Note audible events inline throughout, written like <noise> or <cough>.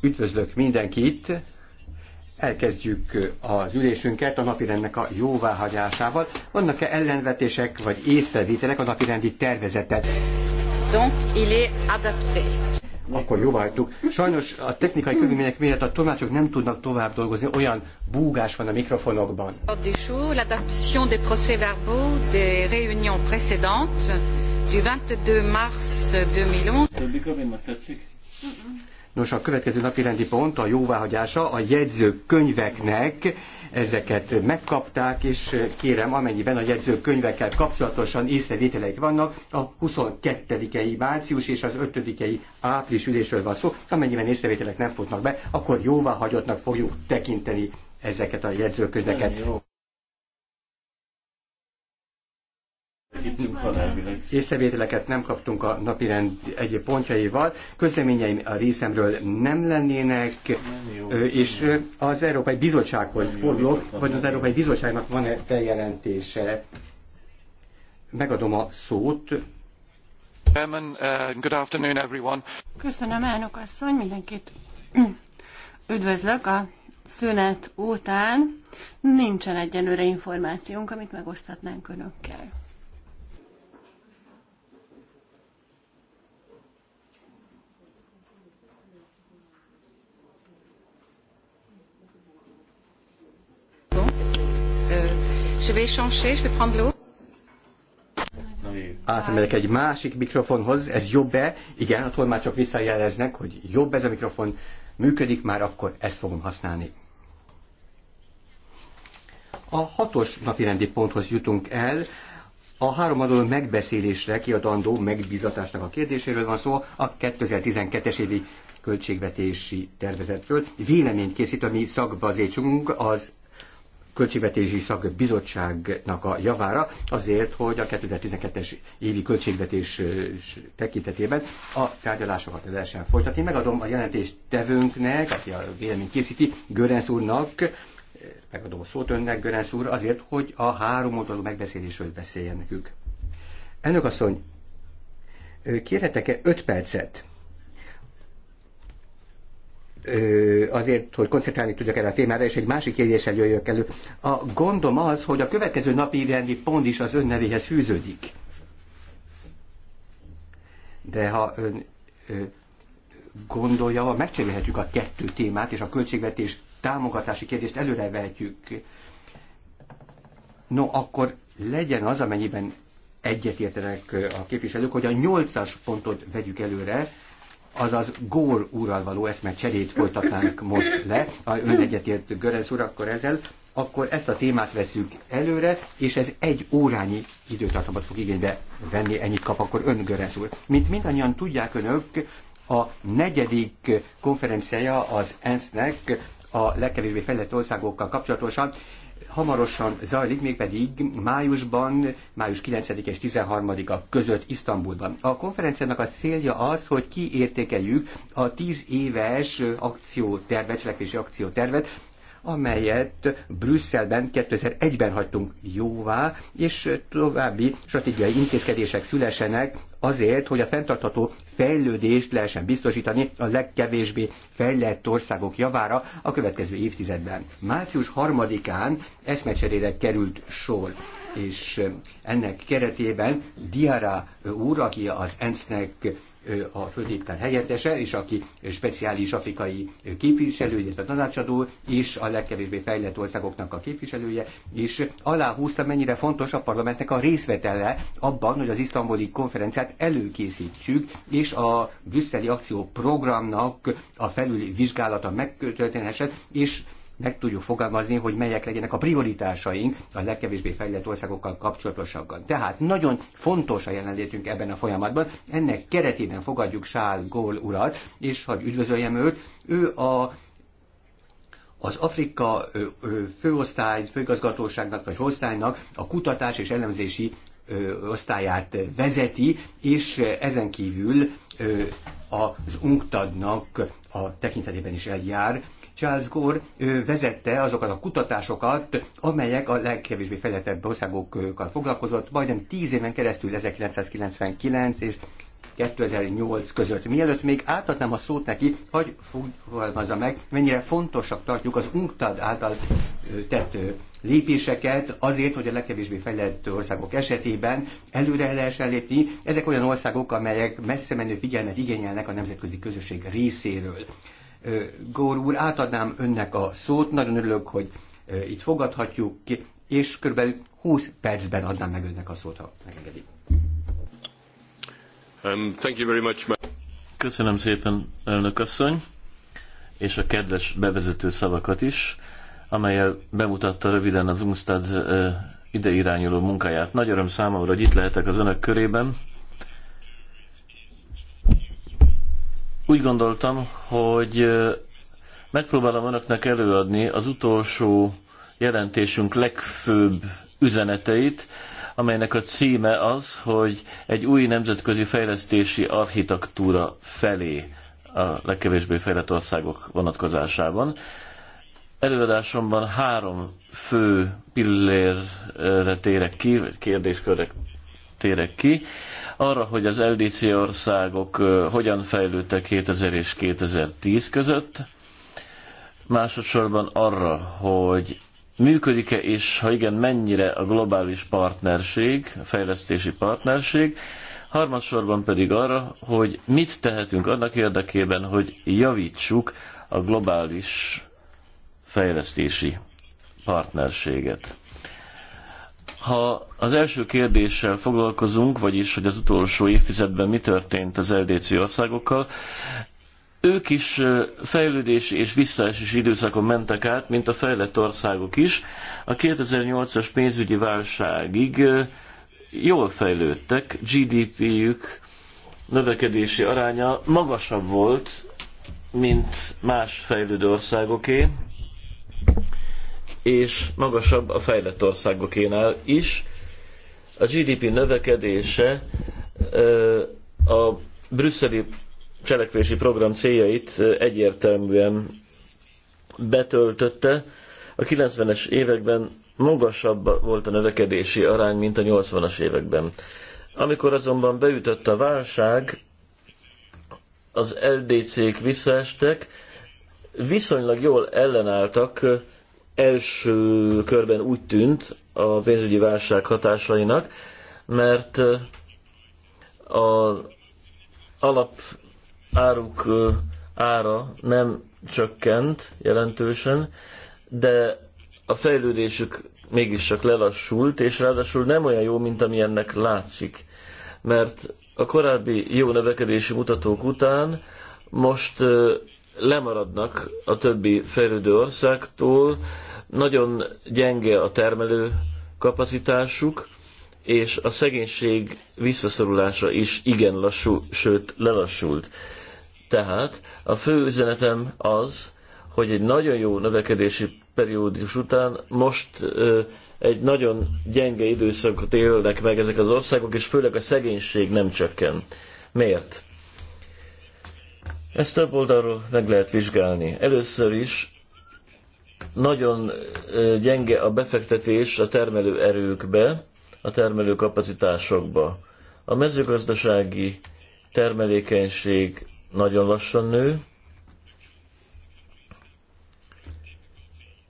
Üdvözlök mindenkit! Elkezdjük az ülésünket a napirendnek a jóváhagyásával. Vannak-e ellenvetések vagy észrevételek a napirendi tervezetet? Donc, il est adapté. Akkor jóváhagytuk. Sajnos a technikai körülmények miatt a tolmácsok nem tudnak tovább dolgozni, olyan búgás van a mikrofonokban. L'adaptation des procès-verbaux des réunions précédentes du 22 mars 2011. Nos, a következő napi rendi pont a jóváhagyása a jegyzőkönyveknek. Ezeket megkapták, és kérem, amennyiben a jegyzőkönyvekkel kapcsolatosan észrevételeik vannak, a 22-i március és az 5-i április ülésről van szó. Amennyiben észrevételek nem futnak be, akkor jóváhagyottnak fogjuk tekinteni ezeket a jegyzőkönyveket. Észrevételeket nem kaptunk a napirend egyéb pontjaival. Közleményeim a részemről nem lennének, nem és az Európai Bizottsághoz fordulok, vagy az Európai Bizottságnak van-e bejelentése. Megadom a szót. Uh, Köszönöm, elnök asszony, mindenkit üdvözlök a szünet után nincsen egyenlőre információnk, amit megosztatnánk önökkel. Je vais changer, je vais prendre l'eau. Átmegyek egy másik mikrofonhoz, ez jobb-e? Igen, attól már csak visszajeleznek, hogy jobb ez a mikrofon, működik már, akkor ezt fogom használni. A hatos napirendi ponthoz jutunk el, a adó megbeszélésre kiadandó megbizatásnak a kérdéséről van szó, a 2012-es évi költségvetési tervezetről. Véleményt készít a mi szakbazécsunk az Költségvetési Szakbizottságnak a javára, azért, hogy a 2012-es évi költségvetés tekintetében a tárgyalásokat lehessen folytatni. Megadom a jelentést tevőnknek, aki a véleményt készíti, Görenc úrnak, megadom a szót önnek, Görenc úr, azért, hogy a három oldalú megbeszélésről beszéljen nekünk. Elnök asszony, kérhetek-e öt percet? azért, hogy koncentrálni tudjak erre a témára, és egy másik kérdéssel jöjjök elő. A gondom az, hogy a következő napi rendi pont is az ön nevéhez fűződik. De ha ön ö, gondolja, megcserélhetjük a kettő témát, és a költségvetés támogatási kérdést előre vehetjük. No, akkor legyen az, amennyiben egyetértenek a képviselők, hogy a nyolcas pontot vegyük előre, azaz Gór úrral való eszmecserét folytatnánk most le, ha ön egyetért Görez úr, akkor ezzel, akkor ezt a témát veszük előre, és ez egy órányi időtartamot fog igénybe venni, ennyit kap akkor ön Görez úr. Mint mindannyian tudják önök, a negyedik konferenciája az ENSZ-nek a legkevésbé fejlett országokkal kapcsolatosan hamarosan zajlik, mégpedig májusban, május 9 és 13-a között Isztambulban. A konferenciának a célja az, hogy kiértékeljük a 10 éves akciótervet, cselekvési akciótervet, amelyet Brüsszelben 2001-ben hagytunk jóvá, és további stratégiai intézkedések szülesenek azért, hogy a fenntartható fejlődést lehessen biztosítani a legkevésbé fejlett országok javára a következő évtizedben. Március 3-án eszmecserére került sor és ennek keretében Diara úr, aki az ENSZ-nek a főtitkár helyettese, és aki speciális afrikai képviselő, illetve tanácsadó, és a legkevésbé fejlett országoknak a képviselője, és aláhúzta, mennyire fontos a parlamentnek a részvetele abban, hogy az isztambuli konferenciát előkészítsük, és a brüsszeli akcióprogramnak a felüli vizsgálata megtörténhessen, és meg tudjuk fogalmazni, hogy melyek legyenek a prioritásaink a legkevésbé fejlett országokkal kapcsolatosan. Tehát nagyon fontos a jelenlétünk ebben a folyamatban. Ennek keretében fogadjuk Sál Gól urat, és hogy üdvözöljem őt, ő a az Afrika főosztály, főigazgatóságnak vagy osztálynak a kutatás és elemzési osztályát vezeti, és ezen kívül az UNCTAD-nak a tekintetében is eljár, Charles Gore vezette azokat a kutatásokat, amelyek a legkevésbé fejlettebb országokkal foglalkozott, majdnem 10 éven keresztül 1999 és 2008 között. Mielőtt még átadnám a szót neki, hogy fogalmazza meg, mennyire fontosak tartjuk az UNCTAD által tett lépéseket azért, hogy a legkevésbé fejlett országok esetében előre lehessen lépni. Ezek olyan országok, amelyek messze menő figyelmet igényelnek a nemzetközi közösség részéről. Gór úr, átadnám önnek a szót, nagyon örülök, hogy itt fogadhatjuk ki, és kb. 20 percben adnám meg önnek a szót, ha megengedi. Um, thank you very much. Köszönöm szépen, elnök asszony, és a kedves bevezető szavakat is, amelyel bemutatta röviden az UNSTAD ideirányuló munkáját. Nagy öröm számomra, hogy itt lehetek az önök körében, Úgy gondoltam, hogy megpróbálom önöknek előadni az utolsó jelentésünk legfőbb üzeneteit, amelynek a címe az, hogy egy új nemzetközi fejlesztési architektúra felé a legkevésbé fejlett országok vonatkozásában. Előadásomban három fő pillérre térek ki, kérdéskörre térek ki arra, hogy az LDC országok hogyan fejlődtek 2000 és 2010 között, másodszorban arra, hogy működik-e, és ha igen, mennyire a globális partnerség, a fejlesztési partnerség, harmadsorban pedig arra, hogy mit tehetünk annak érdekében, hogy javítsuk a globális fejlesztési partnerséget. Ha az első kérdéssel foglalkozunk, vagyis hogy az utolsó évtizedben mi történt az LDC országokkal, ők is fejlődési és visszaesési időszakon mentek át, mint a fejlett országok is. A 2008-as pénzügyi válságig jól fejlődtek, GDP-jük növekedési aránya magasabb volt, mint más fejlődő országoké és magasabb a fejlett országokénál is. A GDP növekedése a brüsszeli cselekvési program céljait egyértelműen betöltötte. A 90-es években magasabb volt a növekedési arány, mint a 80-as években. Amikor azonban beütött a válság, az LDC-k visszaestek, viszonylag jól ellenálltak első körben úgy tűnt a pénzügyi válság hatásainak, mert az áruk ára nem csökkent jelentősen, de a fejlődésük mégiscsak lelassult, és ráadásul nem olyan jó, mint amilyennek látszik. Mert a korábbi jó növekedési mutatók után most lemaradnak a többi fejlődő országtól, nagyon gyenge a termelő kapacitásuk, és a szegénység visszaszorulása is igen lassú, sőt lelassult. Tehát a fő üzenetem az, hogy egy nagyon jó növekedési periódus után most ö, egy nagyon gyenge időszakot élnek meg ezek az országok, és főleg a szegénység nem csökken. Miért? Ezt több oldalról meg lehet vizsgálni. Először is nagyon gyenge a befektetés a termelő erőkbe, a termelő kapacitásokba. A mezőgazdasági termelékenység nagyon lassan nő,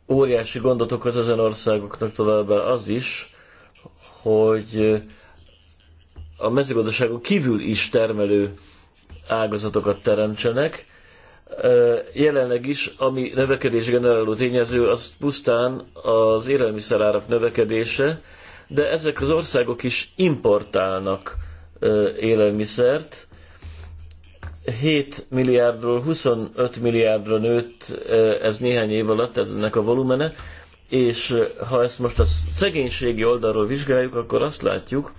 óriási gondot okoz ezen országoknak továbbá az is, hogy a mezőgazdaságon kívül is termelő ágazatokat teremtsenek. Jelenleg is, ami növekedés generáló tényező, az pusztán az élelmiszerárak növekedése, de ezek az országok is importálnak élelmiszert. 7 milliárdról 25 milliárdra nőtt ez néhány év alatt, ez ennek a volumene, és ha ezt most a szegénységi oldalról vizsgáljuk, akkor azt látjuk,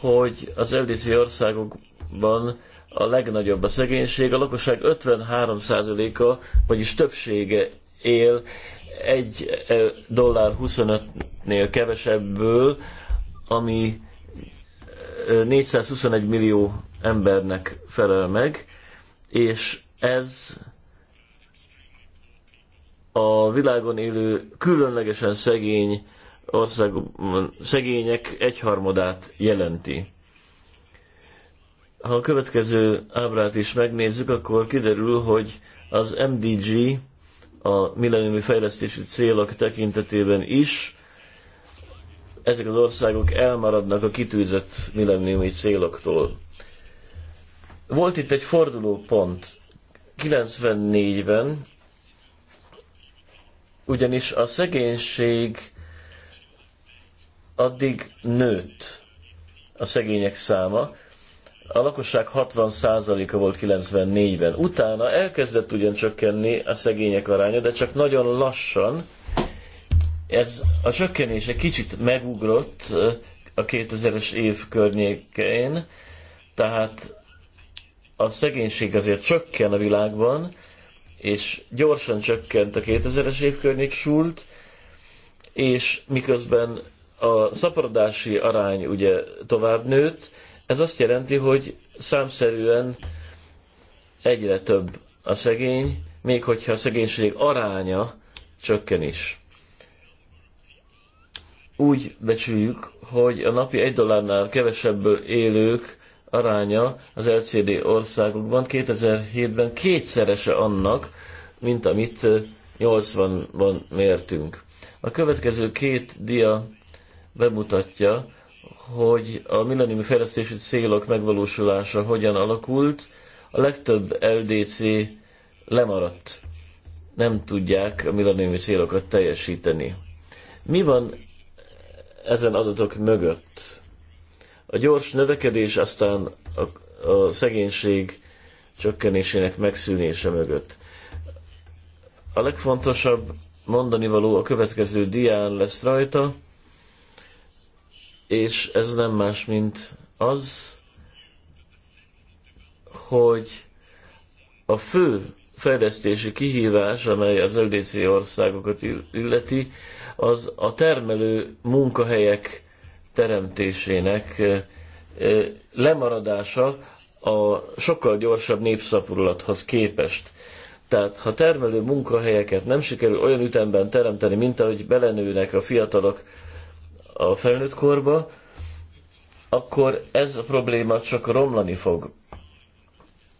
hogy az LDC országok országban a legnagyobb a szegénység. A lakosság 53%-a, vagyis többsége él egy dollár 25-nél kevesebből, ami 421 millió embernek felel meg, és ez a világon élő különlegesen szegény országok, szegények egyharmadát jelenti. Ha a következő ábrát is megnézzük, akkor kiderül, hogy az MDG a milleniumi fejlesztési célok tekintetében is ezek az országok elmaradnak a kitűzött milleniumi céloktól. Volt itt egy fordulópont 94-ben, ugyanis a szegénység addig nőtt a szegények száma, a lakosság 60%-a volt 94-ben. Utána elkezdett ugyan csökkenni a szegények aránya, de csak nagyon lassan. Ez a csökkenés egy kicsit megugrott a 2000-es év környékén, tehát a szegénység azért csökken a világban, és gyorsan csökkent a 2000-es év környék súlt, és miközben a szaporodási arány ugye tovább nőtt, ez azt jelenti, hogy számszerűen egyre több a szegény, még hogyha a szegénység aránya csökken is. Úgy becsüljük, hogy a napi egy dollárnál kevesebből élők aránya az LCD országokban 2007-ben kétszerese annak, mint amit 80-ban mértünk. A következő két dia bemutatja, hogy a milleniumi fejlesztési célok megvalósulása hogyan alakult, a legtöbb LDC lemaradt. Nem tudják a milleniumi célokat teljesíteni. Mi van ezen adatok mögött? A gyors növekedés aztán a, a szegénység csökkenésének megszűnése mögött. A legfontosabb mondani való a következő dián lesz rajta és ez nem más, mint az, hogy a fő fejlesztési kihívás, amely az LDC országokat illeti, az a termelő munkahelyek teremtésének lemaradása a sokkal gyorsabb népszaporulathoz képest. Tehát ha termelő munkahelyeket nem sikerül olyan ütemben teremteni, mint ahogy belenőnek a fiatalok a felnőtt korba, akkor ez a probléma csak romlani fog.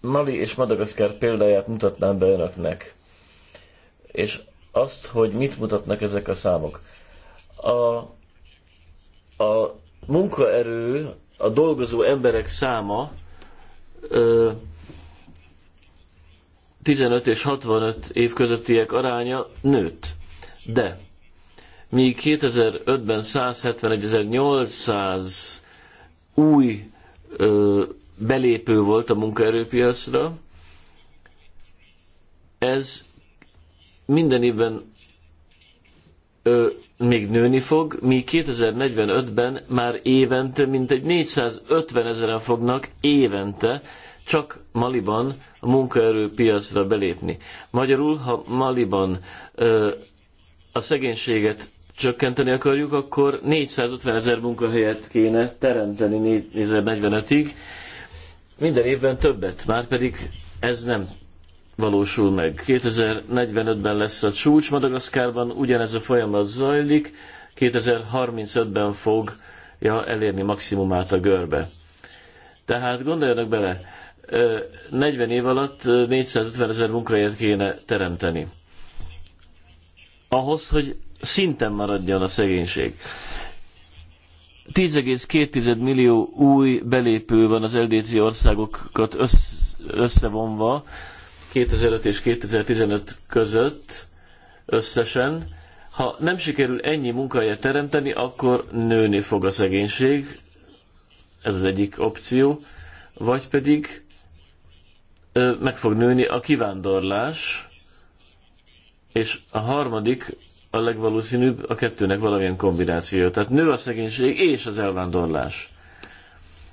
Mali és Madagaszkár példáját mutatnám be önöknek. És azt, hogy mit mutatnak ezek a számok. A, a munkaerő, a dolgozó emberek száma ö, 15 és 65 év közöttiek aránya nőtt. De míg 2005-ben 171.800 új ö, belépő volt a munkaerőpiacra, ez minden évben ö, még nőni fog, míg 2045-ben már évente mintegy 450 ezeren fognak évente csak Maliban a munkaerőpiacra belépni. Magyarul, ha Maliban ö, a szegénységet csökkenteni akarjuk, akkor 450 ezer munkahelyet kéne teremteni 2045-ig. Minden évben többet, már pedig ez nem valósul meg. 2045-ben lesz a csúcs Madagaszkárban, ugyanez a folyamat zajlik, 2035-ben fogja elérni maximumát a görbe. Tehát gondoljanak bele, 40 év alatt 450 ezer munkahelyet kéne teremteni. Ahhoz, hogy szinten maradjon a szegénység. 10,2 millió új belépő van az LDC országokat összevonva 2005 és 2015 között összesen. Ha nem sikerül ennyi munkahelyet teremteni, akkor nőni fog a szegénység, ez az egyik opció, vagy pedig meg fog nőni a kivándorlás, és a harmadik a legvalószínűbb a kettőnek valamilyen kombináció. Tehát nő a szegénység és az elvándorlás.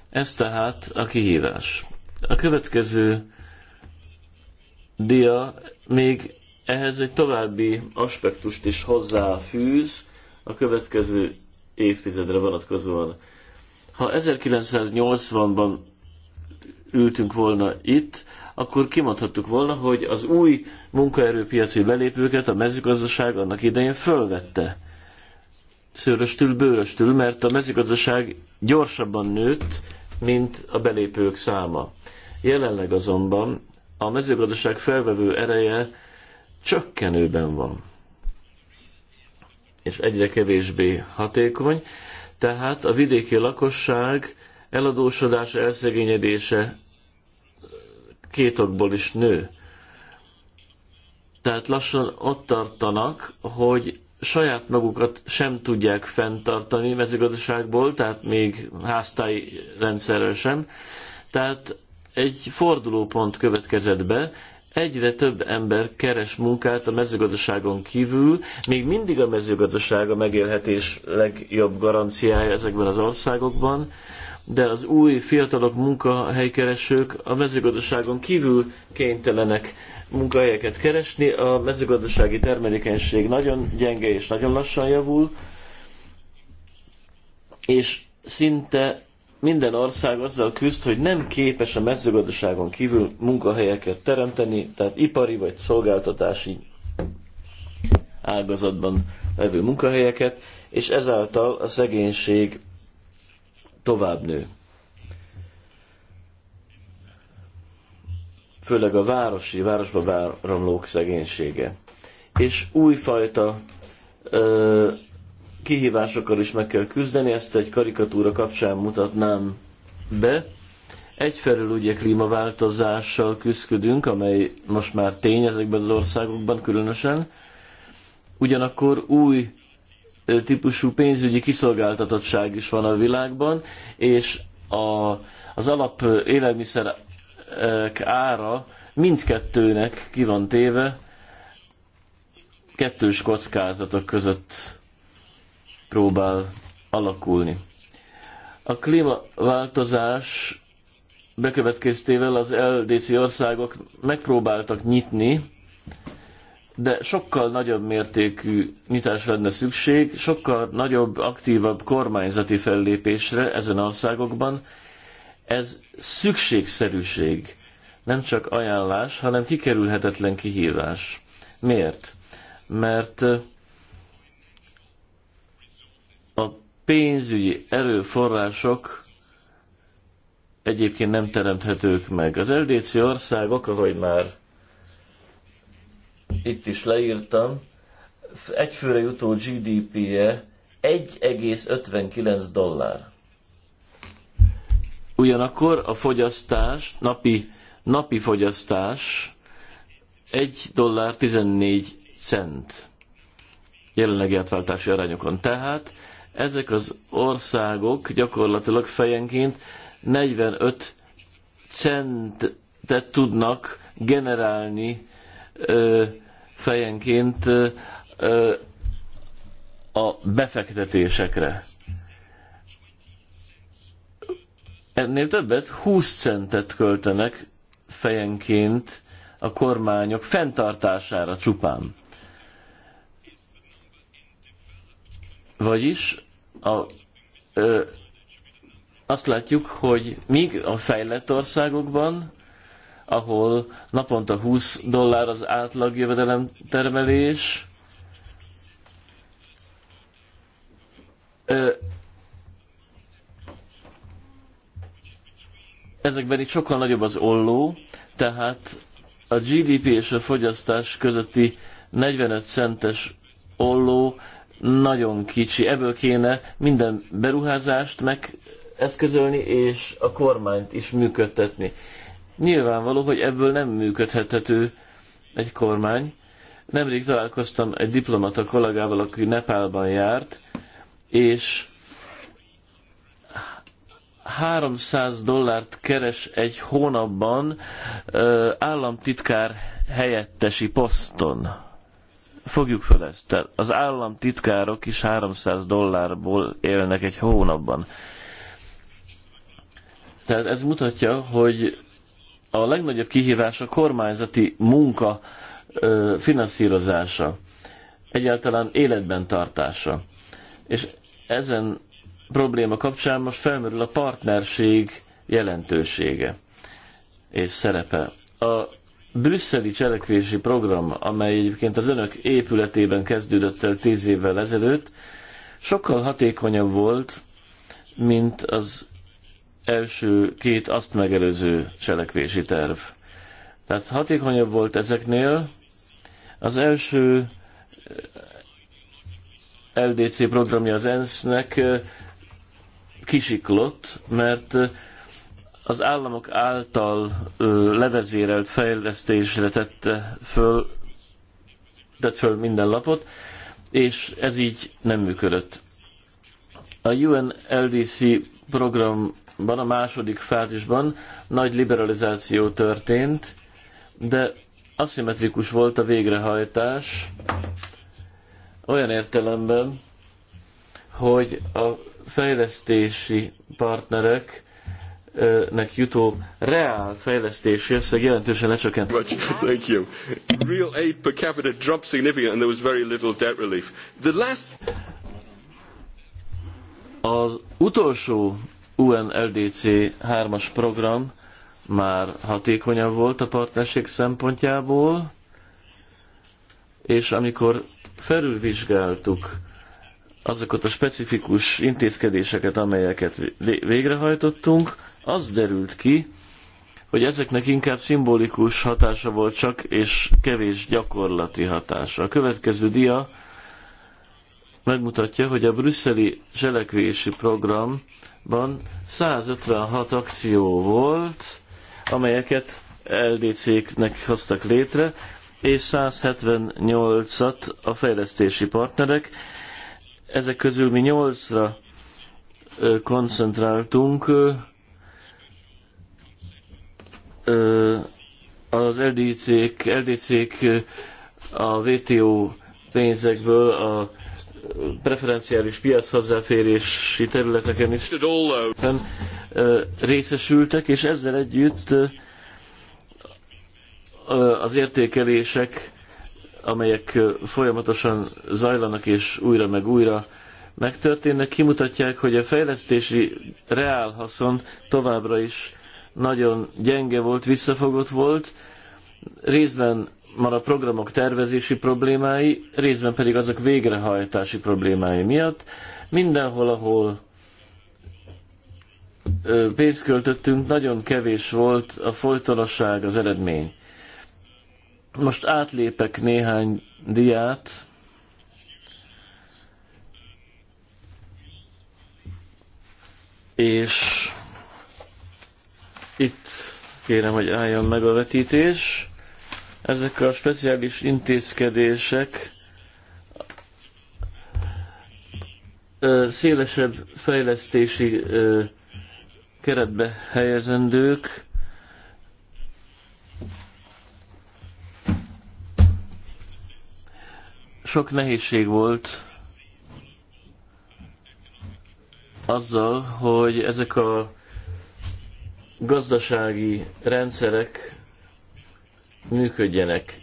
Ez tehát a kihívás. A következő dia még ehhez egy további aspektust is hozzáfűz a következő évtizedre vonatkozóan. Ha 1980-ban ültünk volna itt, akkor kimondhattuk volna, hogy az új munkaerőpiaci belépőket a mezőgazdaság annak idején fölvette. Szőröstül, bőröstül, mert a mezőgazdaság gyorsabban nőtt, mint a belépők száma. Jelenleg azonban a mezőgazdaság felvevő ereje csökkenőben van, és egyre kevésbé hatékony, tehát a vidéki lakosság eladósodása elszegényedése két okból is nő. Tehát lassan ott tartanak, hogy saját magukat sem tudják fenntartani mezőgazdaságból, tehát még háztáji rendszerrel sem. Tehát egy fordulópont következett be, egyre több ember keres munkát a mezőgazdaságon kívül, még mindig a mezőgazdaság a megélhetés legjobb garanciája ezekben az országokban, de az új fiatalok munkahelykeresők a mezőgazdaságon kívül kénytelenek munkahelyeket keresni. A mezőgazdasági termelékenység nagyon gyenge és nagyon lassan javul, és szinte minden ország azzal küzd, hogy nem képes a mezőgazdaságon kívül munkahelyeket teremteni, tehát ipari vagy szolgáltatási ágazatban levő munkahelyeket, és ezáltal a szegénység tovább nő. Főleg a városi, városba váramlók szegénysége. És újfajta ö, kihívásokkal is meg kell küzdeni, ezt egy karikatúra kapcsán mutatnám be. Egyfelől ugye klímaváltozással küzdködünk, amely most már tény ezekben az országokban különösen, ugyanakkor új típusú pénzügyi kiszolgáltatottság is van a világban, és a, az alap élelmiszerek ára mindkettőnek ki van téve, kettős kockázatok között próbál alakulni. A klímaváltozás bekövetkeztével az LDC országok megpróbáltak nyitni de sokkal nagyobb mértékű nyitás lenne szükség, sokkal nagyobb, aktívabb kormányzati fellépésre ezen országokban. Ez szükségszerűség, nem csak ajánlás, hanem kikerülhetetlen kihívás. Miért? Mert eh, a pénzügyi erőforrások egyébként nem teremthetők meg. Az LDC országok, ahogy már itt is leírtam, egyfőre jutó GDP-je 1,59 dollár. Ugyanakkor a fogyasztás, napi, napi fogyasztás 1 dollár 14 cent jelenlegi átváltási arányokon. Tehát ezek az országok gyakorlatilag fejenként 45 centet tudnak generálni ö, fejenként a befektetésekre. Ennél többet 20 centet költenek fejenként a kormányok fenntartására csupán. Vagyis a, ö, azt látjuk, hogy míg a fejlett országokban ahol naponta 20 dollár az átlag jövedelem termelés. Ezekben itt sokkal nagyobb az olló, tehát a GDP és a fogyasztás közötti 45 centes olló nagyon kicsi. Ebből kéne minden beruházást meg és a kormányt is működtetni. Nyilvánvaló, hogy ebből nem működhetető egy kormány. Nemrég találkoztam egy diplomata kollégával, aki Nepálban járt, és 300 dollárt keres egy hónapban államtitkár helyettesi poszton. Fogjuk fel ezt. Tehát az államtitkárok is 300 dollárból élnek egy hónapban. Tehát ez mutatja, hogy a legnagyobb kihívás a kormányzati munka finanszírozása, egyáltalán életben tartása. És ezen probléma kapcsán most felmerül a partnerség jelentősége és szerepe. A brüsszeli cselekvési program, amely egyébként az önök épületében kezdődött el tíz évvel ezelőtt, sokkal hatékonyabb volt, mint az első két azt megelőző cselekvési terv. Tehát hatékonyabb volt ezeknél. Az első eh, LDC programja az ENSZ-nek eh, kisiklott, mert eh, az államok által levezérelt fejlesztésre tette föl, tett föl minden lapot, és ez így nem működött. A UN LDC program a második fázisban nagy liberalizáció történt, de aszimmetrikus volt a végrehajtás olyan értelemben, hogy a fejlesztési partnerek nek jutó reál fejlesztési összeg jelentősen lecsökkent. Thank you. Real aid per capita dropped significantly and there was very little debt relief. The last... Az utolsó UNLDC 3-as program már hatékonyabb volt a partnerség szempontjából, és amikor felülvizsgáltuk azokat a specifikus intézkedéseket, amelyeket végrehajtottunk, az derült ki, hogy ezeknek inkább szimbolikus hatása volt csak, és kevés gyakorlati hatása. A következő dia megmutatja, hogy a brüsszeli cselekvési program ban 156 akció volt, amelyeket LDC-knek hoztak létre, és 178-at a fejlesztési partnerek. Ezek közül mi 8-ra koncentráltunk az LDC-k, LDC-k a WTO pénzekből a preferenciális piac hozzáférési területeken is részesültek, és ezzel együtt az értékelések, amelyek folyamatosan zajlanak és újra meg újra megtörténnek, kimutatják, hogy a fejlesztési reálhaszon továbbra is nagyon gyenge volt, visszafogott volt, részben már a programok tervezési problémái, részben pedig azok végrehajtási problémái miatt. Mindenhol, ahol pénzt költöttünk, nagyon kevés volt a folytonosság, az eredmény. Most átlépek néhány diát. És itt kérem, hogy álljon meg a vetítés. Ezek a speciális intézkedések szélesebb fejlesztési keretbe helyezendők, sok nehézség volt azzal, hogy ezek a gazdasági rendszerek működjenek.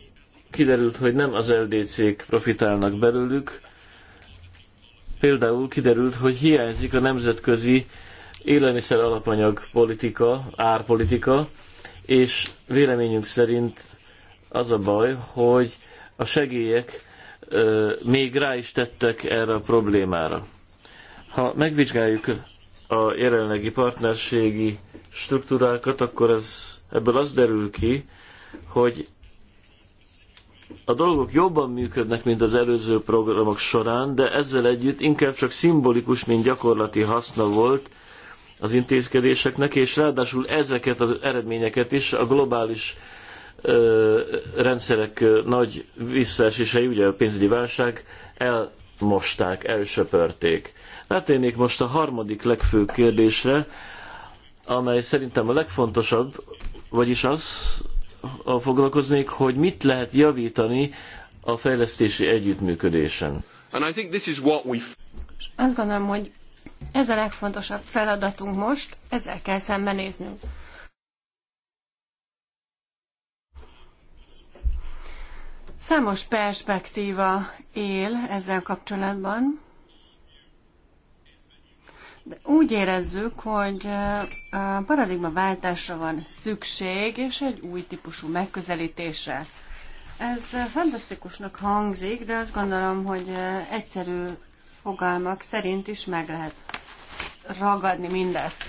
Kiderült, hogy nem az LDC-k profitálnak belőlük, például kiderült, hogy hiányzik a nemzetközi élelmiszer alapanyag politika, árpolitika, és véleményünk szerint az a baj, hogy a segélyek ö, még rá is tettek erre a problémára. Ha megvizsgáljuk a jelenlegi partnerségi struktúrákat, akkor ez, ebből az derül ki, hogy a dolgok jobban működnek, mint az előző programok során, de ezzel együtt inkább csak szimbolikus, mint gyakorlati haszna volt az intézkedéseknek, és ráadásul ezeket az eredményeket is a globális ö, rendszerek ö, nagy visszaesései, ugye a pénzügyi válság elmosták, elsöpörték. Rátérnék most a harmadik legfőbb kérdésre, amely szerintem a legfontosabb, vagyis az, azzal foglalkoznék, hogy mit lehet javítani a fejlesztési együttműködésen. And I think this is what we... Azt gondolom, hogy ez a legfontosabb feladatunk most, ezzel kell szembenéznünk. Számos perspektíva él ezzel kapcsolatban. De úgy érezzük, hogy a váltásra van szükség, és egy új típusú megközelítésre. Ez fantasztikusnak hangzik, de azt gondolom, hogy egyszerű fogalmak szerint is meg lehet ragadni mindezt.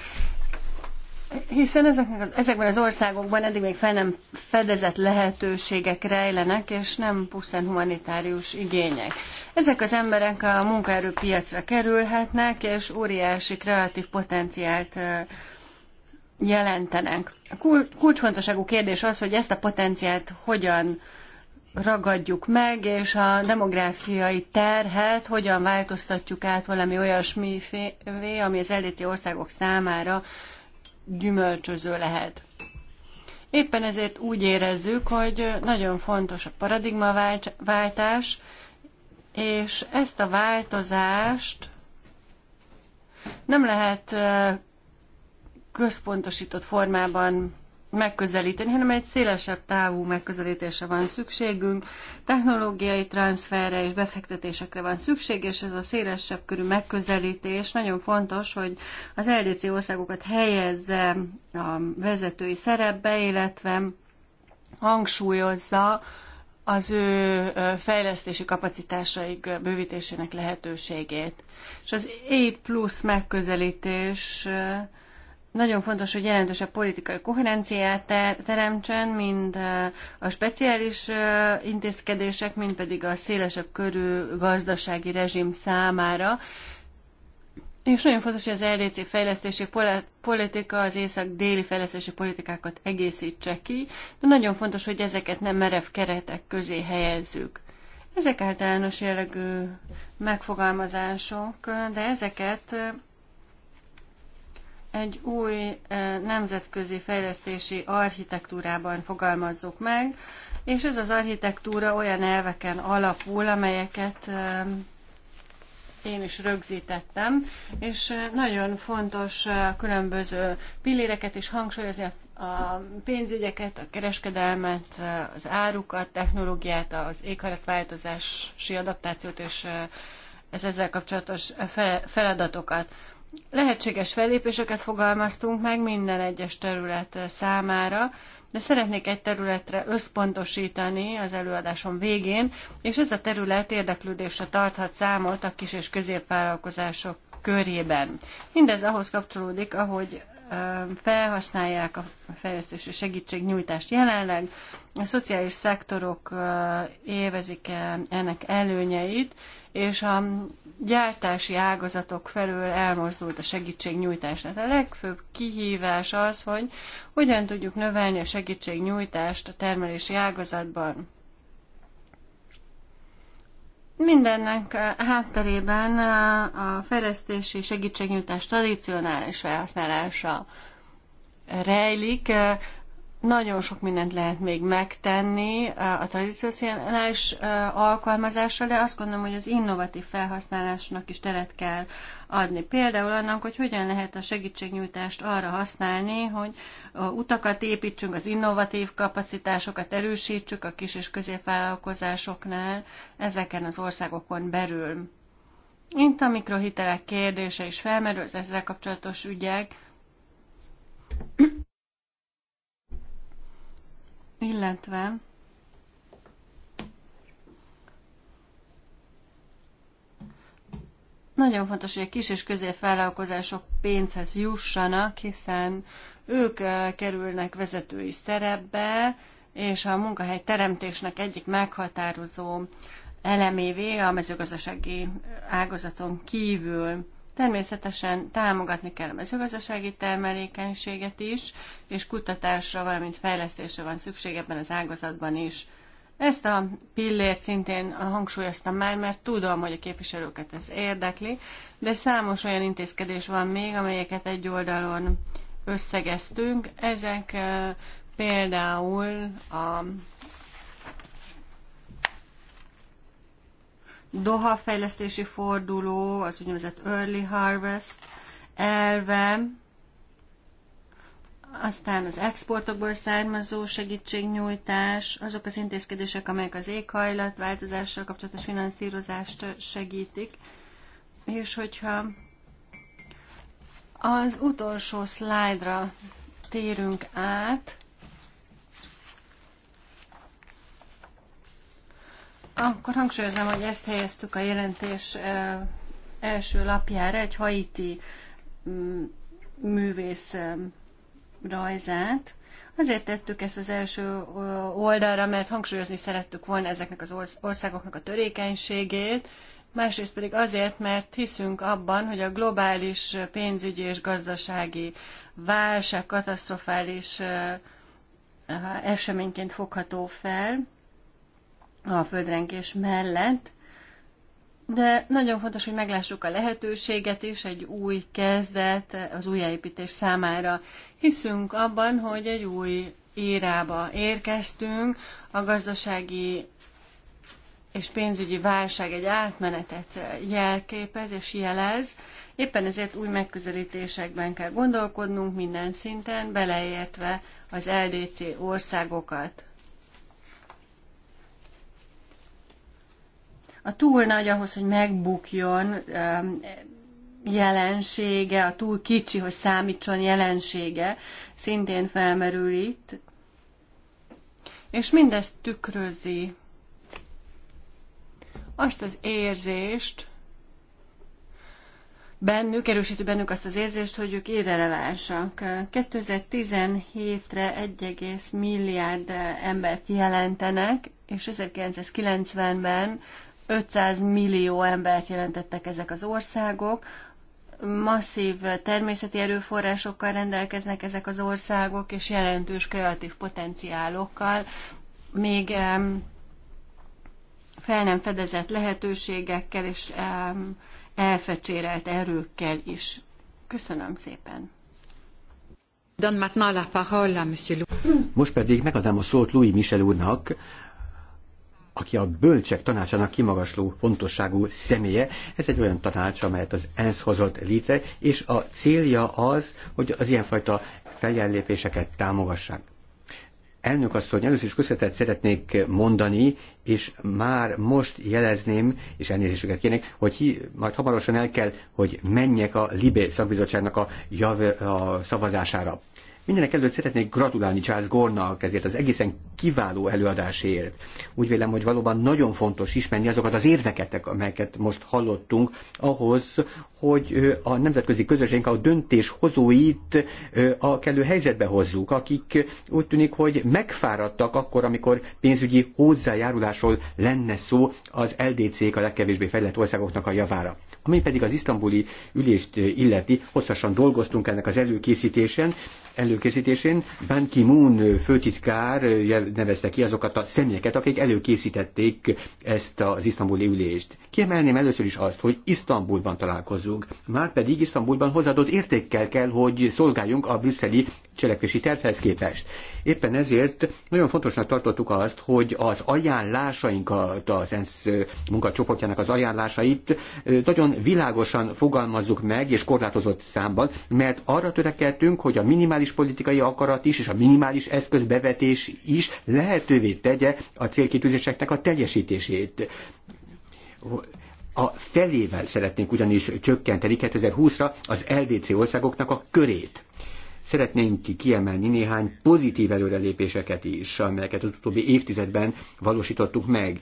Hiszen ezeknek, ezekben az országokban eddig még fel nem fedezett lehetőségek rejlenek, és nem pusztán humanitárius igények. Ezek az emberek a munkaerőpiacra kerülhetnek, és óriási kreatív potenciált jelentenek. A kulcsfontosságú kérdés az, hogy ezt a potenciált hogyan ragadjuk meg, és a demográfiai terhet hogyan változtatjuk át valami olyasmi, ami az LDC országok számára gyümölcsöző lehet. Éppen ezért úgy érezzük, hogy nagyon fontos a paradigmaváltás, és ezt a változást nem lehet központosított formában megközelíteni, hanem egy szélesebb távú megközelítése van szükségünk, technológiai transferre és befektetésekre van szükség, és ez a szélesebb körű megközelítés nagyon fontos, hogy az LDC országokat helyezze a vezetői szerepbe, illetve hangsúlyozza az ő fejlesztési kapacitásaik bővítésének lehetőségét. És az E plusz megközelítés nagyon fontos, hogy jelentős a politikai koherenciát teremtsen, mind eh, a speciális eh, intézkedések, mind pedig a szélesebb körű gazdasági rezsim számára. És nagyon fontos, hogy az LDC fejlesztési politika az észak-déli fejlesztési politikákat egészítse ki, de nagyon fontos, hogy ezeket nem merev keretek közé helyezzük. Ezek általános jellegű megfogalmazások, de ezeket eh, egy új e, nemzetközi fejlesztési architektúrában fogalmazzuk meg, és ez az architektúra olyan elveken alapul, amelyeket e, én is rögzítettem, és e, nagyon fontos különböző pilléreket is hangsúlyozni, a pénzügyeket, a kereskedelmet, az árukat, technológiát, az éghajlatváltozási adaptációt és ez ezzel kapcsolatos feladatokat lehetséges fellépéseket fogalmaztunk meg minden egyes terület számára, de szeretnék egy területre összpontosítani az előadásom végén, és ez a terület érdeklődésre tarthat számot a kis- és középvállalkozások körében. Mindez ahhoz kapcsolódik, ahogy felhasználják a fejlesztési segítségnyújtást jelenleg. A szociális szektorok élvezik e, ennek előnyeit, és a gyártási ágazatok felől elmozdult a segítségnyújtás. Tehát a legfőbb kihívás az, hogy hogyan tudjuk növelni a segítségnyújtást a termelési ágazatban. Mindennek hátterében a fejlesztési segítségnyújtás tradicionális felhasználása rejlik, nagyon sok mindent lehet még megtenni a tradicionális alkalmazásra, de azt gondolom, hogy az innovatív felhasználásnak is teret kell adni. Például annak, hogy hogyan lehet a segítségnyújtást arra használni, hogy utakat építsünk, az innovatív kapacitásokat erősítsük a kis és középvállalkozásoknál ezeken az országokon belül. Mint a mikrohitelek kérdése is felmerül, az ezzel kapcsolatos ügyek illetve nagyon fontos, hogy a kis és középvállalkozások pénzhez jussanak, hiszen ők kerülnek vezetői szerepbe, és a munkahely teremtésnek egyik meghatározó elemévé a mezőgazdasági ágazaton kívül. Természetesen támogatni kell a mezőgazdasági termelékenységet is, és kutatásra, valamint fejlesztésre van szükség ebben az ágazatban is. Ezt a pillért szintén hangsúlyoztam már, mert tudom, hogy a képviselőket ez érdekli, de számos olyan intézkedés van még, amelyeket egy oldalon összegeztünk. Ezek eh, például a Doha fejlesztési forduló, az úgynevezett Early Harvest elve, aztán az exportokból származó segítségnyújtás, azok az intézkedések, amelyek az éghajlatváltozással kapcsolatos finanszírozást segítik. És hogyha az utolsó szlájdra térünk át, Akkor hangsúlyozom, hogy ezt helyeztük a jelentés első lapjára, egy haiti mm, művész rajzát. Azért tettük ezt az első oldalra, mert hangsúlyozni szerettük volna ezeknek az országoknak a törékenységét, másrészt pedig azért, mert hiszünk abban, hogy a globális pénzügyi és gazdasági válság katasztrofális eseményként fogható fel, a földrengés mellett, de nagyon fontos, hogy meglássuk a lehetőséget is, egy új kezdet az újjáépítés számára. Hiszünk abban, hogy egy új érába érkeztünk, a gazdasági és pénzügyi válság egy átmenetet jelképez és jelez. Éppen ezért új megközelítésekben kell gondolkodnunk minden szinten, beleértve az LDC országokat. a túl nagy ahhoz, hogy megbukjon jelensége, a túl kicsi, hogy számítson jelensége, szintén felmerül itt. És mindezt tükrözi azt az érzést, bennük, erősíti bennük azt az érzést, hogy ők irrelevánsak. 2017-re 1, milliárd embert jelentenek, és 1990-ben 500 millió embert jelentettek ezek az országok, masszív természeti erőforrásokkal rendelkeznek ezek az országok, és jelentős kreatív potenciálokkal, még fel nem fedezett lehetőségekkel és elfecsérelt erőkkel is. Köszönöm szépen! Most pedig megadám a szót Louis Michel úrnak, aki a bölcsek tanácsának kimagasló fontosságú személye. Ez egy olyan tanács, amelyet az ENSZ hozott létre, és a célja az, hogy az ilyenfajta feljellépéseket támogassák. Elnök asszony, először is köszönetet szeretnék mondani, és már most jelezném, és elnézésüket kérnék, hogy hi, majd hamarosan el kell, hogy menjek a Libé szakbizottságnak a, jav, a szavazására. Mindenek előtt szeretnék gratulálni Charles Gornak ezért az egészen kiváló előadásért. Úgy vélem, hogy valóban nagyon fontos ismerni azokat az érveket, amelyeket most hallottunk ahhoz, hogy a nemzetközi közösségünk a döntéshozóit a kellő helyzetbe hozzuk, akik úgy tűnik, hogy megfáradtak akkor, amikor pénzügyi hozzájárulásról lenne szó az LDC-k a legkevésbé fejlett országoknak a javára. Ami pedig az isztambuli ülést illeti, hosszasan dolgoztunk ennek az előkészítésen, előkészítésén Ban Ki-moon főtitkár nevezte ki azokat a személyeket, akik előkészítették ezt az isztambuli ülést. Kiemelném először is azt, hogy Isztambulban találkozunk, dolgozunk. Márpedig Isztambulban hozzáadott értékkel kell, hogy szolgáljunk a brüsszeli cselekvési tervhez képest. Éppen ezért nagyon fontosnak tartottuk azt, hogy az ajánlásainkat, az ENSZ munkacsoportjának az ajánlásait nagyon világosan fogalmazzuk meg, és korlátozott számban, mert arra törekedtünk, hogy a minimális politikai akarat is, és a minimális eszközbevetés is lehetővé tegye a célkitűzéseknek a teljesítését a felével szeretnénk ugyanis csökkenteni 2020-ra az LDC országoknak a körét szeretnénk kiemelni néhány pozitív előrelépéseket is, amelyeket az utóbbi évtizedben valósítottuk meg.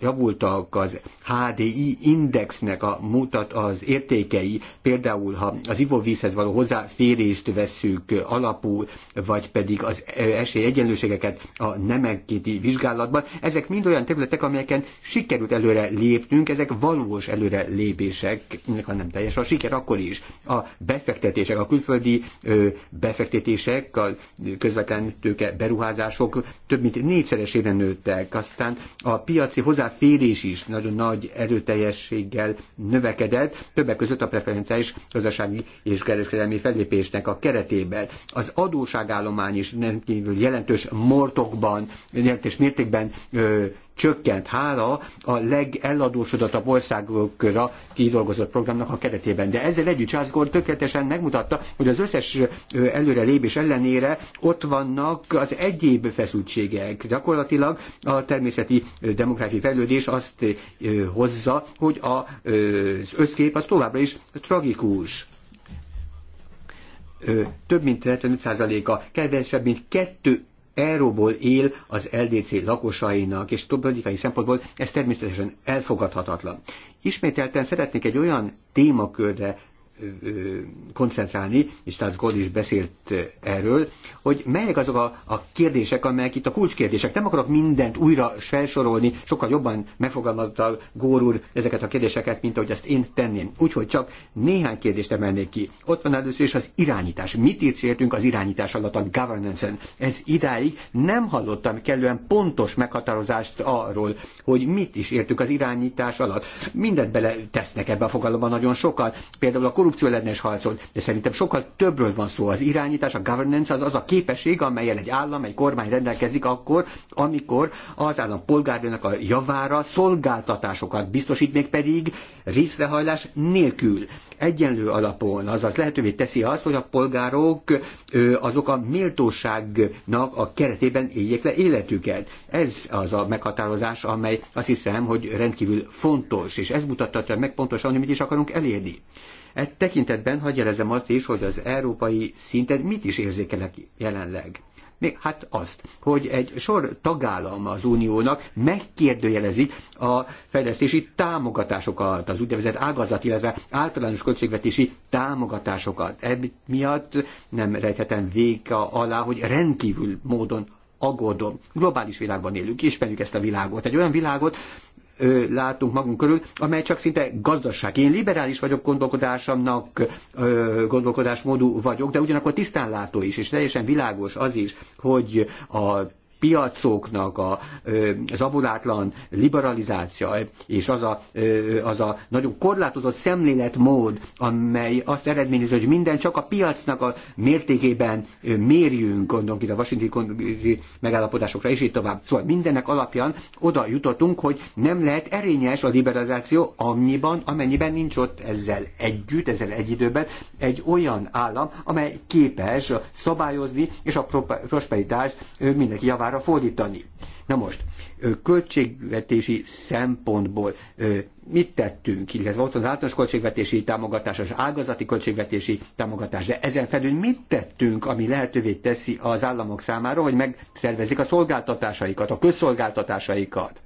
Javultak az HDI indexnek a mutat az értékei, például ha az ivóvízhez való hozzáférést vesszük alapul, vagy pedig az e- esélyegyenlőségeket a nemekéti vizsgálatban. Ezek mind olyan területek, amelyeken sikerült előre lépnünk, ezek valós előre lépések, ha nem teljes a siker, akkor is a befektetések, a külföldi ö, befektetések, a közvetlen tőke beruházások több mint négyszeresére nőttek. Aztán a piaci hozzáférés is nagyon nagy erőteljességgel növekedett, többek között a preferenciális gazdasági és kereskedelmi fellépésnek a keretében. Az adóságállomány is kívül jelentős mortokban, jelentős mértékben ö, csökkent hála a legelladósodottabb országokra kidolgozott programnak a keretében. De ezzel együtt Charles Gore tökéletesen megmutatta, hogy az összes előre lépés ellenére ott vannak az egyéb feszültségek. Gyakorlatilag a természeti demográfiai fejlődés azt hozza, hogy az összkép az továbbra is tragikus több mint 75%-a kevesebb, mint 2 euróból él az LDC lakosainak, és politikai szempontból ez természetesen elfogadhatatlan. Ismételten szeretnék egy olyan témakörre koncentrálni, és tehát Gold is beszélt erről, hogy melyek azok a, a kérdések, amelyek itt a kulcskérdések. Nem akarok mindent újra felsorolni, sokkal jobban megfogalmazta Gór úr ezeket a kérdéseket, mint ahogy ezt én tenném. Úgyhogy csak néhány kérdést emelnék ki. Ott van először is az irányítás. Mit írt értünk az irányítás alatt a governance-en? Ez idáig nem hallottam kellően pontos meghatározást arról, hogy mit is értünk az irányítás alatt. Mindent bele tesznek ebbe a fogalomban nagyon sokat. Például a korrupció ellenes harcon, de szerintem sokkal többről van szó. Az irányítás, a governance az az a képesség, amelyen egy állam, egy kormány rendelkezik akkor, amikor az állam polgárjának a javára szolgáltatásokat biztosít, még pedig részrehajlás nélkül. Egyenlő alapon, azaz lehetővé teszi azt, hogy a polgárok azok a méltóságnak a keretében éljék le életüket. Ez az a meghatározás, amely azt hiszem, hogy rendkívül fontos, és ez mutattatja meg pontosan, hogy mit is akarunk elérni. E tekintetben hagyj jelezem azt is, hogy az európai szinten mit is érzékelek jelenleg. Még hát azt, hogy egy sor tagállam az uniónak megkérdőjelezik a fejlesztési támogatásokat, az úgynevezett ágazat, illetve általános költségvetési támogatásokat. Ebb miatt nem rejthetem véka alá, hogy rendkívül módon aggódom. Globális világban élünk, ismerjük ezt a világot. Egy olyan világot, ö, látunk magunk körül, amely csak szinte gazdaság. Én liberális vagyok gondolkodásomnak, ö, gondolkodásmódú vagyok, de ugyanakkor tisztánlátó is, és teljesen világos az is, hogy a piacoknak a, az abulátlan liberalizáció és az a, az a nagyon korlátozott szemléletmód, amely azt eredményez, hogy minden csak a piacnak a mértékében mérjünk, gondolom itt a washingtoni megállapodásokra, és így tovább. Szóval mindennek alapján oda jutottunk, hogy nem lehet erényes a liberalizáció annyiban, amennyiben nincs ott ezzel együtt, ezzel egy időben egy olyan állam, amely képes szabályozni és a prosperitást mindenki javára javára fordítani. Na most, költségvetési szempontból mit tettünk, illetve ott van az általános költségvetési támogatás, az ágazati költségvetési támogatás, de ezen felül mit tettünk, ami lehetővé teszi az államok számára, hogy megszervezik a szolgáltatásaikat, a közszolgáltatásaikat?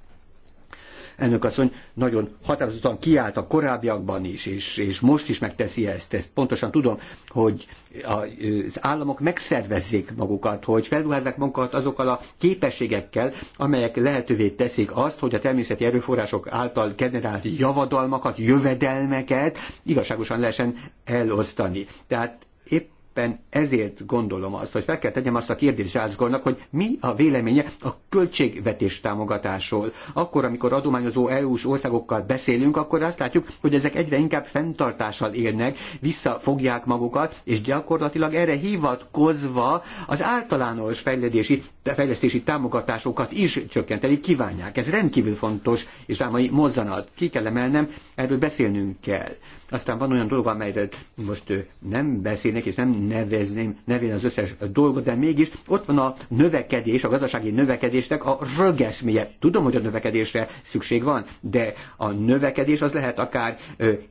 elnök asszony nagyon határozottan kiállt a korábbiakban is, és, és most is megteszi ezt. Ezt pontosan tudom, hogy az államok megszervezzék magukat, hogy felruházzák magukat azokkal a képességekkel, amelyek lehetővé teszik azt, hogy a természeti erőforrások által generált javadalmakat, jövedelmeket igazságosan lehessen elosztani. Tehát épp éppen ezért gondolom azt, hogy fel kell tegyem azt a kérdést Zsászgolnak, hogy mi a véleménye a költségvetés támogatásról. Akkor, amikor adományozó EU-s országokkal beszélünk, akkor azt látjuk, hogy ezek egyre inkább fenntartással élnek, visszafogják magukat, és gyakorlatilag erre hivatkozva az általános fejlesztési, fejlesztési támogatásokat is csökkenteni kívánják. Ez rendkívül fontos és rámai mozzanat. Ki kell emelnem, erről beszélnünk kell. Aztán van olyan dolog, amelyre most nem beszélnék, és nem nevezném nevén az összes dolgot, de mégis ott van a növekedés, a gazdasági növekedésnek a rögeszméje. Tudom, hogy a növekedésre szükség van, de a növekedés az lehet akár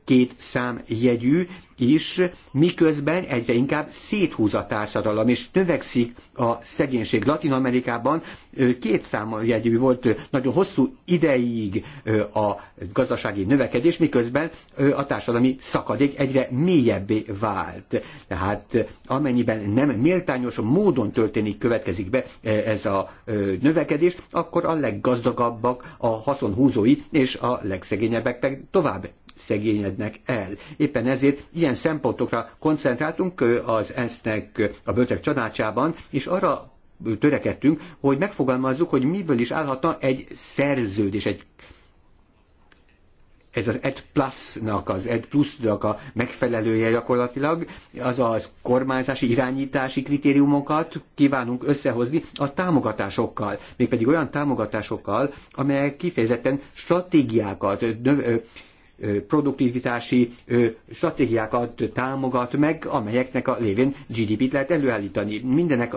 két számjegyű, is, miközben egyre inkább széthúz a társadalom, és növekszik a szegénység. Latin Amerikában két számjegyű volt nagyon hosszú ideig a gazdasági növekedés, miközben a társadalmi szakadék egyre mélyebbé vált. Tehát amennyiben nem méltányos módon történik, következik be ez a növekedés, akkor a leggazdagabbak a haszonhúzói, és a legszegényebbek tovább szegényednek el. Éppen ezért ilyen ezen szempontokra koncentráltunk az ENSZ-nek a bölcsek tanácsában, és arra törekedtünk, hogy megfogalmazzuk, hogy miből is állhatna egy szerződés, egy ez az ED Plus-nak, az ED Plus-nak a megfelelője gyakorlatilag, az kormányzási irányítási kritériumokat kívánunk összehozni a támogatásokkal, mégpedig olyan támogatásokkal, amelyek kifejezetten stratégiákat, növ, produktivitási stratégiákat támogat meg, amelyeknek a lévén GDP-t lehet előállítani. Mindenek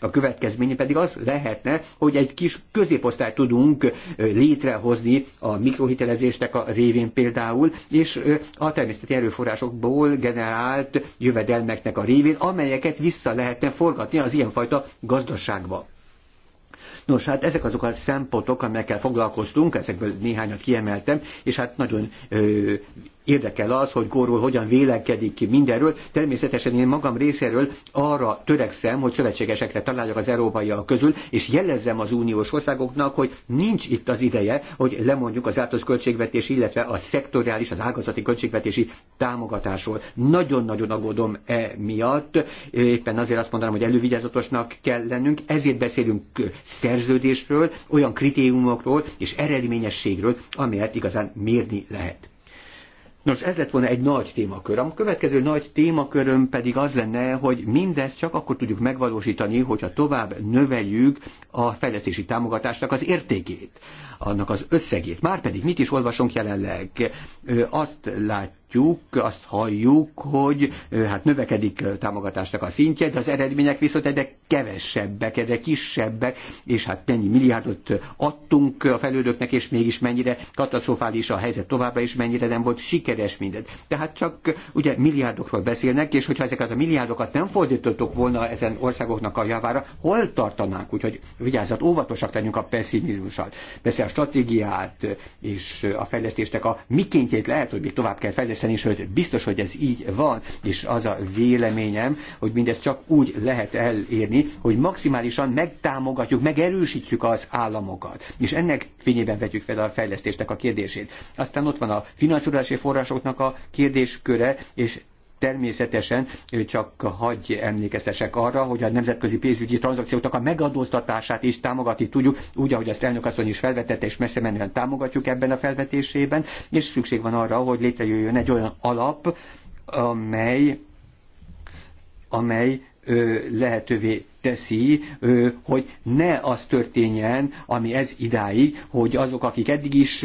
a, következménye pedig az lehetne, hogy egy kis középosztályt tudunk létrehozni a mikrohitelezéstek a révén például, és a természeti erőforrásokból generált jövedelmeknek a révén, amelyeket vissza lehetne forgatni az ilyenfajta gazdaságba. Nos, hát ezek azok a szempontok, amelyekkel foglalkoztunk, ezekből néhányat kiemeltem, és hát nagyon ö, érdekel az, hogy Góról hogyan vélekedik ki mindenről. Természetesen én magam részéről arra törekszem, hogy szövetségesekre találjak az európaiak közül, és jelezzem az uniós országoknak, hogy nincs itt az ideje, hogy lemondjuk az általános költségvetés, illetve a szektoriális, az ágazati költségvetési támogatásról. Nagyon-nagyon aggódom e miatt. Éppen azért azt mondanám, hogy elővigyázatosnak kell lennünk, ezért beszélünk szerződésről, olyan kritériumokról és eredményességről, amelyet igazán mérni lehet. Nos, ez lett volna egy nagy témakör. A következő nagy témaköröm pedig az lenne, hogy mindezt csak akkor tudjuk megvalósítani, hogyha tovább növeljük a fejlesztési támogatásnak az értékét, annak az összegét. Márpedig mit is olvasunk jelenleg? Azt látjuk, látjuk, azt halljuk, hogy hát növekedik támogatásnak a szintje, de az eredmények viszont egyre kevesebbek, egyre kisebbek, és hát mennyi milliárdot adtunk a felődöknek, és mégis mennyire katasztrofális a helyzet továbbra, és mennyire nem volt sikeres mindez. Tehát csak ugye milliárdokról beszélnek, és hogyha ezeket a milliárdokat nem fordítottuk volna ezen országoknak a javára, hol tartanánk? Úgyhogy vigyázzat, óvatosak legyünk a pessimizmussal. Persze a stratégiát és a fejlesztésnek a mikéntjét lehet, hogy még tovább kell fejleszteni, Isten is, hogy biztos, hogy ez így van, és az a véleményem, hogy mindezt csak úgy lehet elérni, hogy maximálisan megtámogatjuk, megerősítjük az államokat. És ennek fényében vetjük fel a fejlesztésnek a kérdését. Aztán ott van a finanszírozási forrásoknak a kérdésköre, és Természetesen csak hagy emlékeztesek arra, hogy a nemzetközi pénzügyi tranzakcióknak a megadóztatását is támogatni tudjuk, úgy, ahogy azt elnök asszony is felvetette, és messze menően támogatjuk ebben a felvetésében, és szükség van arra, hogy létrejöjjön egy olyan alap, amely amely lehetővé teszi, hogy ne az történjen, ami ez idáig, hogy azok, akik eddig is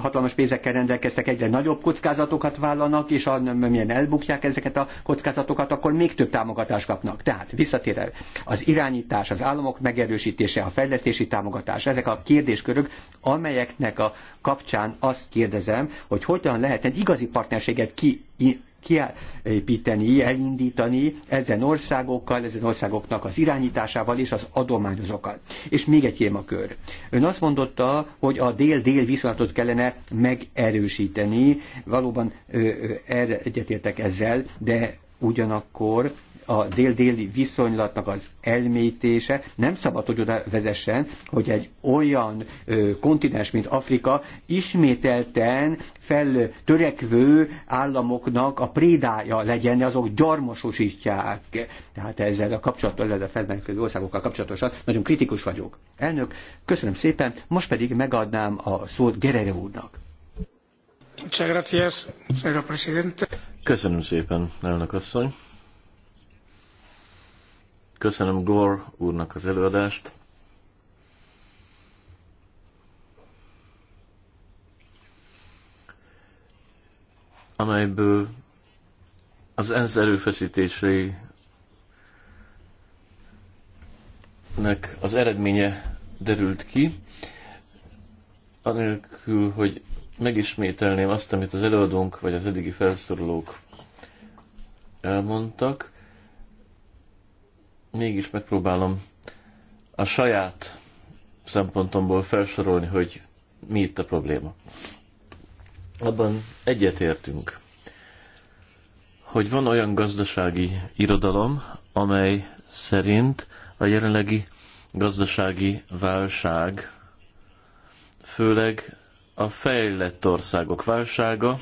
hatalmas pénzekkel rendelkeztek, egyre nagyobb kockázatokat vállalnak, és amilyen elbukják ezeket a kockázatokat, akkor még több támogatást kapnak. Tehát visszatérve az irányítás, az államok megerősítése, a fejlesztési támogatás, ezek a kérdéskörök, amelyeknek a kapcsán azt kérdezem, hogy hogyan lehet egy igazi partnerséget ki kiépíteni, elindítani ezen országokkal, ezen országoknak az irányításával és az adományozókkal. És még egy témakör. Ön azt mondotta, hogy a dél-dél viszonyatot kellene megerősíteni. Valóban ö, ö, egyetértek ezzel, de ugyanakkor a dél-déli viszonylatnak az elmétése nem szabad, hogy oda vezessen, hogy egy olyan ö, kontinens, mint Afrika ismételten feltörekvő államoknak a prédája legyen, azok gyarmososítják. Tehát ezzel a kapcsolattal, ezzel a felmenekülő országokkal kapcsolatosan nagyon kritikus vagyok. Elnök, köszönöm szépen, most pedig megadnám a szót Gerere úrnak. Köszönöm szépen, elnök asszony. Köszönöm Gore úrnak az előadást. amelyből az ENSZ erőfeszítéseinek az eredménye derült ki, anélkül, hogy megismételném azt, amit az előadónk vagy az eddigi felszorulók elmondtak mégis megpróbálom a saját szempontomból felsorolni, hogy mi itt a probléma. Abban egyetértünk, hogy van olyan gazdasági irodalom, amely szerint a jelenlegi gazdasági válság, főleg a fejlett országok válsága,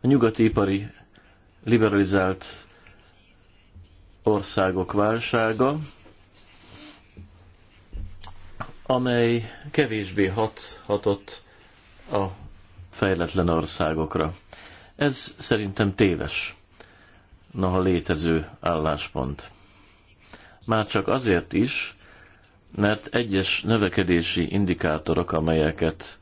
a nyugati ipari liberalizált országok válsága, amely kevésbé hat, hatott a fejletlen országokra. Ez szerintem téves, noha létező álláspont. Már csak azért is, mert egyes növekedési indikátorok, amelyeket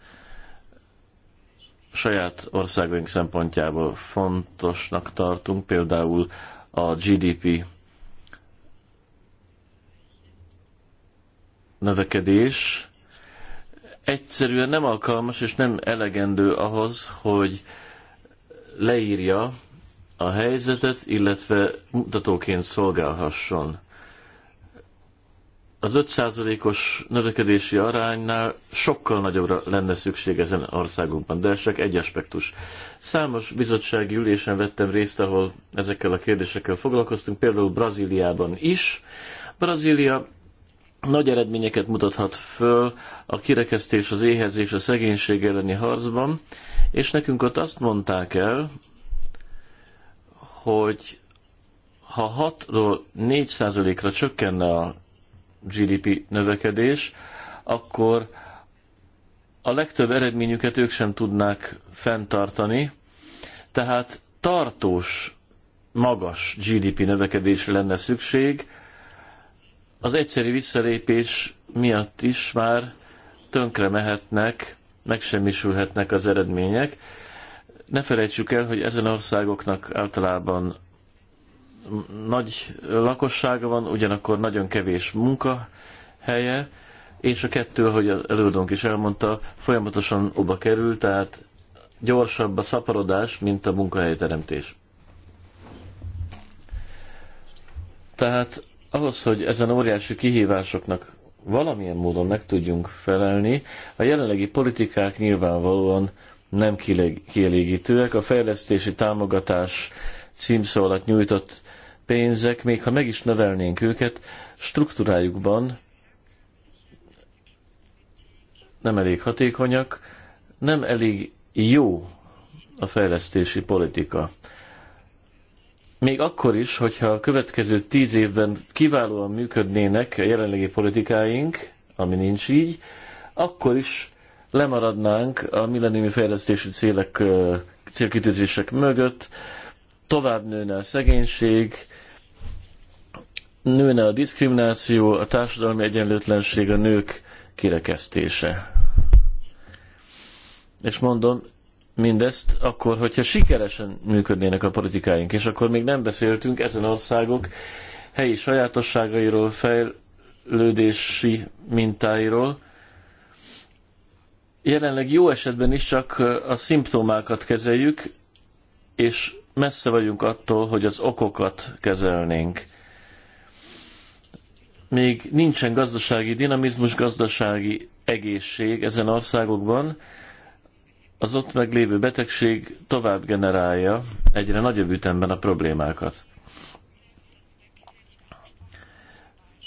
saját országaink szempontjából fontosnak tartunk, például a GDP növekedés egyszerűen nem alkalmas és nem elegendő ahhoz, hogy leírja a helyzetet, illetve mutatóként szolgálhasson. Az 5%-os növekedési aránynál sokkal nagyobbra lenne szükség ezen országunkban, de ez csak egy aspektus. Számos bizottsági ülésen vettem részt, ahol ezekkel a kérdésekkel foglalkoztunk, például Brazíliában is. Brazília nagy eredményeket mutathat föl a kirekesztés, az éhezés, a szegénység elleni harcban, és nekünk ott azt mondták el, hogy ha 6-ról 4 százalékra csökkenne a GDP növekedés, akkor a legtöbb eredményüket ők sem tudnák fenntartani, tehát tartós, magas GDP növekedés lenne szükség, az egyszerű visszalépés miatt is már tönkre mehetnek, megsemmisülhetnek az eredmények. Ne felejtsük el, hogy ezen országoknak általában nagy lakossága van, ugyanakkor nagyon kevés munkahelye, és a kettő, ahogy az elődónk is elmondta, folyamatosan oba kerül, tehát gyorsabb a szaporodás, mint a munkahelyteremtés. Tehát ahhoz, hogy ezen óriási kihívásoknak valamilyen módon meg tudjunk felelni, a jelenlegi politikák nyilvánvalóan nem kielégítőek. A fejlesztési támogatás címszó alatt nyújtott pénzek, még ha meg is növelnénk őket, struktúrájukban nem elég hatékonyak, nem elég jó a fejlesztési politika még akkor is, hogyha a következő tíz évben kiválóan működnének a jelenlegi politikáink, ami nincs így, akkor is lemaradnánk a milleniumi fejlesztési célek, célkitűzések mögött, tovább nőne a szegénység, nőne a diszkrimináció, a társadalmi egyenlőtlenség, a nők kirekesztése. És mondom, mindezt akkor, hogyha sikeresen működnének a politikáink, és akkor még nem beszéltünk ezen országok helyi sajátosságairól, fejlődési mintáiról. Jelenleg jó esetben is csak a szimptomákat kezeljük, és messze vagyunk attól, hogy az okokat kezelnénk. Még nincsen gazdasági dinamizmus, gazdasági egészség ezen országokban, az ott meglévő betegség tovább generálja egyre nagyobb ütemben a problémákat.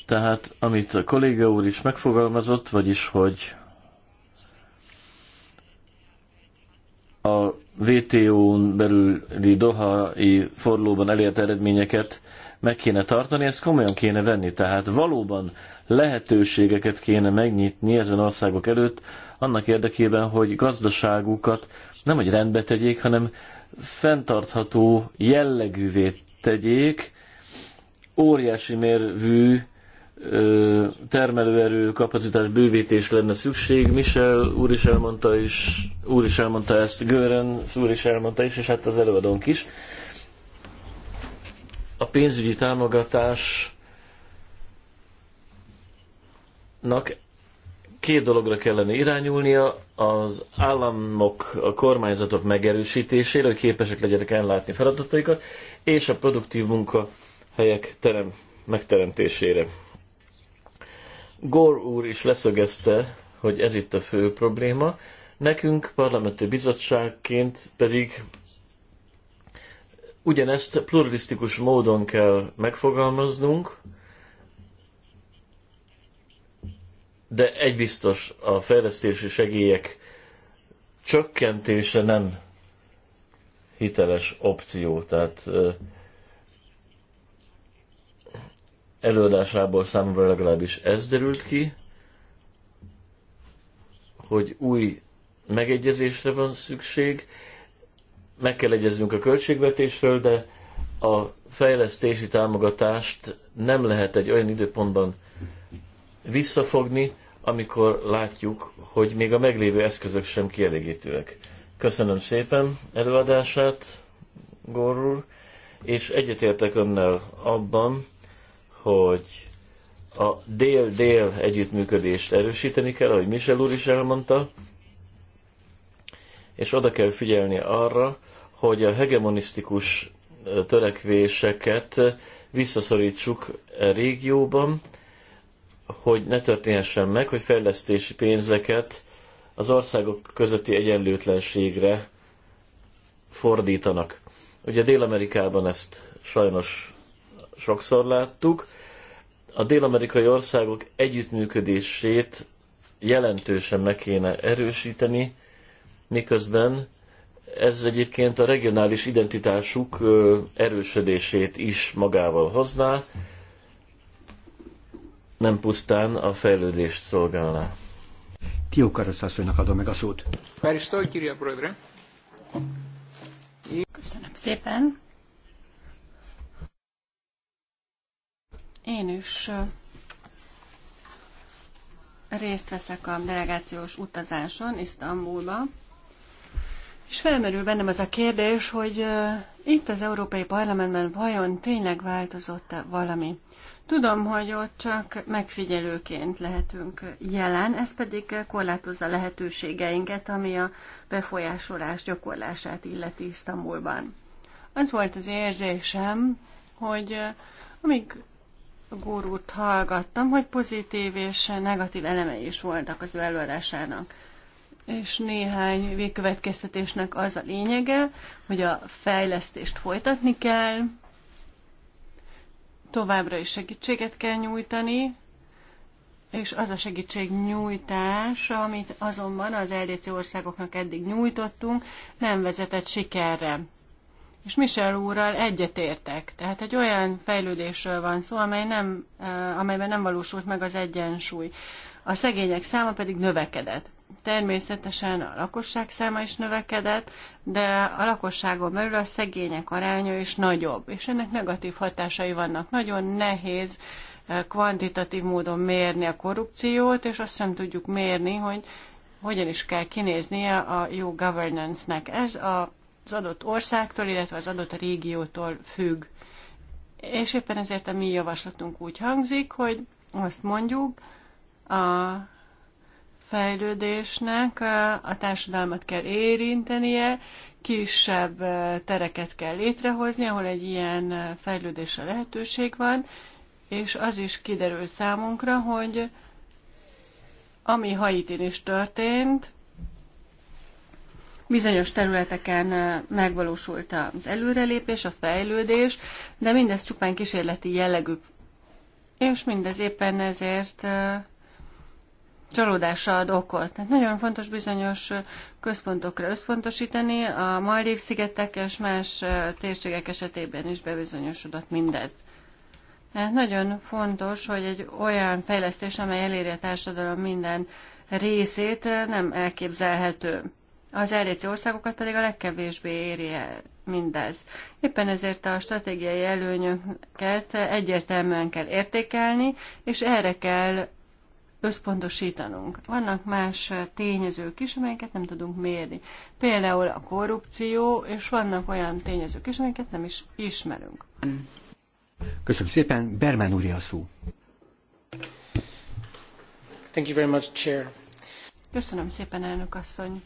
Tehát, amit a kolléga úr is megfogalmazott, vagyis, hogy a WTO-n belüli Dohai forlóban elért eredményeket meg kéne tartani, ezt komolyan kéne venni. Tehát valóban lehetőségeket kéne megnyitni ezen országok előtt, annak érdekében, hogy gazdaságukat nem hogy rendbe tegyék, hanem fenntartható jellegűvé tegyék, óriási mérvű termelőerő kapacitás bővítés lenne szükség. Michel úr is elmondta, is, úr is elmondta ezt, Gören úr is elmondta is, és hát az előadónk is. A pénzügyi támogatásnak két dologra kellene irányulnia, az államok, a kormányzatok megerősítésére, hogy képesek legyenek ellátni feladataikat, és a produktív munkahelyek terem, megteremtésére. Gore úr is leszögezte, hogy ez itt a fő probléma, nekünk parlamenti bizottságként pedig ugyanezt pluralisztikus módon kell megfogalmaznunk, de egy biztos, a fejlesztési segélyek csökkentése nem hiteles opció, tehát előadásából számomra legalábbis ez derült ki, hogy új megegyezésre van szükség, meg kell egyeznünk a költségvetésről, de a fejlesztési támogatást nem lehet egy olyan időpontban visszafogni, amikor látjuk, hogy még a meglévő eszközök sem kielégítőek. Köszönöm szépen előadását, Górul, és egyetértek önnel abban, hogy a dél-dél együttműködést erősíteni kell, ahogy Michel úr is elmondta, és oda kell figyelni arra, hogy a hegemonisztikus törekvéseket visszaszorítsuk a e régióban, hogy ne történhessen meg, hogy fejlesztési pénzeket az országok közötti egyenlőtlenségre fordítanak. Ugye Dél-Amerikában ezt sajnos sokszor láttuk. A dél-amerikai országok együttműködését jelentősen meg kéne erősíteni, miközben ez egyébként a regionális identitásuk erősödését is magával hozná, nem pusztán a fejlődést szolgálná. Tiókarosz asszonynak adom meg a szót. Köszönöm szépen. Én is uh, részt veszek a delegációs utazáson Isztambulba, és felmerül bennem az a kérdés, hogy uh, itt az Európai Parlamentben vajon tényleg változott-e valami. Tudom, hogy ott csak megfigyelőként lehetünk jelen, ez pedig korlátozza lehetőségeinket, ami a befolyásolás gyakorlását illeti Isztambulban. Az volt az érzésem, hogy eh, amíg a gurút hallgattam, hogy pozitív és negatív elemei is voltak az ő előadásának. És néhány végkövetkeztetésnek az a lényege, hogy a fejlesztést folytatni kell, továbbra is segítséget kell nyújtani, és az a segítség nyújtás, amit azonban az LDC országoknak eddig nyújtottunk, nem vezetett sikerre. És Michel úrral egyetértek. Tehát egy olyan fejlődésről van szó, amely nem, eh, amelyben nem valósult meg az egyensúly. A szegények száma pedig növekedett. Természetesen a lakosság száma is növekedett, de a lakosságon belül a szegények aránya is nagyobb, és ennek negatív hatásai vannak. Nagyon nehéz eh, kvantitatív módon mérni a korrupciót, és azt sem tudjuk mérni, hogy hogyan is kell kinéznie a jó governance-nek. Ez a az adott országtól, illetve az adott régiótól függ. És éppen ezért a mi javaslatunk úgy hangzik, hogy azt mondjuk, a fejlődésnek a társadalmat kell érintenie, kisebb tereket kell létrehozni, ahol egy ilyen fejlődésre lehetőség van, és az is kiderül számunkra, hogy ami Haitin is történt, bizonyos területeken megvalósult az előrelépés, a fejlődés, de mindez csupán kísérleti jellegű. És mindez éppen ezért csalódása ad okot. Tehát nagyon fontos bizonyos központokra összpontosítani, a Maldív-szigetek és más térségek esetében is bebizonyosodott mindez. Tehát nagyon fontos, hogy egy olyan fejlesztés, amely eléri a társadalom minden részét, nem elképzelhető. Az LDC országokat pedig a legkevésbé éri el mindez. Éppen ezért a stratégiai előnyöket egyértelműen kell értékelni, és erre kell összpontosítanunk. Vannak más tényezők is, amelyeket nem tudunk mérni. Például a korrupció, és vannak olyan tényezők is, amelyeket nem is ismerünk. Köszönöm szépen. Berman úr a szó. Thank you very much, Chair. Köszönöm szépen, elnök asszony.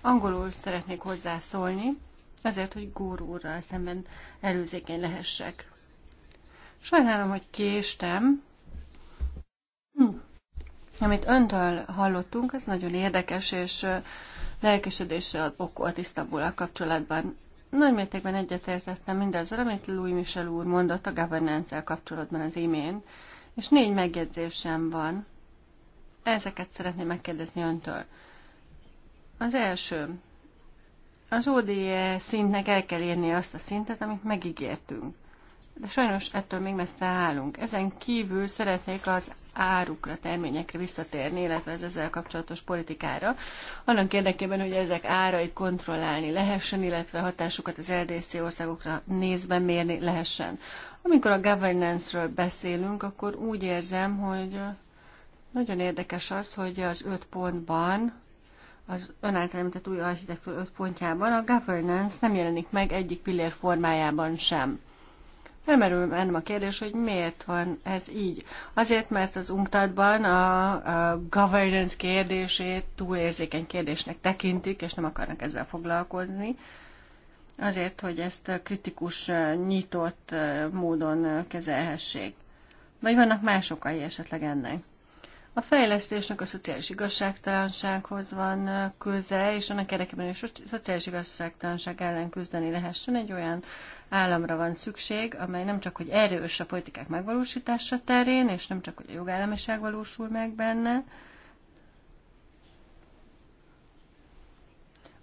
Angolul szeretnék hozzászólni, Ezért, hogy Gór úrral szemben előzékeny lehessek. Sajnálom, hogy késtem. Hm. Amit öntől hallottunk, ez nagyon érdekes, és lelkesedésre ad okot Isztambulal kapcsolatban. Nagy mértékben egyetértettem mindazzal, amit Louis Michel úr mondott a governance kapcsolatban az imént, és négy megjegyzésem van. Ezeket szeretném megkérdezni öntől. Az első. Az ODE szintnek el kell érni azt a szintet, amit megígértünk de sajnos ettől még messze állunk. Ezen kívül szeretnék az árukra, terményekre visszatérni, illetve az ezzel kapcsolatos politikára, annak érdekében, hogy ezek árait kontrollálni lehessen, illetve hatásukat az LDC országokra nézve mérni lehessen. Amikor a governance-ről beszélünk, akkor úgy érzem, hogy nagyon érdekes az, hogy az öt pontban, az ön által új architektúra öt pontjában a governance nem jelenik meg egyik pillér formájában sem. Felmerül bennem a kérdés, hogy miért van ez így. Azért, mert az UNCTAD-ban a, a governance kérdését túlérzékeny kérdésnek tekintik, és nem akarnak ezzel foglalkozni. Azért, hogy ezt kritikus, nyitott módon kezelhessék. Vagy vannak más okai esetleg ennek? A fejlesztésnek a szociális igazságtalansághoz van köze, és annak érdekében, hogy a szociális igazságtalanság ellen küzdeni lehessen, egy olyan államra van szükség, amely nem csak, hogy erős a politikák megvalósítása terén, és nem csak, hogy a jogállamiság valósul meg benne,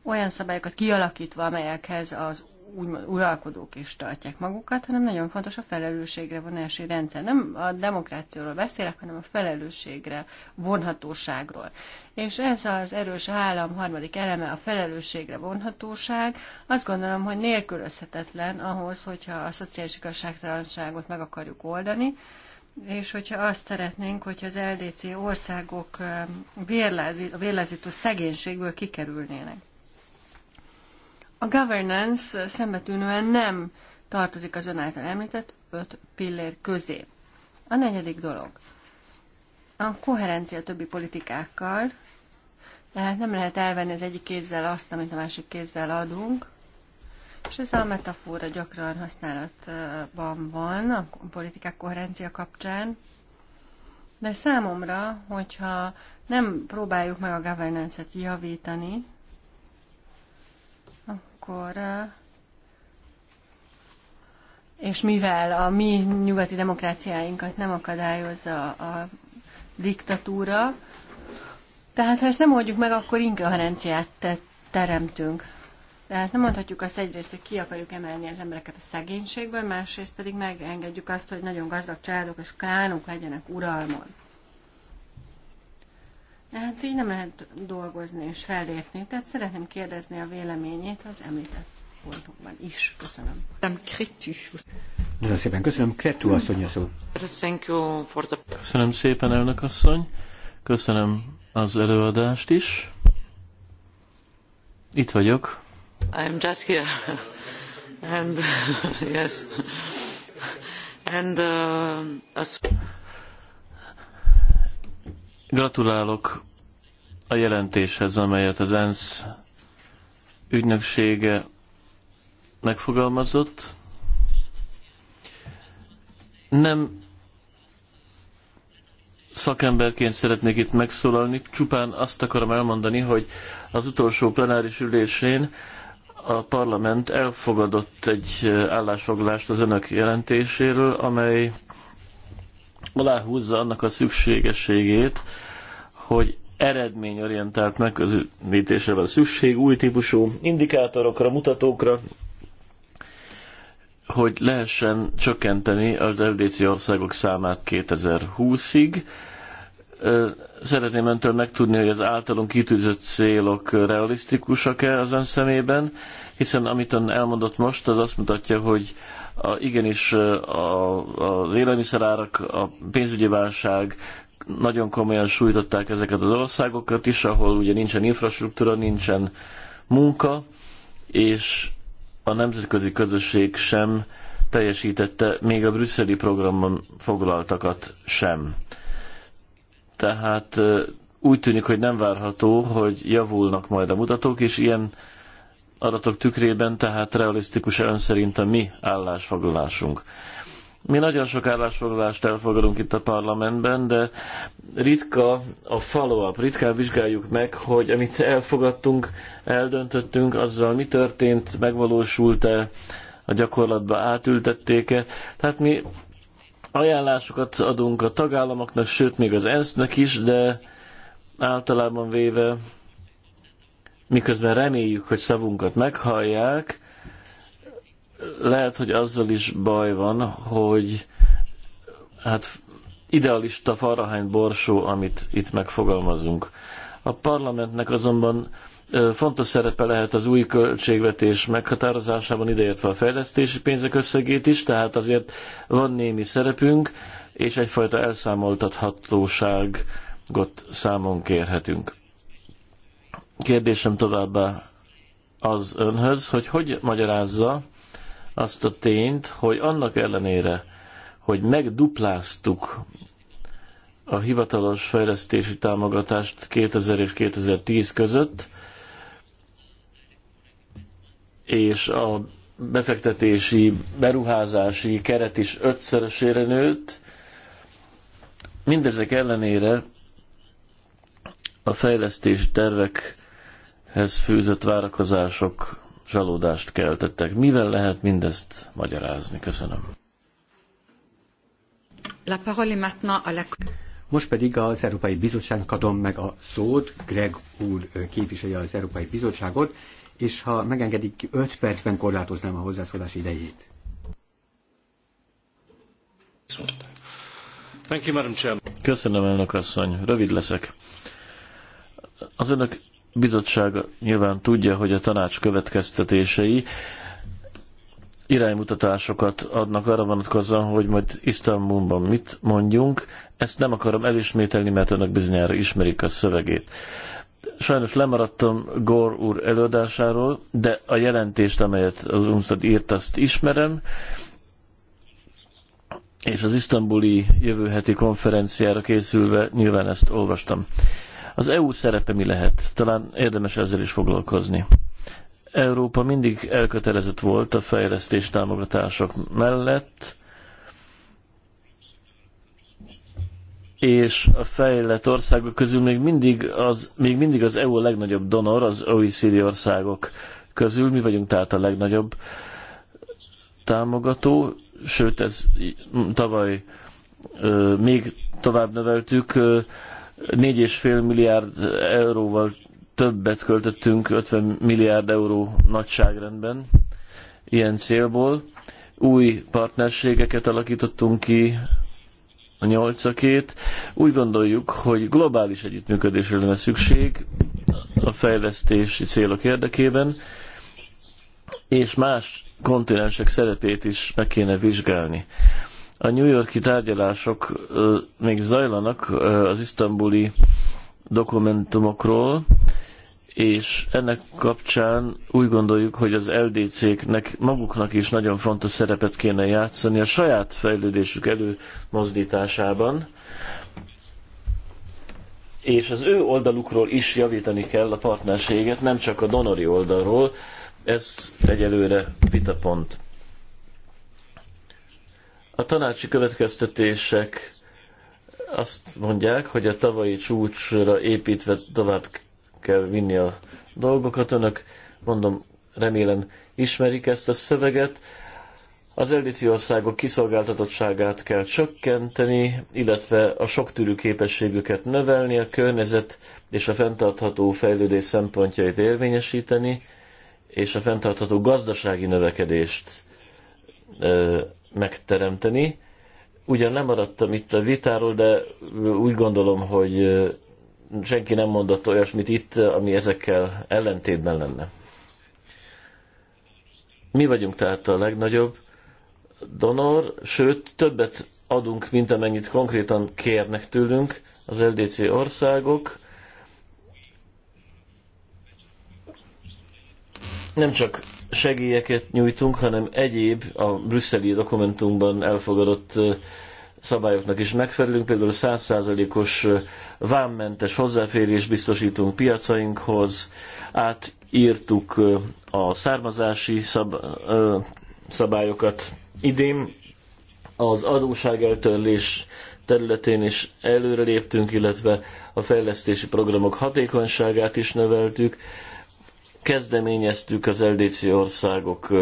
olyan szabályokat kialakítva, amelyekhez az úgymond uralkodók is tartják magukat, hanem nagyon fontos a felelősségre vonási rendszer. Nem a demokrációról beszélek, hanem a felelősségre vonhatóságról. És ez az erős állam harmadik eleme, a felelősségre vonhatóság, azt gondolom, hogy nélkülözhetetlen ahhoz, hogyha a szociális igazságtalanságot meg akarjuk oldani, és hogyha azt szeretnénk, hogy az LDC országok um, vérlázi, a vérlázító szegénységből kikerülnének. A governance szembetűnően nem tartozik az ön által említett öt pillér közé. A negyedik dolog. A koherencia többi politikákkal, tehát nem lehet elvenni az egyik kézzel azt, amit a másik kézzel adunk, és ez a metafora gyakran használatban van a politikák koherencia kapcsán, de számomra, hogyha nem próbáljuk meg a governance-et javítani, akkor és mivel a mi nyugati demokráciáinkat nem akadályozza a diktatúra, tehát ha ezt nem oldjuk meg, akkor inkoherenciát teremtünk. Tehát nem mondhatjuk azt egyrészt, hogy ki akarjuk emelni az embereket a szegénységből, másrészt pedig megengedjük azt, hogy nagyon gazdag családok és klánok legyenek uralmon hát így nem lehet dolgozni és fellépni. Tehát szeretném kérdezni a véleményét az említett pontokban is. Köszönöm. Nem Nagyon szépen köszönöm. Kretu asszony a szó. Köszönöm szépen, elnök asszony. Köszönöm az előadást is. Itt vagyok. I'm just here. And <laughs> yes. And uh, as... Gratulálok a jelentéshez, amelyet az ENSZ ügynöksége megfogalmazott. Nem szakemberként szeretnék itt megszólalni, csupán azt akarom elmondani, hogy az utolsó plenáris ülésén a parlament elfogadott egy állásfoglalást az önök jelentéséről, amely aláhúzza annak a szükségességét, hogy eredményorientált megközelítésre van szükség, új típusú indikátorokra, mutatókra, hogy lehessen csökkenteni az LDC országok számát 2020-ig. Szeretném öntől megtudni, hogy az általunk kitűzött célok realisztikusak-e az ön szemében, hiszen amit ön elmondott most, az azt mutatja, hogy a, igenis a, az élelmiszerárak, a pénzügyi válság nagyon komolyan sújtották ezeket az országokat is, ahol ugye nincsen infrastruktúra, nincsen munka, és a nemzetközi közösség sem teljesítette, még a brüsszeli programban foglaltakat sem. Tehát úgy tűnik, hogy nem várható, hogy javulnak majd a mutatók, és ilyen adatok tükrében, tehát realisztikus ön szerint a mi állásfoglalásunk. Mi nagyon sok állásfoglalást elfogadunk itt a parlamentben, de ritka a follow-up, ritkán vizsgáljuk meg, hogy amit elfogadtunk, eldöntöttünk, azzal mi történt, megvalósult-e, a gyakorlatba átültették-e. Tehát mi ajánlásokat adunk a tagállamoknak, sőt még az ENSZ-nek is, de általában véve miközben reméljük, hogy szavunkat meghallják, lehet, hogy azzal is baj van, hogy hát idealista farahány borsó, amit itt megfogalmazunk. A parlamentnek azonban fontos szerepe lehet az új költségvetés meghatározásában, ideértve a fejlesztési pénzek összegét is, tehát azért van némi szerepünk, és egyfajta elszámoltathatóságot számon kérhetünk. Kérdésem továbbá az önhöz, hogy hogy magyarázza azt a tényt, hogy annak ellenére, hogy megdupláztuk a hivatalos fejlesztési támogatást 2000 és 2010 között, és a befektetési, beruházási keret is ötszörösére nőtt. Mindezek ellenére a fejlesztési tervek hez fűzött várakozások zsalódást keltettek. Mivel lehet mindezt magyarázni? Köszönöm. La parole maintenant à la... Most pedig az Európai Bizottságnak adom meg a szót, Greg úr képviselje az Európai Bizottságot, és ha megengedik, 5 percben korlátoznám a hozzászólás idejét. Thank you, Köszönöm, elnök asszony. Rövid leszek. Az önök bizottság nyilván tudja, hogy a tanács következtetései iránymutatásokat adnak arra vonatkozóan, hogy majd Isztambulban mit mondjunk. Ezt nem akarom elismételni, mert önök bizonyára ismerik a szövegét. Sajnos lemaradtam Gór úr előadásáról, de a jelentést, amelyet az UNSZTAD írt, azt ismerem, és az isztambuli jövő heti konferenciára készülve nyilván ezt olvastam. Az EU szerepe mi lehet? Talán érdemes ezzel is foglalkozni. Európa mindig elkötelezett volt a fejlesztés támogatások mellett, és a fejlett országok közül még mindig az, még mindig az EU a legnagyobb donor, az OECD országok közül, mi vagyunk tehát a legnagyobb támogató, sőt ez tavaly ö, még tovább növeltük, ö, 4,5 milliárd euróval többet költöttünk, 50 milliárd euró nagyságrendben ilyen célból. Új partnerségeket alakítottunk ki, a nyolcakét. Úgy gondoljuk, hogy globális együttműködésre lenne szükség a fejlesztési célok érdekében, és más kontinensek szerepét is meg kéne vizsgálni. A New Yorki tárgyalások még zajlanak az isztambuli dokumentumokról, és ennek kapcsán úgy gondoljuk, hogy az LDC-knek maguknak is nagyon fontos szerepet kéne játszani a saját fejlődésük előmozdításában, és az ő oldalukról is javítani kell a partnerséget, nem csak a donori oldalról, ez egyelőre vitapont. A tanácsi következtetések azt mondják, hogy a tavalyi csúcsra építve tovább kell vinni a dolgokat. Önök, mondom, remélem ismerik ezt a szöveget. Az LDC országok kiszolgáltatottságát kell csökkenteni, illetve a soktűrű képességüket növelni, a környezet és a fenntartható fejlődés szempontjait érvényesíteni, és a fenntartható gazdasági növekedést megteremteni. Ugyan nem maradtam itt a vitáról, de úgy gondolom, hogy senki nem mondott olyasmit itt, ami ezekkel ellentétben lenne. Mi vagyunk tehát a legnagyobb donor, sőt, többet adunk, mint amennyit konkrétan kérnek tőlünk az LDC országok. Nem csak segélyeket nyújtunk, hanem egyéb a brüsszeli dokumentumban elfogadott szabályoknak is megfelelünk, például 100%-os vámmentes hozzáférés biztosítunk piacainkhoz, átírtuk a származási szab, szabályokat. Idén az adósságeltörlés területén is előreléptünk, illetve a fejlesztési programok hatékonyságát is növeltük kezdeményeztük az LDC országok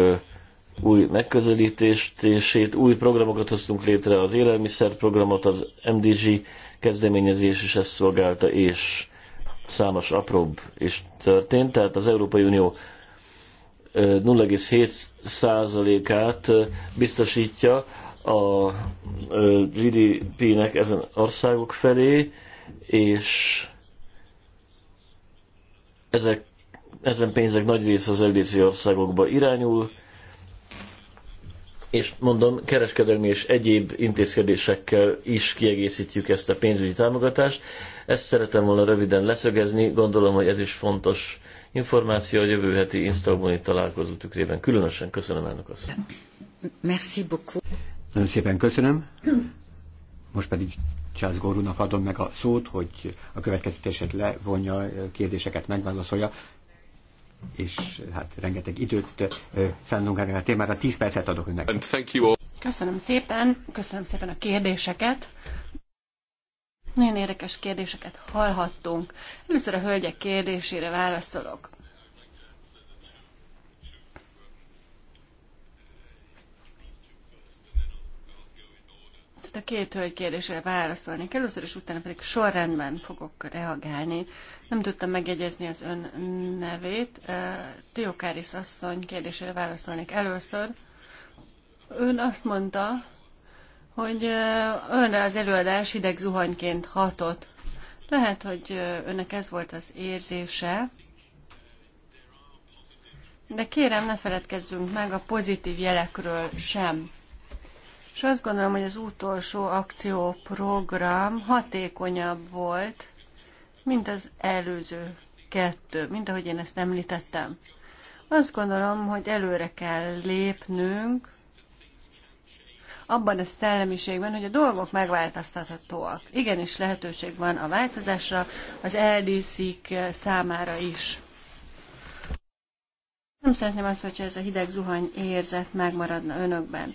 új megközelítését, új programokat hoztunk létre, az élelmiszerprogramot, az MDG kezdeményezés is ezt szolgálta, és számos apróbb is történt, tehát az Európai Unió 0,7%-át biztosítja a GDP-nek ezen országok felé, és ezek ezen pénzek nagy része az LDC országokba irányul, és mondom, kereskedelmi és egyéb intézkedésekkel is kiegészítjük ezt a pénzügyi támogatást. Ezt szeretem volna röviden leszögezni, gondolom, hogy ez is fontos információ a jövő heti Instagramon találkozó tükrében. Különösen köszönöm elnök azt. Merci beaucoup. Nagyon szépen köszönöm. Most pedig Charles Gorúnak adom meg a szót, hogy a következtetéset levonja, kérdéseket megválaszolja és hát rengeteg időt szállunk erre a témára. Tíz percet adok önnek. Köszönöm szépen, köszönöm szépen a kérdéseket. Nagyon érdekes kérdéseket hallhattunk. Először a hölgyek kérdésére válaszolok. Tehát a két hölgy kérdésére válaszolni kell, először és utána pedig sorrendben fogok reagálni nem tudtam megjegyezni az ön nevét. Tiokáris asszony kérdésére válaszolnék először. Ön azt mondta, hogy önre az előadás hideg zuhanyként hatott. Lehet, hogy önnek ez volt az érzése, de kérem, ne feledkezzünk meg a pozitív jelekről sem. És azt gondolom, hogy az utolsó akcióprogram hatékonyabb volt, mint az előző kettő, mint ahogy én ezt említettem. Azt gondolom, hogy előre kell lépnünk abban a szellemiségben, hogy a dolgok megváltoztathatóak. Igenis lehetőség van a változásra, az ldc számára is. Nem szeretném azt, hogyha ez a hideg zuhany érzet megmaradna önökben.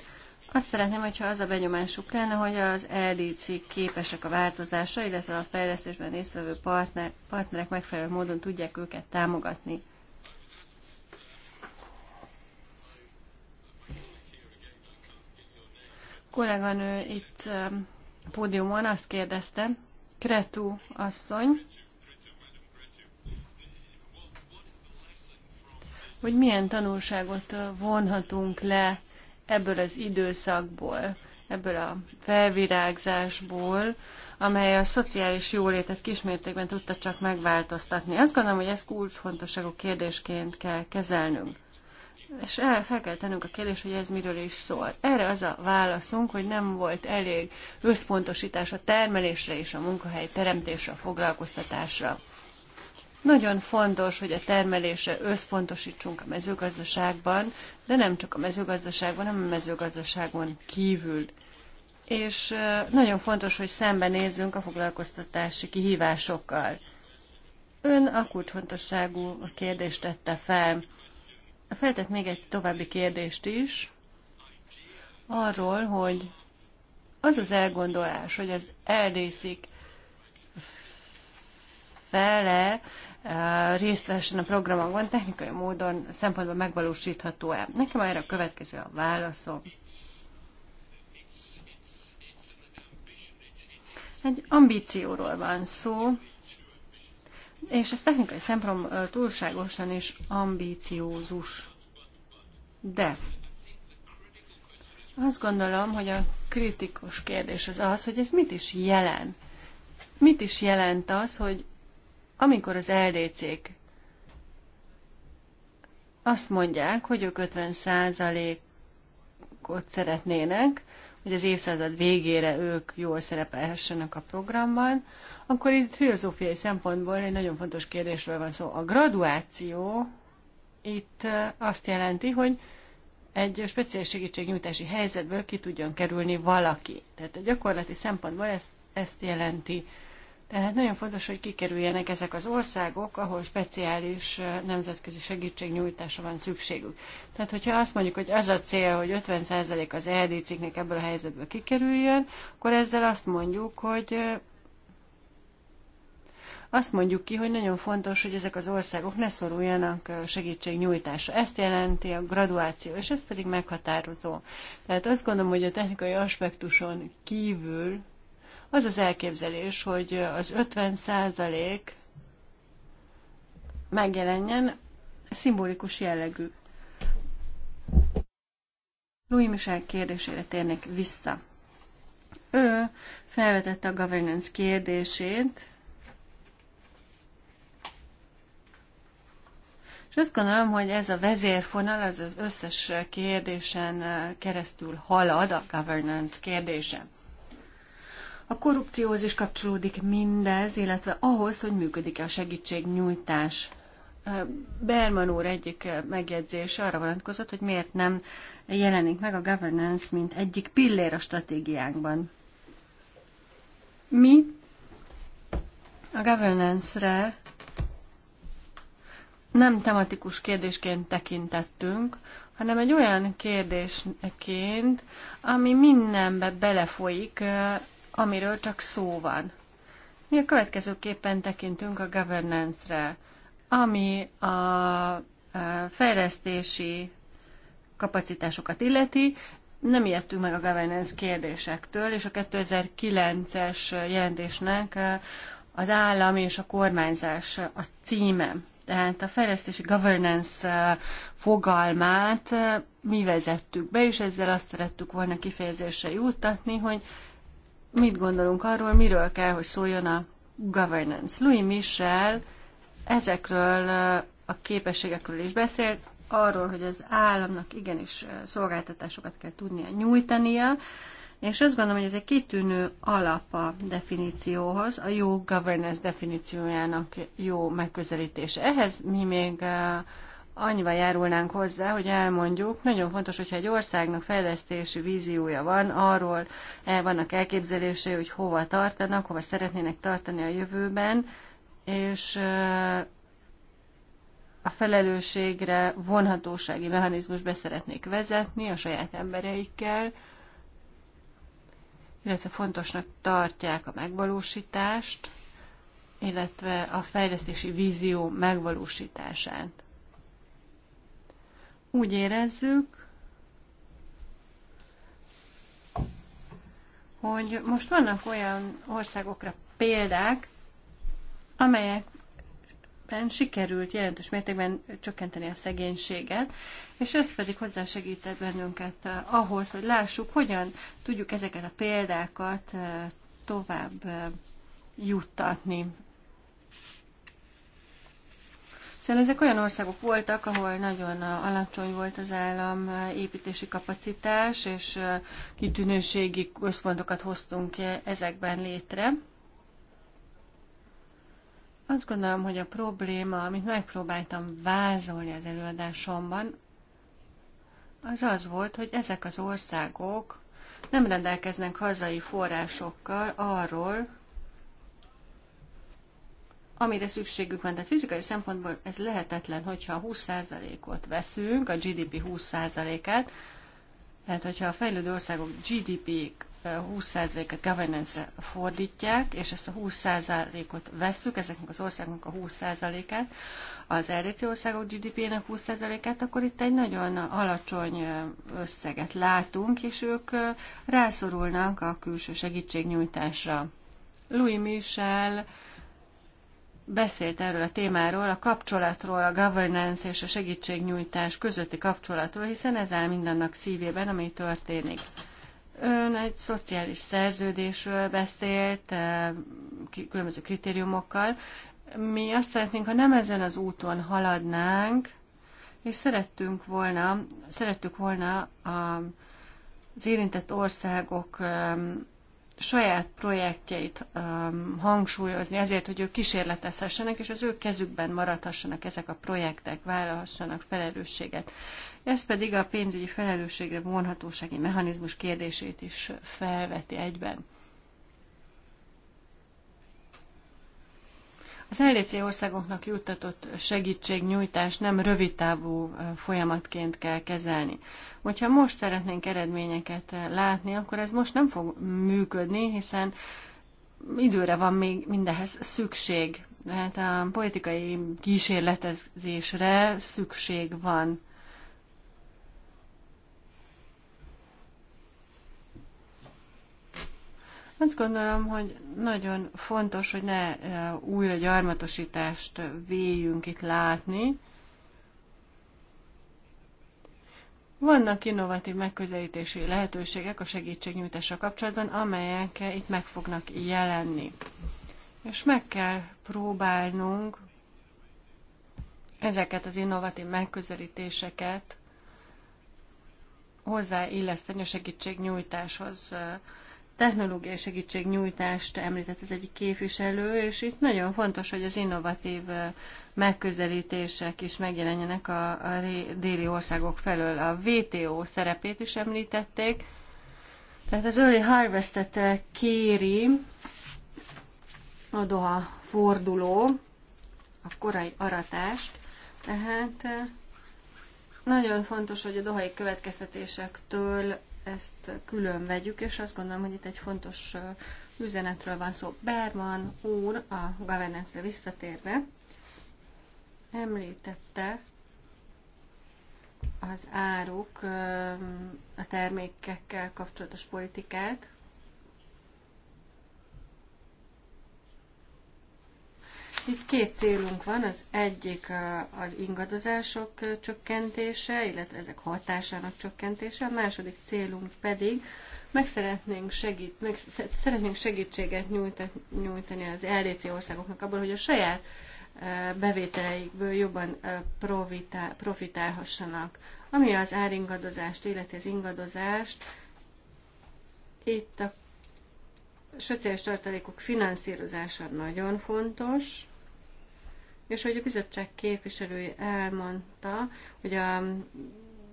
Azt szeretném, hogyha az a benyomásuk lenne, hogy az LDC képesek a változásra, illetve a fejlesztésben résztvevő partner, partnerek megfelelő módon tudják őket támogatni. kolléganő itt a um, pódiumon azt kérdezte, Kretu asszony, hogy milyen tanulságot uh, vonhatunk le ebből az időszakból, ebből a felvirágzásból, amely a szociális jólétet kismértékben tudta csak megváltoztatni. Azt gondolom, hogy ezt kulcsfontosságú kérdésként kell kezelnünk. És el, fel kell tennünk a kérdés, hogy ez miről is szól. Erre az a válaszunk, hogy nem volt elég összpontosítás a termelésre és a munkahely teremtésre, a foglalkoztatásra. Nagyon fontos, hogy a termelésre összpontosítsunk a mezőgazdaságban, de nem csak a mezőgazdaságban, hanem a mezőgazdaságon kívül. És nagyon fontos, hogy szembenézzünk a foglalkoztatási kihívásokkal. Ön akut fontosságú a kérdést tette fel. Feltett még egy további kérdést is, arról, hogy az az elgondolás, hogy az eldészik fele Eh, részt vehessen a programokban, technikai módon szempontból megvalósítható-e. Nekem erre a következő a válaszom. Egy ambícióról van szó, és ez technikai szempontból eh, túlságosan is ambíciózus. De azt gondolom, hogy a kritikus kérdés az az, hogy ez mit is jelent. Mit is jelent az, hogy amikor az LDC-k azt mondják, hogy ők 50%-ot szeretnének, hogy az évszázad végére ők jól szerepelhessenek a programban, akkor itt filozófiai szempontból egy nagyon fontos kérdésről van szó. A graduáció itt azt jelenti, hogy egy speciális segítségnyújtási helyzetből ki tudjon kerülni valaki. Tehát a gyakorlati szempontból ezt, ezt jelenti tehát nagyon fontos, hogy kikerüljenek ezek az országok, ahol speciális nemzetközi segítségnyújtásra van szükségük. Tehát, hogyha azt mondjuk, hogy az a cél, hogy 50% az ldc cikknek ebből a helyzetből kikerüljön, akkor ezzel azt mondjuk, hogy azt mondjuk ki, hogy nagyon fontos, hogy ezek az országok ne szoruljanak segítségnyújtásra. Ezt jelenti a graduáció, és ez pedig meghatározó. Tehát azt gondolom, hogy a technikai aspektuson kívül az az elképzelés, hogy az 50 százalék megjelenjen szimbolikus jellegű. Louis Michel kérdésére térnek vissza. Ő felvetette a governance kérdését, És azt gondolom, hogy ez a vezérfonal az, az összes kérdésen keresztül halad, a governance kérdése. A korrupcióhoz is kapcsolódik mindez, illetve ahhoz, hogy működik-e a segítségnyújtás. Berman úr egyik megjegyzése arra vonatkozott, hogy miért nem jelenik meg a governance, mint egyik pillér a stratégiánkban. Mi a governance-re nem tematikus kérdésként tekintettünk, hanem egy olyan kérdésként, ami mindenbe belefolyik, amiről csak szó van. Mi a következőképpen tekintünk a governance-re, ami a fejlesztési kapacitásokat illeti, nem ijedtünk meg a governance kérdésektől, és a 2009-es jelentésnek az állam és a kormányzás a címe. Tehát a fejlesztési governance fogalmát mi vezettük be, és ezzel azt szerettük volna kifejezésre juttatni, hogy mit gondolunk arról, miről kell, hogy szóljon a governance. Louis Michel ezekről a képességekről is beszélt, arról, hogy az államnak igenis szolgáltatásokat kell tudnia nyújtania, és azt gondolom, hogy ez egy kitűnő alap a definícióhoz, a jó governance definíciójának jó megközelítése. Ehhez mi még annyiba járulnánk hozzá, hogy elmondjuk, nagyon fontos, hogyha egy országnak fejlesztési víziója van, arról el eh, vannak elképzelései, hogy hova tartanak, hova szeretnének tartani a jövőben, és eh, a felelősségre vonhatósági mechanizmus be szeretnék vezetni a saját embereikkel, illetve fontosnak tartják a megvalósítást, illetve a fejlesztési vízió megvalósítását. Úgy érezzük, hogy most vannak olyan országokra példák, amelyekben sikerült jelentős mértékben csökkenteni a szegénységet, és ez pedig hozzásegített bennünket eh, ahhoz, hogy lássuk, hogyan tudjuk ezeket a példákat eh, tovább eh, juttatni Szóval ezek olyan országok voltak, ahol nagyon alacsony volt az állam építési kapacitás, és kitűnőségi központokat hoztunk ezekben létre. Azt gondolom, hogy a probléma, amit megpróbáltam vázolni az előadásomban, az az volt, hogy ezek az országok nem rendelkeznek hazai forrásokkal arról, amire szükségük van. Tehát fizikai szempontból ez lehetetlen, hogyha 20%-ot veszünk, a GDP 20%-át, tehát hogyha a fejlődő országok GDP 20 et governance-re fordítják, és ezt a 20%-ot veszük ezeknek az országoknak a 20%-át, az RDC országok GDP-nek 20%-át, akkor itt egy nagyon alacsony összeget látunk, és ők rászorulnak a külső segítségnyújtásra. Louis Michel beszélt erről a témáról, a kapcsolatról, a governance és a segítségnyújtás közötti kapcsolatról, hiszen ez áll mindannak szívében, ami történik. Ön egy szociális szerződésről beszélt, eh, különböző kritériumokkal. Mi azt szeretnénk, ha nem ezen az úton haladnánk, és szerettünk volna, szerettük volna a, az érintett országok saját projektjeit um, hangsúlyozni azért, hogy ők kísérletezhessenek, és az ő kezükben maradhassanak ezek a projektek, vállalhassanak felelősséget. Ez pedig a pénzügyi felelősségre vonhatósági mechanizmus kérdését is felveti egyben. Az LDC országoknak juttatott segítségnyújtás nem rövidtávú folyamatként kell kezelni. Hogyha most szeretnénk eredményeket látni, akkor ez most nem fog működni, hiszen időre van még mindehez szükség. Tehát a politikai kísérletezésre szükség van. Azt gondolom, hogy nagyon fontos, hogy ne újra gyarmatosítást véljünk itt látni. Vannak innovatív megközelítési lehetőségek a segítségnyújtással kapcsolatban, amelyek itt meg fognak jelenni. És meg kell próbálnunk ezeket az innovatív megközelítéseket hozzáilleszteni a segítségnyújtáshoz technológiai segítségnyújtást említett az egyik képviselő, és itt nagyon fontos, hogy az innovatív megközelítések is megjelenjenek a, a déli országok felől. A WTO szerepét is említették, tehát az Early Harvestet kéri a Doha forduló, a korai aratást, tehát nagyon fontos, hogy a dohai következtetésektől ezt külön vegyük, és azt gondolom, hogy itt egy fontos üzenetről van szó. Berman úr a governance visszatérve említette az áruk, a termékekkel kapcsolatos politikát, Itt két célunk van, az egyik az ingadozások csökkentése, illetve ezek hatásának csökkentése, a második célunk pedig meg szeretnénk, segít, meg szeretnénk segítséget nyújtani az LDC országoknak abban, hogy a saját bevételeikből jobban profitálhassanak. Ami az áringadozást, illetve az ingadozást, itt a szociális tartalékok finanszírozása nagyon fontos. És hogy a bizottság képviselője elmondta, hogy a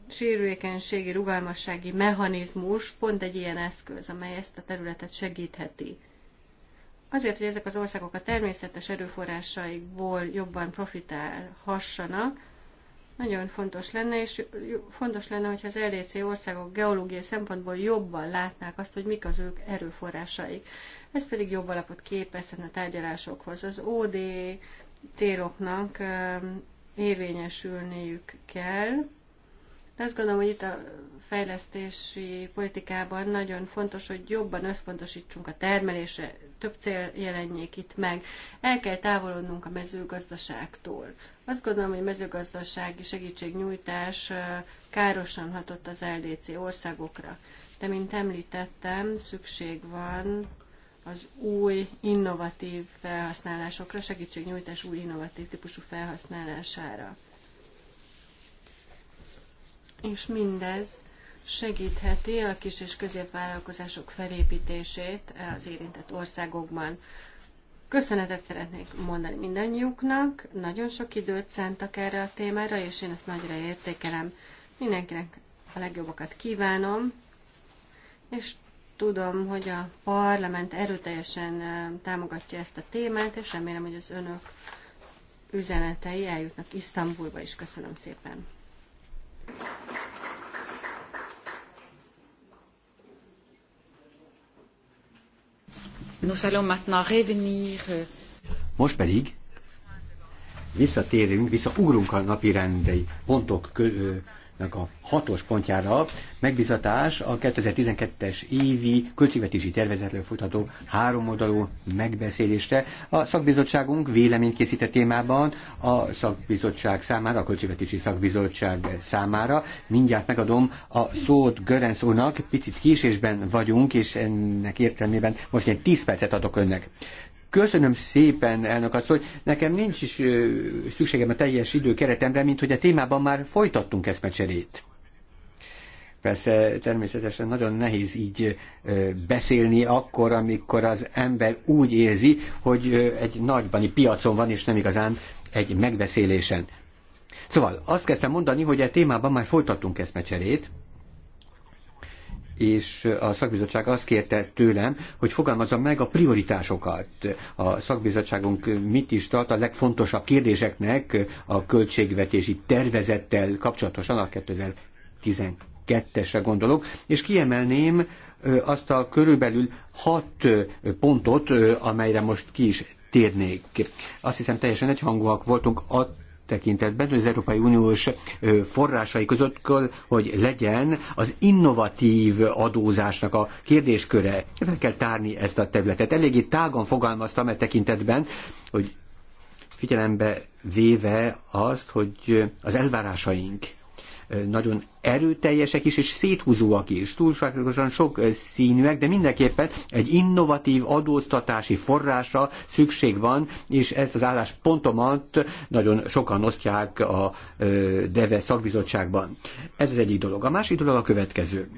sérülékenységi rugalmassági mechanizmus pont egy ilyen eszköz, amely ezt a területet segítheti. Azért, hogy ezek az országok a természetes erőforrásaikból jobban profitálhassanak, nagyon fontos lenne, és fontos lenne, hogyha az LDC országok geológiai szempontból jobban látnák azt, hogy mik az ők erőforrásaik. Ez pedig jobb alapot képezhetne a tárgyalásokhoz. Az OD céloknak érvényesülniük kell. De azt gondolom, hogy itt a fejlesztési politikában nagyon fontos, hogy jobban összpontosítsunk a termelésre, több cél jelenjék itt meg. El kell távolodnunk a mezőgazdaságtól. Azt gondolom, hogy mezőgazdasági segítségnyújtás károsan hatott az LDC országokra. De, mint említettem, szükség van az új innovatív felhasználásokra, segítségnyújtás új innovatív típusú felhasználására. És mindez segítheti a kis és középvállalkozások felépítését az érintett országokban. Köszönetet szeretnék mondani mindannyiuknak, nagyon sok időt szántak erre a témára, és én ezt nagyra értékelem. Mindenkinek a legjobbakat kívánom, és Tudom, hogy a parlament erőteljesen támogatja ezt a témát, és remélem, hogy az önök üzenetei eljutnak Isztambulba is. Köszönöm szépen. Euh, Most pedig visszatérünk, visszaugrunk a napi rendei pontok közül a hatos pontjára megbizatás a 2012-es évi költségvetési tervezetről futható háromoldalú megbeszélésre. A szakbizottságunk véleményt készít a témában a szakbizottság számára, a költségvetési szakbizottság számára. Mindjárt megadom a szót Görenc úrnak, picit késésben vagyunk, és ennek értelmében most egy 10 percet adok önnek. Köszönöm szépen, elnök azt hogy Nekem nincs is szükségem a teljes időkeretemre, mint hogy a témában már folytattunk eszmecserét. Persze természetesen nagyon nehéz így beszélni akkor, amikor az ember úgy érzi, hogy egy nagybani piacon van, és nem igazán egy megbeszélésen. Szóval azt kezdtem mondani, hogy a e témában már folytattunk eszmecserét, és a szakbizottság azt kérte tőlem, hogy fogalmazza meg a prioritásokat. A szakbizottságunk mit is tart a legfontosabb kérdéseknek a költségvetési tervezettel kapcsolatosan a 2012-esre gondolok, és kiemelném azt a körülbelül hat pontot, amelyre most ki is térnék. Azt hiszem teljesen egyhangúak voltunk a tekintetben, az Európai Uniós forrásai között kell, hogy legyen az innovatív adózásnak a kérdésköre. Fel kell tárni ezt a területet. Eléggé tágan fogalmaztam e tekintetben, hogy figyelembe véve azt, hogy az elvárásaink nagyon erőteljesek is, és széthúzóak is, túlságosan sok színűek, de mindenképpen egy innovatív adóztatási forrásra szükség van, és ezt az álláspontomat nagyon sokan osztják a DEVE szakbizottságban. Ez az egyik dolog. A másik dolog a következő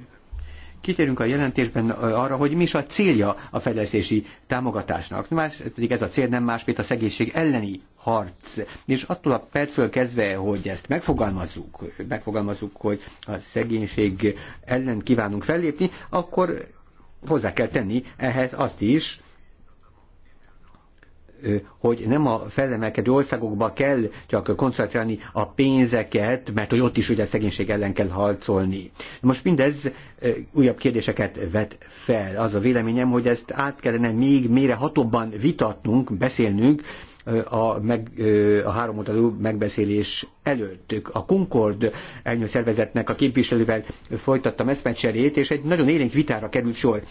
kitérünk a jelentésben arra, hogy mi is a célja a fejlesztési támogatásnak. Más, pedig ez a cél nem más, mint a szegénység elleni harc. És attól a percről kezdve, hogy ezt megfogalmazzuk, megfogalmazzuk, hogy a szegénység ellen kívánunk fellépni, akkor hozzá kell tenni ehhez azt is, hogy nem a felemelkedő országokba kell csak koncentrálni a pénzeket, mert hogy ott is ugye a szegénység ellen kell harcolni. Most mindez újabb kérdéseket vet fel. Az a véleményem, hogy ezt át kellene még mélyre hatóbban vitatnunk, beszélnünk, a, meg, a három oldalú megbeszélés előtt. A Concord elnyő szervezetnek a képviselővel folytattam eszmecserét, és egy nagyon élénk vitára került sor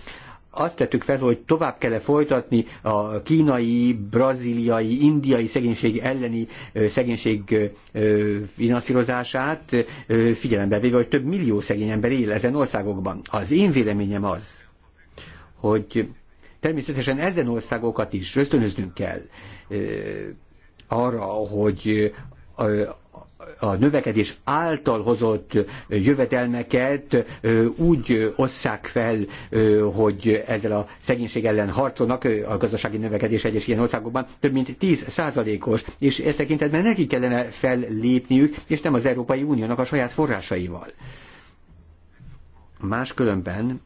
azt tettük fel, hogy tovább kell -e folytatni a kínai, braziliai, indiai szegénység elleni szegénység finanszírozását, figyelembe véve, hogy több millió szegény ember él ezen országokban. Az én véleményem az, hogy természetesen ezen országokat is ösztönöznünk kell arra, hogy a növekedés által hozott jövedelmeket úgy osszák fel, hogy ezzel a szegénység ellen harcolnak, a gazdasági növekedés egyes ilyen országokban több mint 10 százalékos, és ezt tekintetben neki kellene fellépniük, és nem az Európai Uniónak a saját forrásaival. Máskülönben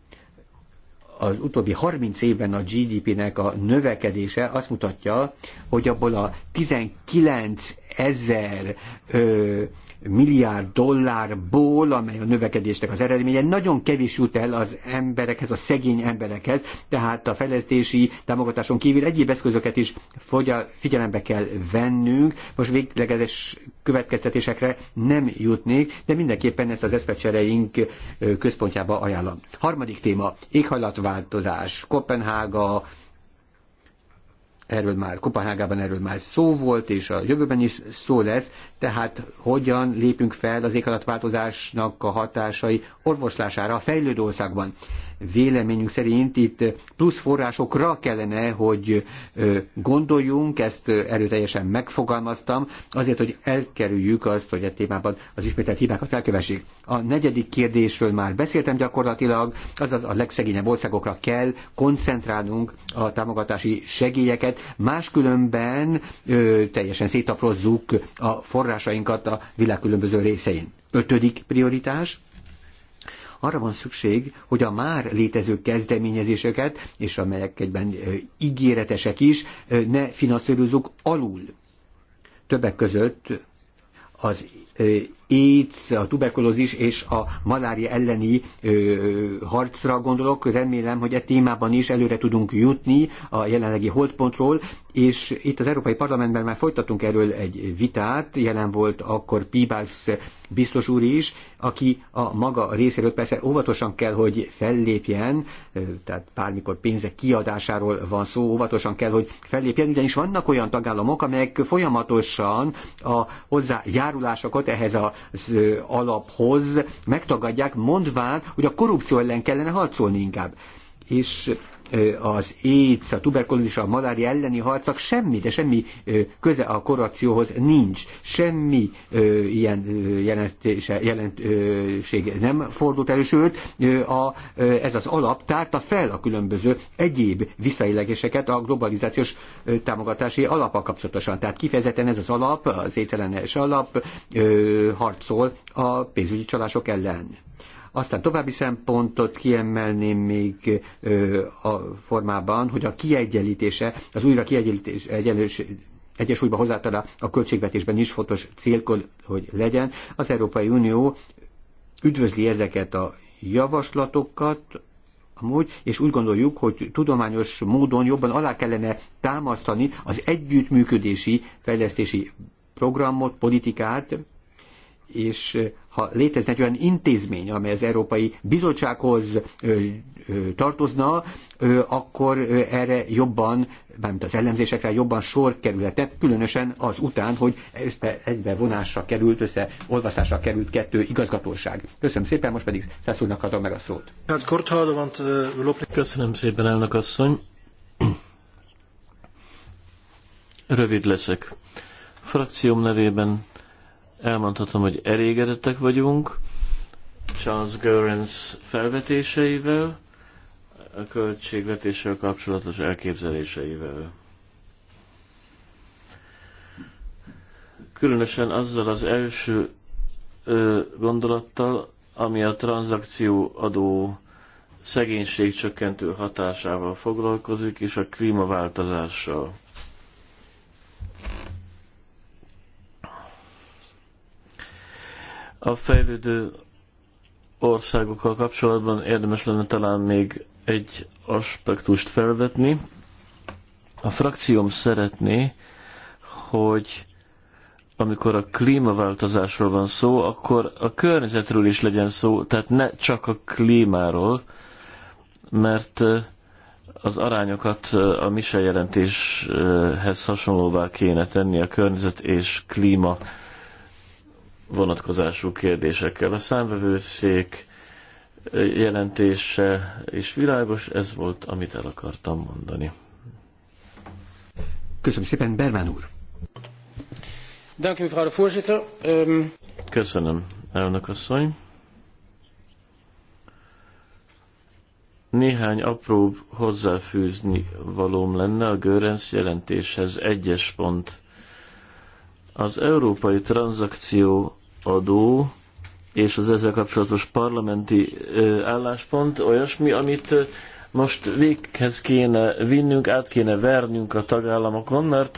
az utóbbi 30 évben a GDP-nek a növekedése azt mutatja, hogy abból a 19 ezer ö, milliárd dollárból, amely a növekedésnek az eredménye, nagyon kevés jut el az emberekhez, a szegény emberekhez, tehát a fejlesztési támogatáson kívül egyéb eszközöket is figyelembe kell vennünk. Most végleges következtetésekre nem jutnék, de mindenképpen ezt az eszvecsereink központjába ajánlom. Harmadik téma, éghajlatváltozás, Kopenhága, erről már Kopenhágában erről már szó volt, és a jövőben is szó lesz, tehát hogyan lépünk fel az éghajlatváltozásnak a hatásai orvoslására a fejlődő országban véleményünk szerint itt plusz forrásokra kellene, hogy gondoljunk, ezt erőteljesen megfogalmaztam, azért, hogy elkerüljük azt, hogy a e témában az ismételt hibákat elkövessék. A negyedik kérdésről már beszéltem gyakorlatilag, azaz a legszegényebb országokra kell koncentrálnunk a támogatási segélyeket, máskülönben ö, teljesen szétaprozzuk a forrásainkat a világ különböző részein. Ötödik prioritás – arra van szükség, hogy a már létező kezdeményezéseket, és amelyek egyben ígéretesek is, ne finanszírozzuk alul. Többek között az AIDS, a tuberkulózis és a malária elleni ö, harcra gondolok. Remélem, hogy e témában is előre tudunk jutni a jelenlegi holdpontról, és itt az Európai Parlamentben már folytattunk erről egy vitát, jelen volt akkor Pibász biztos úr is, aki a maga részéről persze óvatosan kell, hogy fellépjen, tehát bármikor pénzek kiadásáról van szó, óvatosan kell, hogy fellépjen, ugyanis vannak olyan tagállamok, amelyek folyamatosan a hozzájárulásokat ehhez az alaphoz megtagadják, mondván, hogy a korrupció ellen kellene harcolni inkább. És az AIDS, a tuberkulózis, a malária elleni harcnak semmi, de semmi köze a korrupcióhoz nincs. Semmi ilyen jelentése, jelentőség nem fordult elő, sőt, a, ez az alap tárta fel a különböző egyéb visszaélegéseket a globalizációs támogatási alapal kapcsolatosan. Tehát kifejezetten ez az alap, az ételenes alap harcol a pénzügyi csalások ellen. Aztán további szempontot kiemelném még a formában, hogy a kiegyenlítése, az újra kiegyenlítés, egyenlős, egyesúlyba hozzátalá a költségvetésben is fontos cél, hogy legyen. Az Európai Unió üdvözli ezeket a javaslatokat, amúgy, és úgy gondoljuk, hogy tudományos módon jobban alá kellene támasztani az együttműködési fejlesztési programot, politikát, és ha létezne egy olyan intézmény, amely az Európai Bizottsághoz ö, ö, tartozna, ö, akkor ö, erre jobban, mármint az ellenzésekre jobban sor kerülhetne, különösen az után, hogy egybe vonásra került, össze olvasásra került kettő igazgatóság. Köszönöm szépen, most pedig Szászulnak adom meg a szót. Hát, Köszönöm szépen, elnök asszony. Rövid leszek. Frakcióm nevében elmondhatom, hogy elégedettek vagyunk Charles Görens felvetéseivel, a költségvetéssel kapcsolatos elképzeléseivel. Különösen azzal az első ö, gondolattal, ami a tranzakció adó csökkentő hatásával foglalkozik, és a klímaváltozással. A fejlődő országokkal kapcsolatban érdemes lenne talán még egy aspektust felvetni. A frakcióm szeretné, hogy amikor a klímaváltozásról van szó, akkor a környezetről is legyen szó, tehát ne csak a klímáról, mert az arányokat a Michel jelentéshez hasonlóvá kéne tenni a környezet és klíma vonatkozású kérdésekkel. A számvevőszék jelentése is világos, ez volt, amit el akartam mondani. Köszönöm szépen, Bermán úr! Ehm, Köszönöm, elnök asszony. Néhány apróbb hozzáfűzni valóm lenne a Görens jelentéshez egyes pont az európai adó és az ezzel kapcsolatos parlamenti álláspont olyasmi, amit most véghez kéne vinnünk, át kéne vernünk a tagállamokon, mert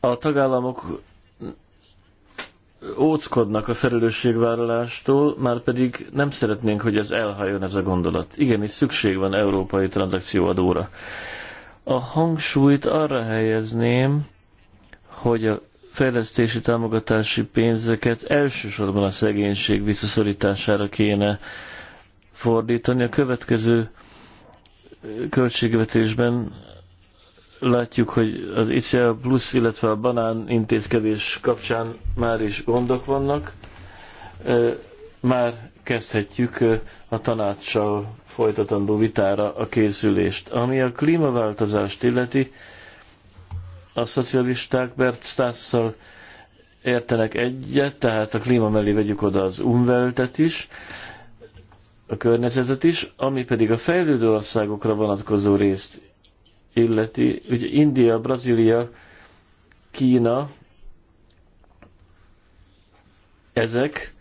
a tagállamok óckodnak a felelősségvállalástól, már pedig nem szeretnénk, hogy ez elhajjon ez a gondolat. Igenis szükség van európai tranzakcióadóra. A hangsúlyt arra helyezném, hogy a fejlesztési támogatási pénzeket elsősorban a szegénység visszaszorítására kéne fordítani. A következő költségvetésben látjuk, hogy az ICL plusz, illetve a banán intézkedés kapcsán már is gondok vannak. Már kezdhetjük a tanácssal folytatandó vitára a készülést. Ami a klímaváltozást illeti, a szocialisták Bert Stasszal értenek egyet, tehát a klíma mellé vegyük oda az umveltet is, a környezetet is, ami pedig a fejlődő országokra vonatkozó részt illeti. Ugye India, Brazília, Kína, ezek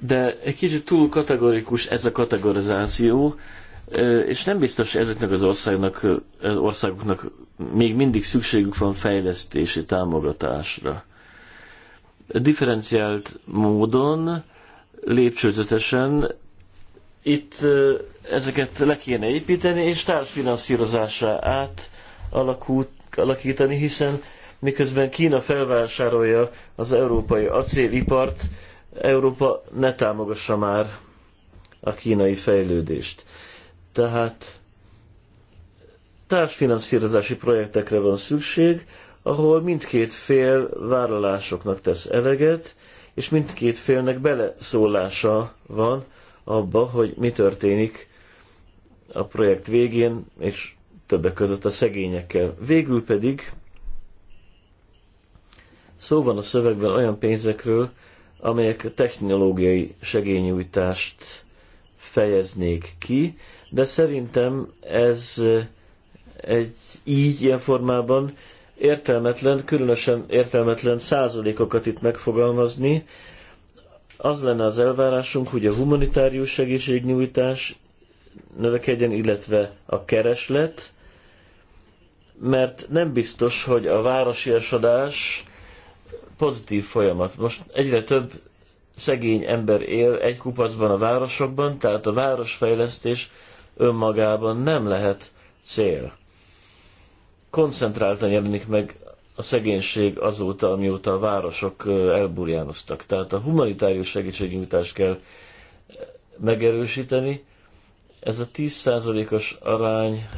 de egy kicsit túl kategorikus ez a kategorizáció, és nem biztos, hogy ezeknek az országnak, országoknak még mindig szükségük van fejlesztési támogatásra. Differenciált módon, lépcsőzetesen itt ezeket le kéne építeni, és társfinanszírozásra át alakult, alakítani, hiszen miközben Kína felvásárolja az európai acélipart, Európa ne támogassa már a kínai fejlődést. Tehát társfinanszírozási projektekre van szükség, ahol mindkét fél vállalásoknak tesz eleget, és mindkét félnek beleszólása van abba, hogy mi történik a projekt végén, és többek között a szegényekkel. Végül pedig szó van a szövegben olyan pénzekről, amelyek technológiai segényújtást fejeznék ki, de szerintem ez egy így ilyen formában értelmetlen, különösen értelmetlen százalékokat itt megfogalmazni. Az lenne az elvárásunk, hogy a humanitárius segítségnyújtás növekedjen, illetve a kereslet, mert nem biztos, hogy a városiasodás pozitív folyamat. Most egyre több szegény ember él egy kupacban a városokban, tehát a városfejlesztés önmagában nem lehet cél. Koncentráltan jelenik meg a szegénység azóta, amióta a városok elburjánoztak. Tehát a humanitárius segítségnyújtást kell megerősíteni, ez a 10%-os arány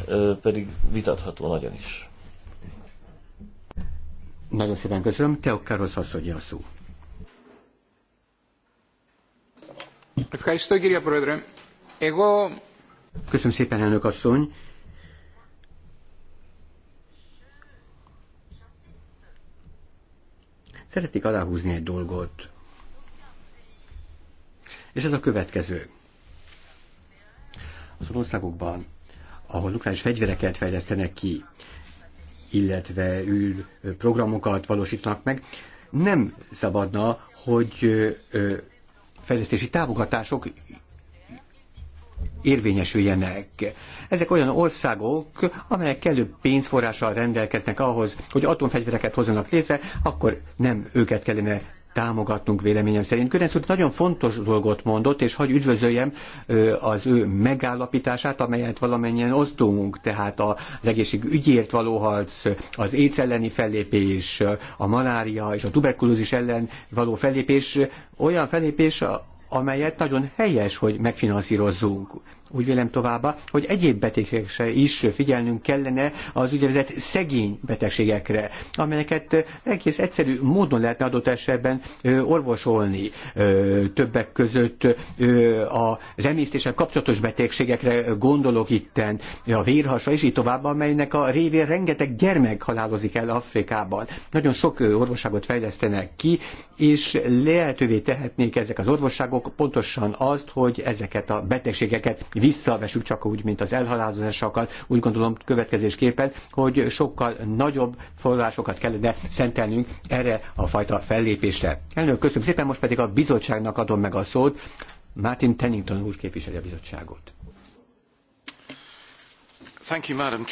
pedig vitatható nagyon is. Nagyon szépen köszönöm. Teokárosz asszony a szó. Köszönöm szépen, elnök asszony. Szeretnék aláhúzni egy dolgot. És ez a következő. Az országokban, ahol nukleáris fegyvereket fejlesztenek ki, illetve űr programokat valósítanak meg, nem szabadna, hogy fejlesztési támogatások érvényesüljenek. Ezek olyan országok, amelyek kellő pénzforrással rendelkeznek ahhoz, hogy atomfegyvereket hozzanak létre, akkor nem őket kellene támogatnunk véleményem szerint. Körenc úr nagyon fontos dolgot mondott, és hagy üdvözöljem az ő megállapítását, amelyet valamennyien osztunk, tehát az egészségügyért való harc, az éjsz elleni fellépés, a malária és a tuberkulózis ellen való fellépés olyan fellépés, amelyet nagyon helyes, hogy megfinanszírozzunk úgy vélem továbbá, hogy egyéb betegségekre is figyelnünk kellene az úgynevezett szegény betegségekre, amelyeket egész egyszerű módon lehetne adott esetben orvosolni. Többek között a remésztéssel kapcsolatos betegségekre gondolok itten, a vérhasa és így tovább, amelynek a révén rengeteg gyermek halálozik el Afrikában. Nagyon sok orvosságot fejlesztenek ki, és lehetővé tehetnék ezek az orvosságok pontosan azt, hogy ezeket a betegségeket visszavesük csak úgy, mint az elhalálozásokat, úgy gondolom következésképpen, hogy sokkal nagyobb forrásokat kellene szentelnünk erre a fajta fellépésre. Elnök, köszönöm szépen, most pedig a bizottságnak adom meg a szót. Martin Tennington úr képviseli a bizottságot. Thank you, madam.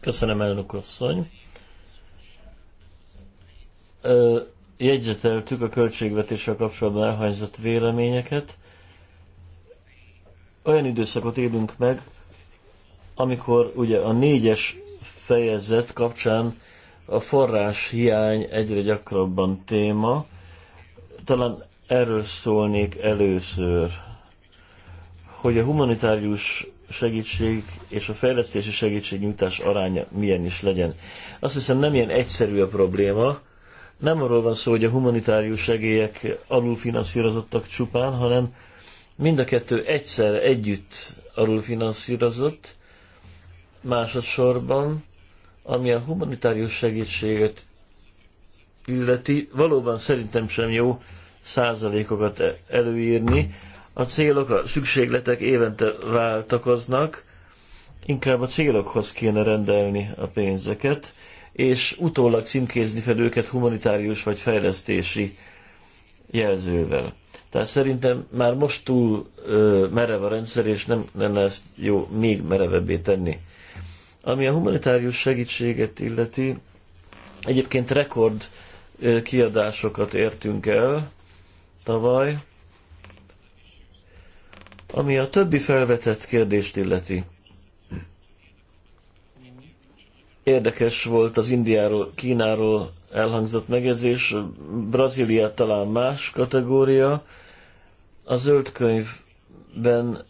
Köszönöm, elnök asszony. jegyzeteltük a költségvetéssel kapcsolatban elhangzott véleményeket olyan időszakot élünk meg, amikor ugye a négyes fejezet kapcsán a forrás hiány egyre gyakrabban téma. Talán erről szólnék először, hogy a humanitárius segítség és a fejlesztési segítségnyújtás aránya milyen is legyen. Azt hiszem nem ilyen egyszerű a probléma. Nem arról van szó, hogy a humanitárius segélyek alulfinanszírozottak csupán, hanem mind a kettő egyszer együtt arról finanszírozott, másodszorban, ami a humanitárius segítséget illeti, valóban szerintem sem jó százalékokat e- előírni. A célok, a szükségletek évente váltakoznak, inkább a célokhoz kéne rendelni a pénzeket, és utólag címkézni fel őket humanitárius vagy fejlesztési jelzővel. Tehát szerintem már most túl ö, merev a rendszer, és nem lenne ezt jó még merevebbé tenni. Ami a humanitárius segítséget illeti, egyébként rekord ö, kiadásokat értünk el tavaly, ami a többi felvetett kérdést illeti. Érdekes volt az Indiáról, Kínáról elhangzott megjegyzés. Brazília talán más kategória. A zöld könyvben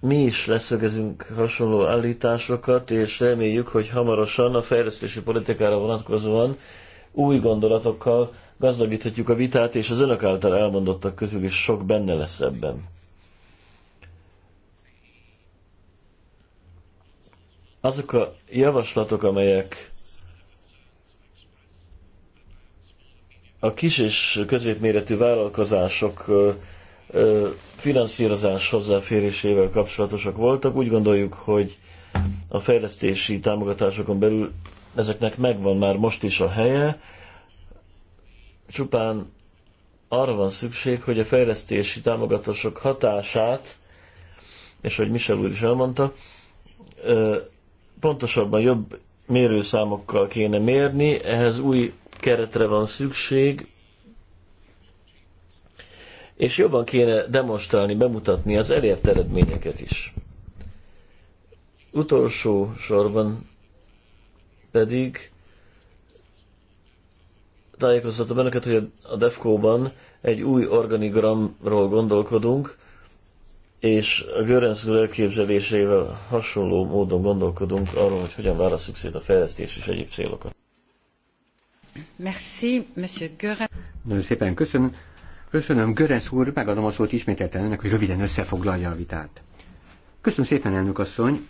mi is leszögezünk hasonló állításokat, és reméljük, hogy hamarosan a fejlesztési politikára vonatkozóan új gondolatokkal gazdagíthatjuk a vitát, és az önök által elmondottak közül is sok benne lesz ebben. Azok a javaslatok, amelyek a kis és középméretű vállalkozások finanszírozás hozzáférésével kapcsolatosak voltak. Úgy gondoljuk, hogy a fejlesztési támogatásokon belül ezeknek megvan már most is a helye, csupán arra van szükség, hogy a fejlesztési támogatások hatását, és hogy Michel úr is elmondta, pontosabban jobb mérőszámokkal kéne mérni, ehhez új keretre van szükség, és jobban kéne demonstrálni, bemutatni az elért eredményeket is. Utolsó sorban pedig tájékoztatom önöket, hogy a DEFCO-ban egy új organigramról gondolkodunk, és a Görenc elképzelésével hasonló módon gondolkodunk arról, hogy hogyan válasszuk szét a fejlesztés és egyéb célokat. Merci, Monsieur Gören. Nagyon szépen köszönöm. Köszönöm, Görens úr, megadom a szót ismételten önnek, hogy röviden összefoglalja a vitát. Köszönöm szépen, elnök asszony.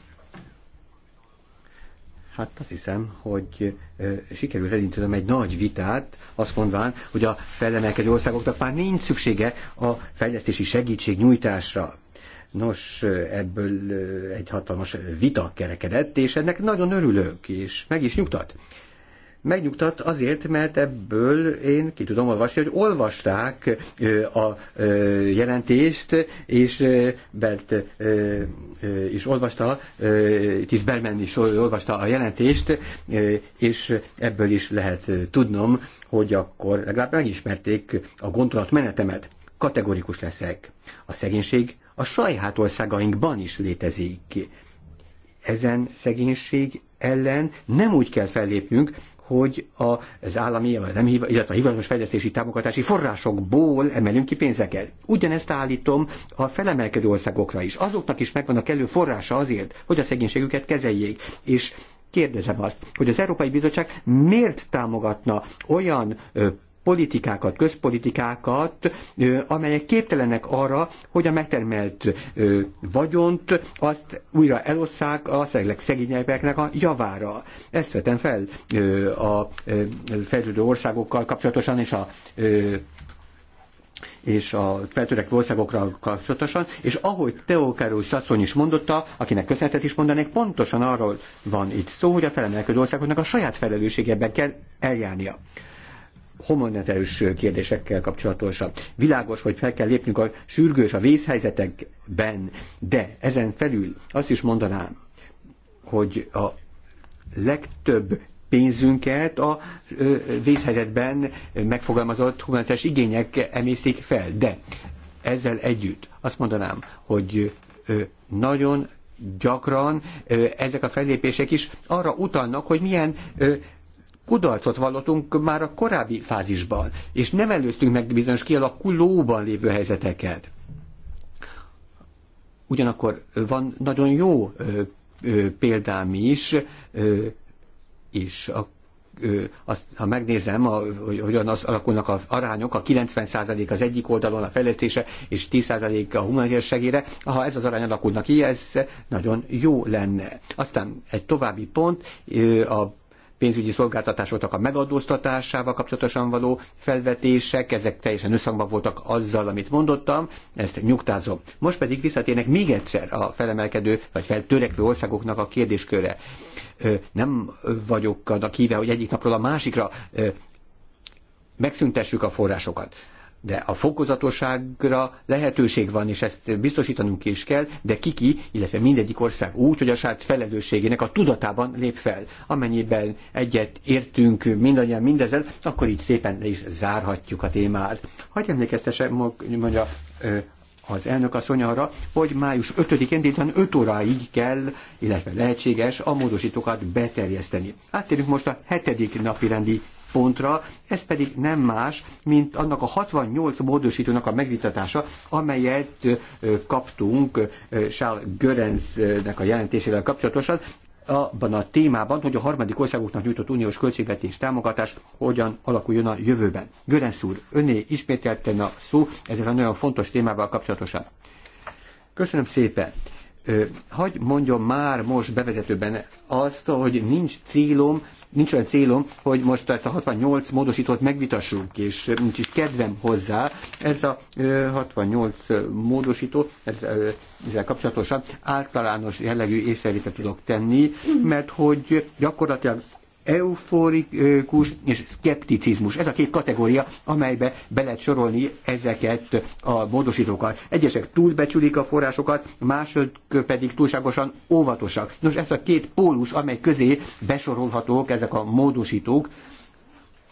Hát azt hiszem, hogy ö, sikerült elindítanom egy nagy vitát, azt mondván, hogy a felemelkedő országoknak már nincs szüksége a fejlesztési segítség nyújtásra. Nos, ebből egy hatalmas vita kerekedett, és ennek nagyon örülök, és meg is nyugtat megnyugtat azért, mert ebből én ki tudom olvasni, hogy olvasták a jelentést, és Bert is olvasta, Tisz Berman is olvasta a jelentést, és ebből is lehet tudnom, hogy akkor legalább megismerték a gondolatmenetemet. Kategorikus leszek. A szegénység a saját országainkban is létezik. Ezen szegénység ellen nem úgy kell fellépnünk, hogy a az állami, nem, illetve a hivatalos fejlesztési támogatási forrásokból emelünk ki pénzeket. Ugyanezt állítom a felemelkedő országokra is. Azoknak is megvan a kellő forrása azért, hogy a szegénységüket kezeljék. És kérdezem azt, hogy az Európai Bizottság miért támogatna olyan politikákat, közpolitikákat, amelyek képtelenek arra, hogy a megtermelt vagyont azt újra elosszák a legszegényebbeknek a javára. Ezt vetem fel a fejlődő országokkal kapcsolatosan és a és a feltörek országokra kapcsolatosan, és ahogy Teokáros asszony is mondotta, akinek köszönetet is mondanék, pontosan arról van itt szó, hogy a felemelkedő országoknak a saját felelősségében kell eljárnia homonetelős kérdésekkel kapcsolatosan. Világos, hogy fel kell lépnünk a sürgős, a vészhelyzetekben, de ezen felül azt is mondanám, hogy a legtöbb pénzünket a vészhelyzetben megfogalmazott humanitás igények emésztik fel. De ezzel együtt azt mondanám, hogy nagyon gyakran ezek a fellépések is arra utalnak, hogy milyen kudarcot vallottunk már a korábbi fázisban, és nem előztünk meg bizonyos kialakulóban lévő helyzeteket. Ugyanakkor van nagyon jó ö, ö, példám is, ö, és a azt, ha megnézem, a, hogy hogyan az alakulnak az arányok, a 90% az egyik oldalon a fejlesztése, és 10% a humanitás segére, ha ez az arány alakulnak ki, ez nagyon jó lenne. Aztán egy további pont, a pénzügyi szolgáltatásoknak a megadóztatásával kapcsolatosan való felvetések, ezek teljesen összhangban voltak azzal, amit mondottam, ezt nyugtázom. Most pedig visszatérnek még egyszer a felemelkedő vagy feltörekvő országoknak a kérdésköre. Nem vagyok annak híve, hogy egyik napról a másikra megszüntessük a forrásokat de a fokozatosságra lehetőség van, és ezt biztosítanunk is kell, de kiki, illetve mindegyik ország úgy, hogy a saját felelősségének a tudatában lép fel. Amennyiben egyet értünk mindannyian mindezzel, akkor így szépen le is zárhatjuk a témát. Hogy emlékeztesem, mondja az elnök asszony arra, hogy május 5-én délután 5 óráig kell, illetve lehetséges a módosítókat beterjeszteni. Áttérünk most a hetedik napi rendi pontra, ez pedig nem más, mint annak a 68 módosítónak a megvitatása, amelyet kaptunk Sál Görenznek a jelentésével kapcsolatosan, abban a témában, hogy a harmadik országoknak nyújtott uniós költségvetés támogatás hogyan alakuljon a jövőben. Görensz úr, öné ismételten a szó ezzel a nagyon fontos témával kapcsolatosan. Köszönöm szépen. Hagy mondjam már most bevezetőben azt, hogy nincs célom nincs olyan célom, hogy most ezt a 68 módosítót megvitassuk, és nincs is kedvem hozzá. Ez a 68 módosító, ez, ezzel kapcsolatosan általános jellegű észrevételt tudok tenni, mert hogy gyakorlatilag euforikus és szkepticizmus. Ez a két kategória, amelybe be lehet sorolni ezeket a módosítókat. Egyesek túlbecsülik a forrásokat, mások pedig túlságosan óvatosak. Nos, ez a két pólus, amely közé besorolhatók ezek a módosítók,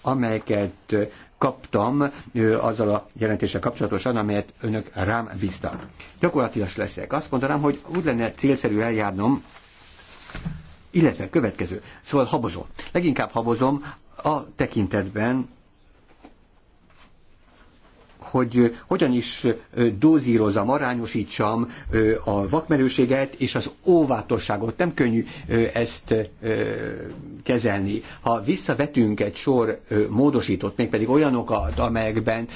amelyeket kaptam azzal a jelentéssel kapcsolatosan, amelyet önök rám bíztak. Gyakorlatilag leszek. Azt mondanám, hogy úgy lenne célszerű eljárnom, illetve következő, szóval habozom. Leginkább habozom a tekintetben, hogy hogyan is dózírozam, arányosítsam a vakmerőséget és az óvatosságot. Nem könnyű ezt kezelni. Ha visszavetünk egy sor módosított, mégpedig olyanokat, amelyekben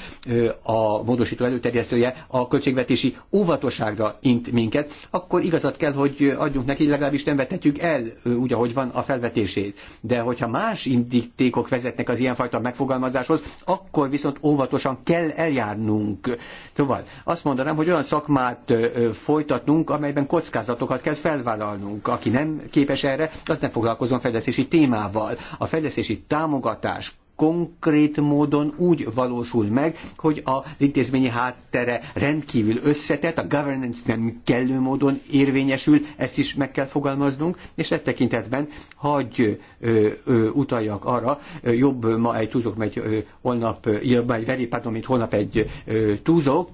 a módosító előterjesztője a költségvetési óvatosságra int minket, akkor igazat kell, hogy adjunk neki, legalábbis nem vetetjük el úgy, ahogy van a felvetését. De hogyha más indítékok vezetnek az ilyenfajta megfogalmazáshoz, akkor viszont óvatosan kell eljárni járnunk. Szóval Azt mondanám, hogy olyan szakmát folytatnunk, amelyben kockázatokat kell felvállalnunk. Aki nem képes erre, az nem foglalkozom fejlesztési témával. A fejlesztési támogatás konkrét módon úgy valósul meg, hogy a intézményi háttere rendkívül összetett, a governance nem kellő módon érvényesül, ezt is meg kell fogalmaznunk, és e tekintetben hagy ö, ö, utaljak arra, jobb ma egy túzok, megy holnap, jobb egy veri, pardon, mint holnap egy ö, túzok,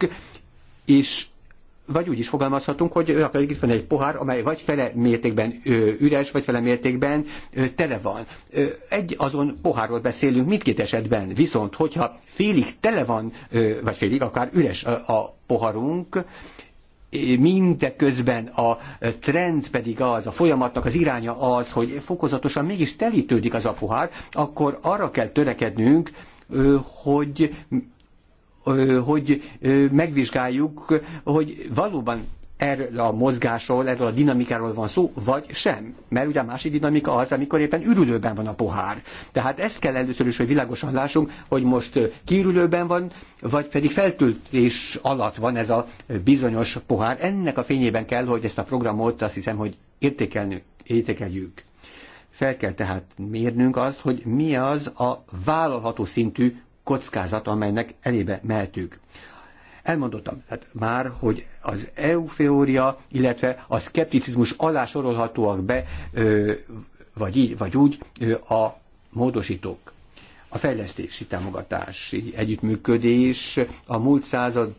és vagy úgy is fogalmazhatunk, hogy gyakorlatilag itt van egy pohár, amely vagy fele mértékben üres, vagy fele mértékben tele van. Egy azon pohárról beszélünk mindkét esetben, viszont hogyha félig tele van, vagy félig akár üres a poharunk, mindeközben a trend pedig az, a folyamatnak az iránya az, hogy fokozatosan mégis telítődik az a pohár, akkor arra kell törekednünk, hogy hogy megvizsgáljuk, hogy valóban erről a mozgásról, erről a dinamikáról van szó, vagy sem. Mert ugye a másik dinamika az, amikor éppen ürülőben van a pohár. Tehát ezt kell először is, hogy világosan lássunk, hogy most kiürülőben van, vagy pedig feltöltés alatt van ez a bizonyos pohár. Ennek a fényében kell, hogy ezt a programot azt hiszem, hogy értékeljük. Fel kell tehát mérnünk azt, hogy mi az a vállalható szintű kockázat, amelynek elébe mehetünk. Elmondottam hát már, hogy az eufória, illetve a szkepticizmus alá sorolhatóak be, vagy így, vagy úgy, a módosítók a fejlesztési támogatási együttműködés a múlt század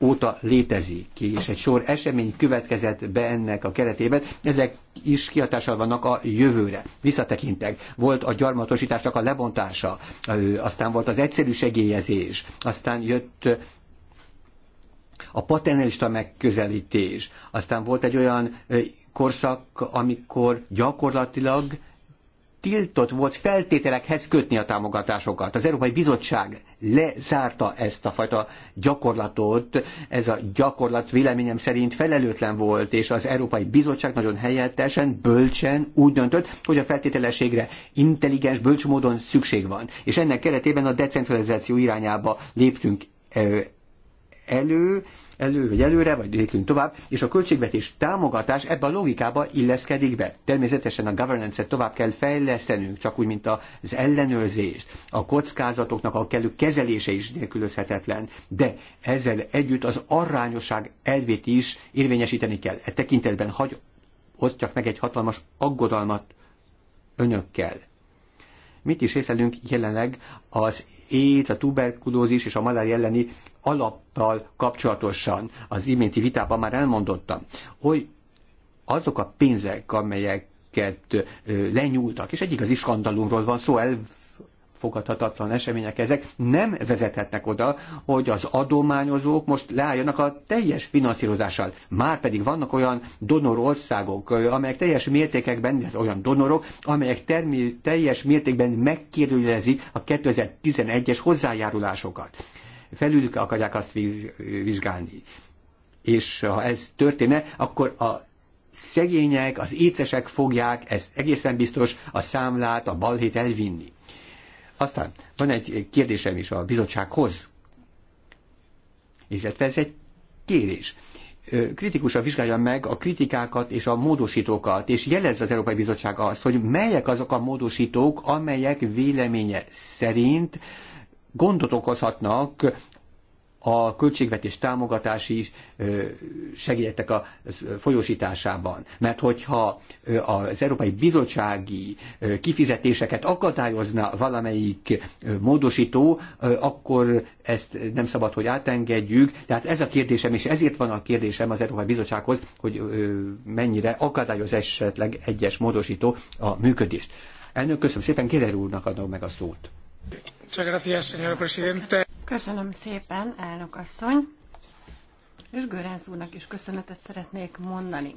óta létezik, és egy sor esemény következett be ennek a keretében, ezek is kihatással vannak a jövőre. Visszatekintek, volt a gyarmatosításnak a lebontása, aztán volt az egyszerű segélyezés, aztán jött a paternalista megközelítés, aztán volt egy olyan korszak, amikor gyakorlatilag tiltott volt feltételekhez kötni a támogatásokat. Az Európai Bizottság lezárta ezt a fajta gyakorlatot. Ez a gyakorlat véleményem szerint felelőtlen volt, és az Európai Bizottság nagyon helyettesen, bölcsen úgy döntött, hogy a feltételességre intelligens, bölcs módon szükség van. És ennek keretében a decentralizáció irányába léptünk elő, elő, vagy előre, vagy lépünk tovább, és a költségvetés támogatás ebbe a logikába illeszkedik be. Természetesen a governance-et tovább kell fejlesztenünk, csak úgy, mint az ellenőrzést. A kockázatoknak a kellő kezelése is nélkülözhetetlen, de ezzel együtt az arányosság elvét is érvényesíteni kell. E tekintetben hagy osztjak meg egy hatalmas aggodalmat önökkel. Mit is észlelünk jelenleg az AIDS, a tuberkulózis és a malária elleni alappal kapcsolatosan az iménti vitában már elmondottam, hogy azok a pénzek, amelyeket lenyúltak, és egyik az iskandalumról van szó, el Fogadhatatlan események ezek, nem vezethetnek oda, hogy az adományozók most leálljanak a teljes finanszírozással. Már pedig vannak olyan donor országok, amelyek teljes mértékekben, olyan donorok, amelyek termi, teljes mértékben megkérdőjelezik a 2011-es hozzájárulásokat. Felülük akarják azt vizsgálni. És ha ez történne, akkor a szegények, az écesek fogják, ez egészen biztos, a számlát a balhét elvinni. Aztán van egy kérdésem is a bizottsághoz, és ez egy kérés. Kritikusan vizsgálja meg a kritikákat és a módosítókat, és jelez az Európai Bizottság azt, hogy melyek azok a módosítók, amelyek véleménye szerint gondot okozhatnak a költségvetés támogatási is segítettek a folyósításában. Mert hogyha az Európai Bizottsági kifizetéseket akadályozna valamelyik módosító, akkor ezt nem szabad, hogy átengedjük. Tehát ez a kérdésem, és ezért van a kérdésem az Európai Bizottsághoz, hogy mennyire akadályoz esetleg egyes módosító a működést. Elnök, köszönöm szépen, Kéder úrnak adom meg a szót. Köszönöm, señor presidente. Köszönöm szépen, elnök asszony, és Görenc úrnak is köszönetet szeretnék mondani.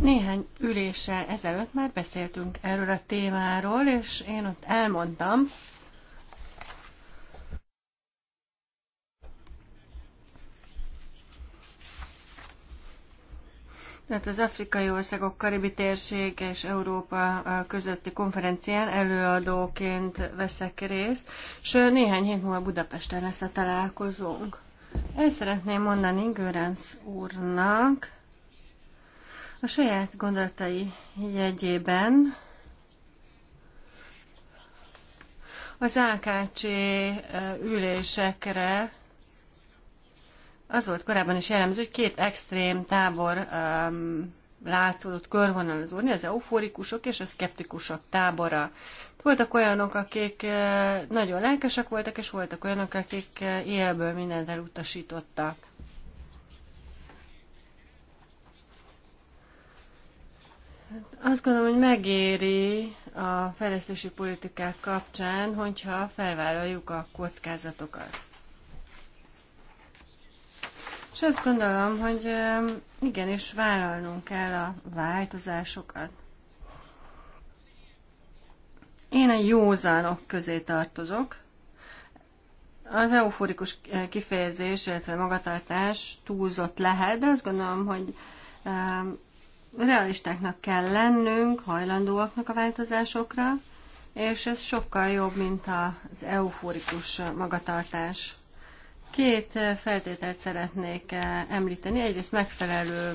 Néhány üléssel ezelőtt már beszéltünk erről a témáról, és én ott elmondtam, Tehát az afrikai országok, karibi térség és Európa közötti konferencián előadóként veszek részt, és néhány hét múlva Budapesten lesz a találkozónk. El szeretném mondani Görenc úrnak a saját gondolatai jegyében, az AKC ülésekre az volt korábban is jellemző, hogy két extrém tábor um, látszódott körvonalazódni, az euforikusok és a szkeptikusok tábora. Voltak olyanok, akik uh, nagyon lelkesek voltak, és voltak olyanok, akik uh, élből mindent elutasítottak. Azt gondolom, hogy megéri a fejlesztési politikák kapcsán, hogyha felvállaljuk a kockázatokat. És azt gondolom, hogy igenis vállalnunk kell a változásokat. Én a józánok közé tartozok. Az euforikus kifejezés, illetve magatartás túlzott lehet, de azt gondolom, hogy realistáknak kell lennünk, hajlandóaknak a változásokra, és ez sokkal jobb, mint az euforikus magatartás. Két feltételt szeretnék említeni. Egyrészt megfelelő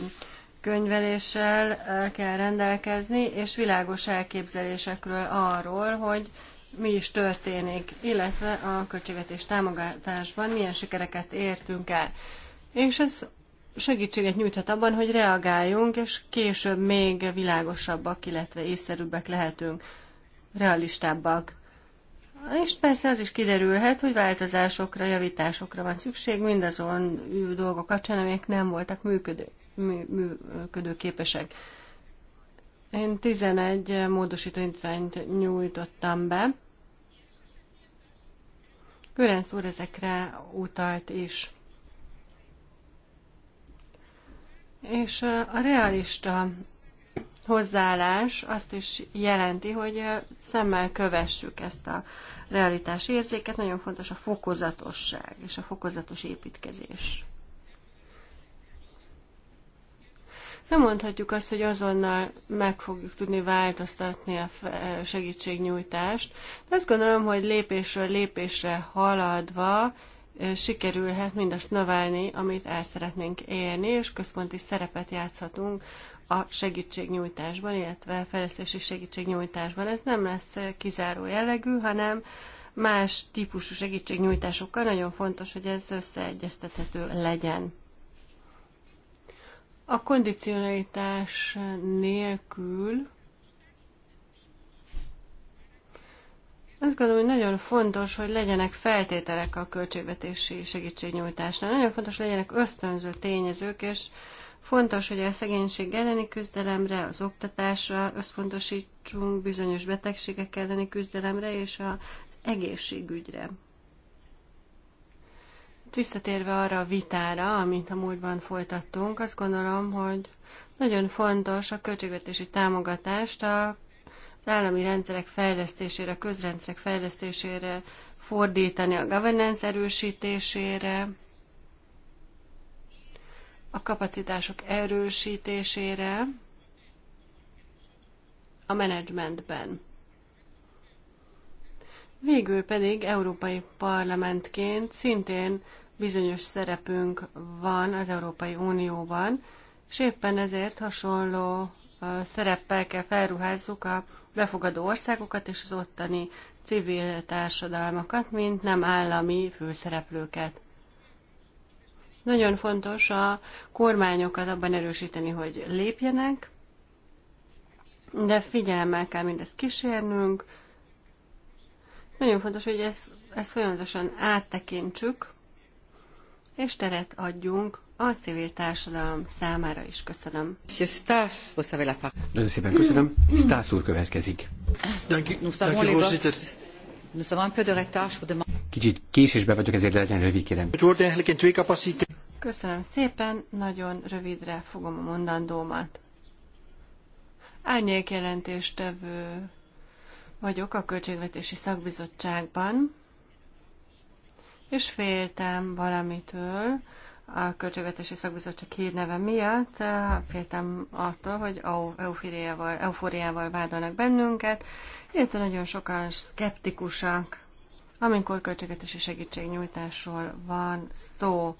könyveléssel kell rendelkezni, és világos elképzelésekről arról, hogy mi is történik, illetve a költségvetés támogatásban milyen sikereket értünk el. És ez segítséget nyújthat abban, hogy reagáljunk, és később még világosabbak, illetve észszerűbbek lehetünk, realistábbak. És persze az is kiderülhet, hogy változásokra, javításokra van szükség, mindazon dolgok kapcsán, amelyek nem voltak működő, mű, működőképesek. Én 11 módosító nyújtottam be. Görenc úr ezekre utalt is. És a realista hozzáállás azt is jelenti, hogy szemmel kövessük ezt a realitás érzéket. Nagyon fontos a fokozatosság és a fokozatos építkezés. Nem mondhatjuk azt, hogy azonnal meg fogjuk tudni változtatni a segítségnyújtást, de azt gondolom, hogy lépésről lépésre haladva sikerülhet mindazt növelni, amit el szeretnénk élni, és központi szerepet játszhatunk a segítségnyújtásban, illetve a fejlesztési segítségnyújtásban. Ez nem lesz eh, kizáró jellegű, hanem más típusú segítségnyújtásokkal nagyon fontos, hogy ez összeegyeztethető legyen. A kondicionalitás nélkül Azt gondolom, hogy nagyon fontos, hogy legyenek feltételek a költségvetési segítségnyújtásnál. Nagyon fontos, hogy legyenek ösztönző tényezők, és Fontos, hogy a szegénység elleni küzdelemre, az oktatásra összpontosítsunk, bizonyos betegségek elleni küzdelemre és az egészségügyre. Visszatérve arra a vitára, amit a múltban folytattunk, azt gondolom, hogy nagyon fontos a költségvetési támogatást a az állami rendszerek fejlesztésére, a közrendszerek fejlesztésére fordítani, a governance erősítésére, a kapacitások erősítésére a menedzsmentben. Végül pedig Európai Parlamentként szintén bizonyos szerepünk van az Európai Unióban, és éppen ezért hasonló szereppel kell felruházzuk a befogadó országokat és az ottani civil társadalmakat, mint nem állami főszereplőket. Nagyon fontos a kormányokat abban erősíteni, hogy lépjenek, de figyelemmel kell mindezt kísérnünk. Nagyon fontos, hogy ezt, ezt folyamatosan áttekintsük, és teret adjunk a civil társadalom számára is. Köszönöm. Nagyon szépen köszönöm. Stász úr következik. Kicsit késésben vagyok, ezért legyen rövid, kérem. Köszönöm szépen, nagyon rövidre fogom a mondandómat. Árnyék jelentéstevő vagyok a Költségvetési Szakbizottságban, és féltem valamitől, a Költségvetési Szakbizottság hírneve miatt féltem attól, hogy eufóriával, eufóriával vádolnak bennünket, illetve nagyon sokan szkeptikusak, amikor költségvetési segítségnyújtásról van szó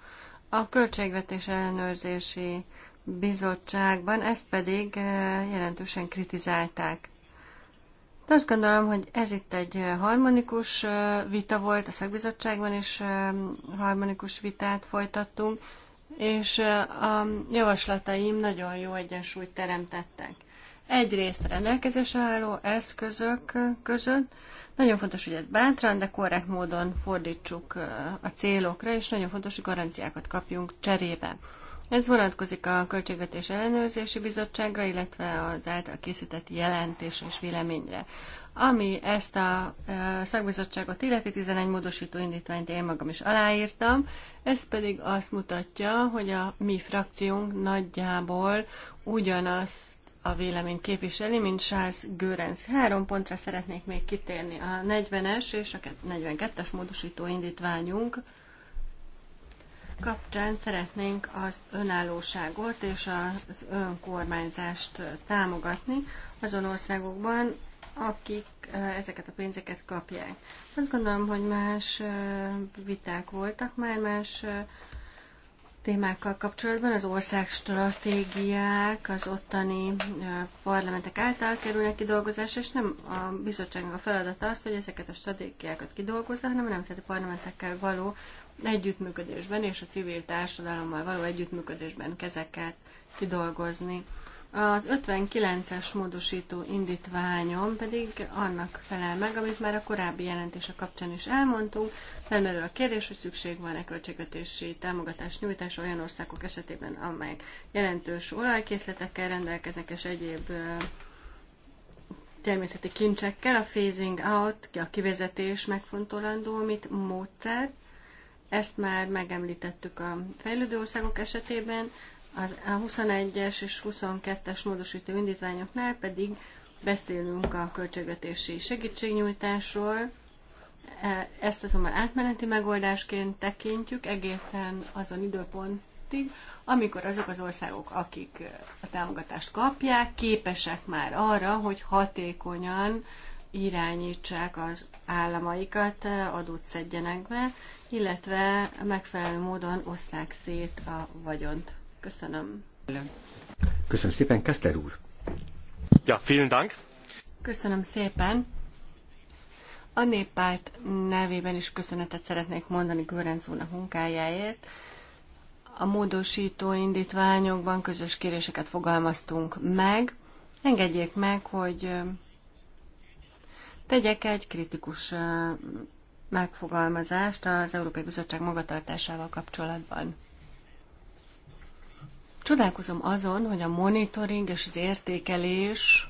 a Költségvetés Ellenőrzési Bizottságban, ezt pedig eh, jelentősen kritizálták. De azt gondolom, hogy ez itt egy eh, harmonikus eh, vita volt, a szakbizottságban is harmonikus vitát folytattunk, és a javaslataim nagyon jó egyensúlyt teremtettek. Egyrészt rendelkezésre álló eszközök között, nagyon fontos, hogy ezt bátran, de korrekt módon fordítsuk a célokra, és nagyon fontos, hogy garanciákat kapjunk cserébe. Ez vonatkozik a Költségvetés Ellenőrzési Bizottságra, illetve az által készített jelentés és véleményre. Ami ezt a szakbizottságot illeti 11 módosító indítványt én magam is aláírtam, ez pedig azt mutatja, hogy a mi frakciónk nagyjából ugyanazt a vélemény képviseli, mint Charles Görenc. Három pontra szeretnék még kitérni. A 40-es és a 42-es módosító indítványunk kapcsán szeretnénk az önállóságot és az önkormányzást támogatni azon országokban, akik ezeket a pénzeket kapják. Azt gondolom, hogy más viták voltak már, más témákkal kapcsolatban az ország stratégiák az ottani parlamentek által kerülnek kidolgozásra, és nem a bizottságnak a feladata az, hogy ezeket a stratégiákat kidolgozza, hanem a nemzeti parlamentekkel való együttműködésben és a civil társadalommal való együttműködésben kezeket kidolgozni. Az 59-es módosító indítványom pedig annak felel meg, amit már a korábbi jelentése kapcsán is elmondtunk. Felmerül a kérdés, hogy szükség van-e költségvetési támogatás nyújtása olyan országok esetében, amelyek jelentős olajkészletekkel rendelkeznek, és egyéb természeti kincsekkel. A phasing out, a kivezetés megfontolandó, amit módszer. Ezt már megemlítettük a fejlődő országok esetében, az, a 21-es és 22-es módosító indítványoknál pedig beszélünk a költségvetési segítségnyújtásról. E, ezt azonban átmeneti megoldásként tekintjük egészen azon időpontig, amikor azok az országok, akik a támogatást kapják, képesek már arra, hogy hatékonyan irányítsák az államaikat, e, adót szedjenek be, illetve megfelelő módon osszák szét a vagyont. Köszönöm. Köszönöm szépen, Keszler úr. Ja, vielen Dank. Köszönöm szépen. A néppárt nevében is köszönetet szeretnék mondani Görenc úrnak munkájáért. A módosító indítványokban közös kéréseket fogalmaztunk meg. Engedjék meg, hogy tegyek egy kritikus megfogalmazást az Európai Bizottság magatartásával kapcsolatban. Csodálkozom azon, hogy a monitoring és az értékelés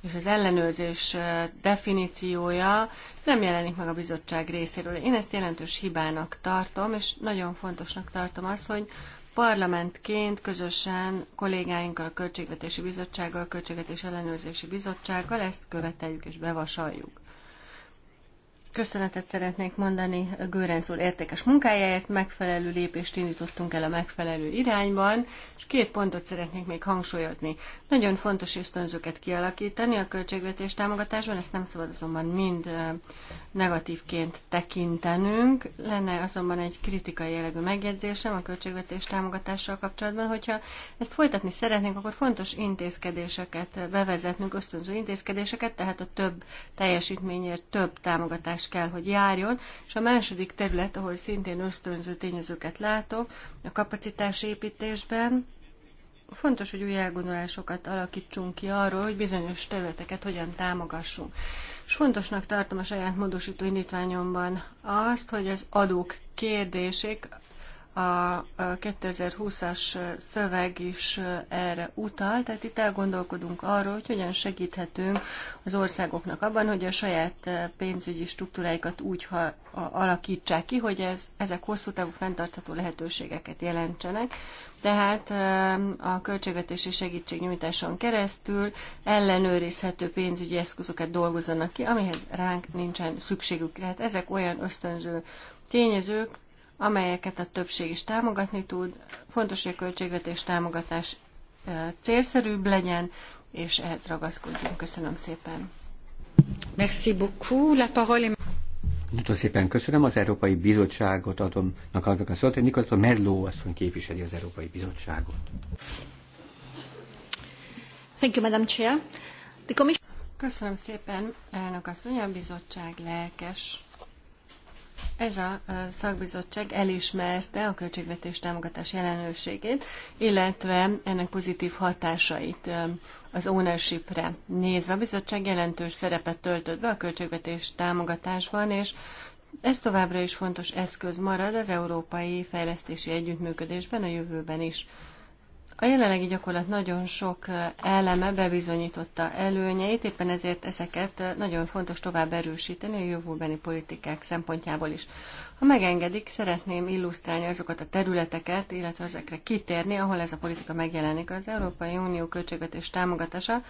és az ellenőrzés definíciója nem jelenik meg a bizottság részéről. Én ezt jelentős hibának tartom, és nagyon fontosnak tartom azt, hogy parlamentként közösen kollégáinkkal, a Költségvetési Bizottsággal, a Költségvetési Ellenőrzési Bizottsággal ezt követeljük és bevasaljuk. Köszönetet szeretnék mondani Gőrenc úr értékes munkájáért, megfelelő lépést indítottunk el a megfelelő irányban, és két pontot szeretnék még hangsúlyozni. Nagyon fontos ösztönzőket kialakítani a költségvetés támogatásban, ezt nem szabad azonban mind negatívként tekintenünk. Lenne azonban egy kritikai jellegű megjegyzésem a költségvetés támogatással kapcsolatban, hogyha ezt folytatni szeretnénk, akkor fontos intézkedéseket bevezetnünk, ösztönző intézkedéseket, tehát a több teljesítményért több támogatás támogatás kell, hogy járjon. És a második terület, ahol szintén ösztönző tényezőket látok, a kapacitásépítésben, fontos, hogy új elgondolásokat alakítsunk ki arról, hogy bizonyos területeket hogyan támogassunk. És fontosnak tartom a saját módosító indítványomban azt, hogy az adók kérdések a 2020-as szöveg is erre utal, tehát itt elgondolkodunk arról, hogy hogyan segíthetünk az országoknak abban, hogy a saját pénzügyi struktúráikat úgy ha, alakítsák ki, hogy ez, ezek hosszú távú fenntartható lehetőségeket jelentsenek. Tehát a költségvetési segítségnyújtáson keresztül ellenőrizhető pénzügyi eszközöket dolgozzanak ki, amihez ránk nincsen szükségük. Tehát ezek olyan ösztönző tényezők, amelyeket a többség is támogatni tud. Fontos, hogy a költségvetés támogatás célszerűbb legyen, és ehhez ragaszkodjunk. Köszönöm szépen. Merci beaucoup. La parole est... Nagyon szépen köszönöm. Az Európai Bizottságot adom a szót. Nikolata Merló asszony képviseli az Európai Bizottságot. Thank you, Madam Chair. The commission... Köszönöm szépen, elnök asszony, a bizottság lelkes ez a szakbizottság elismerte a költségvetés támogatás jelenőségét, illetve ennek pozitív hatásait az ownershipre nézve. A bizottság jelentős szerepet töltött be a költségvetés támogatásban, és ez továbbra is fontos eszköz marad az európai fejlesztési együttműködésben a jövőben is. A jelenlegi gyakorlat nagyon sok eleme bebizonyította előnyeit, éppen ezért ezeket nagyon fontos tovább erősíteni a jövőbeni politikák szempontjából is. Ha megengedik, szeretném illusztrálni azokat a területeket, illetve ezekre kitérni, ahol ez a politika megjelenik. Az Európai Unió költségvetés támogatása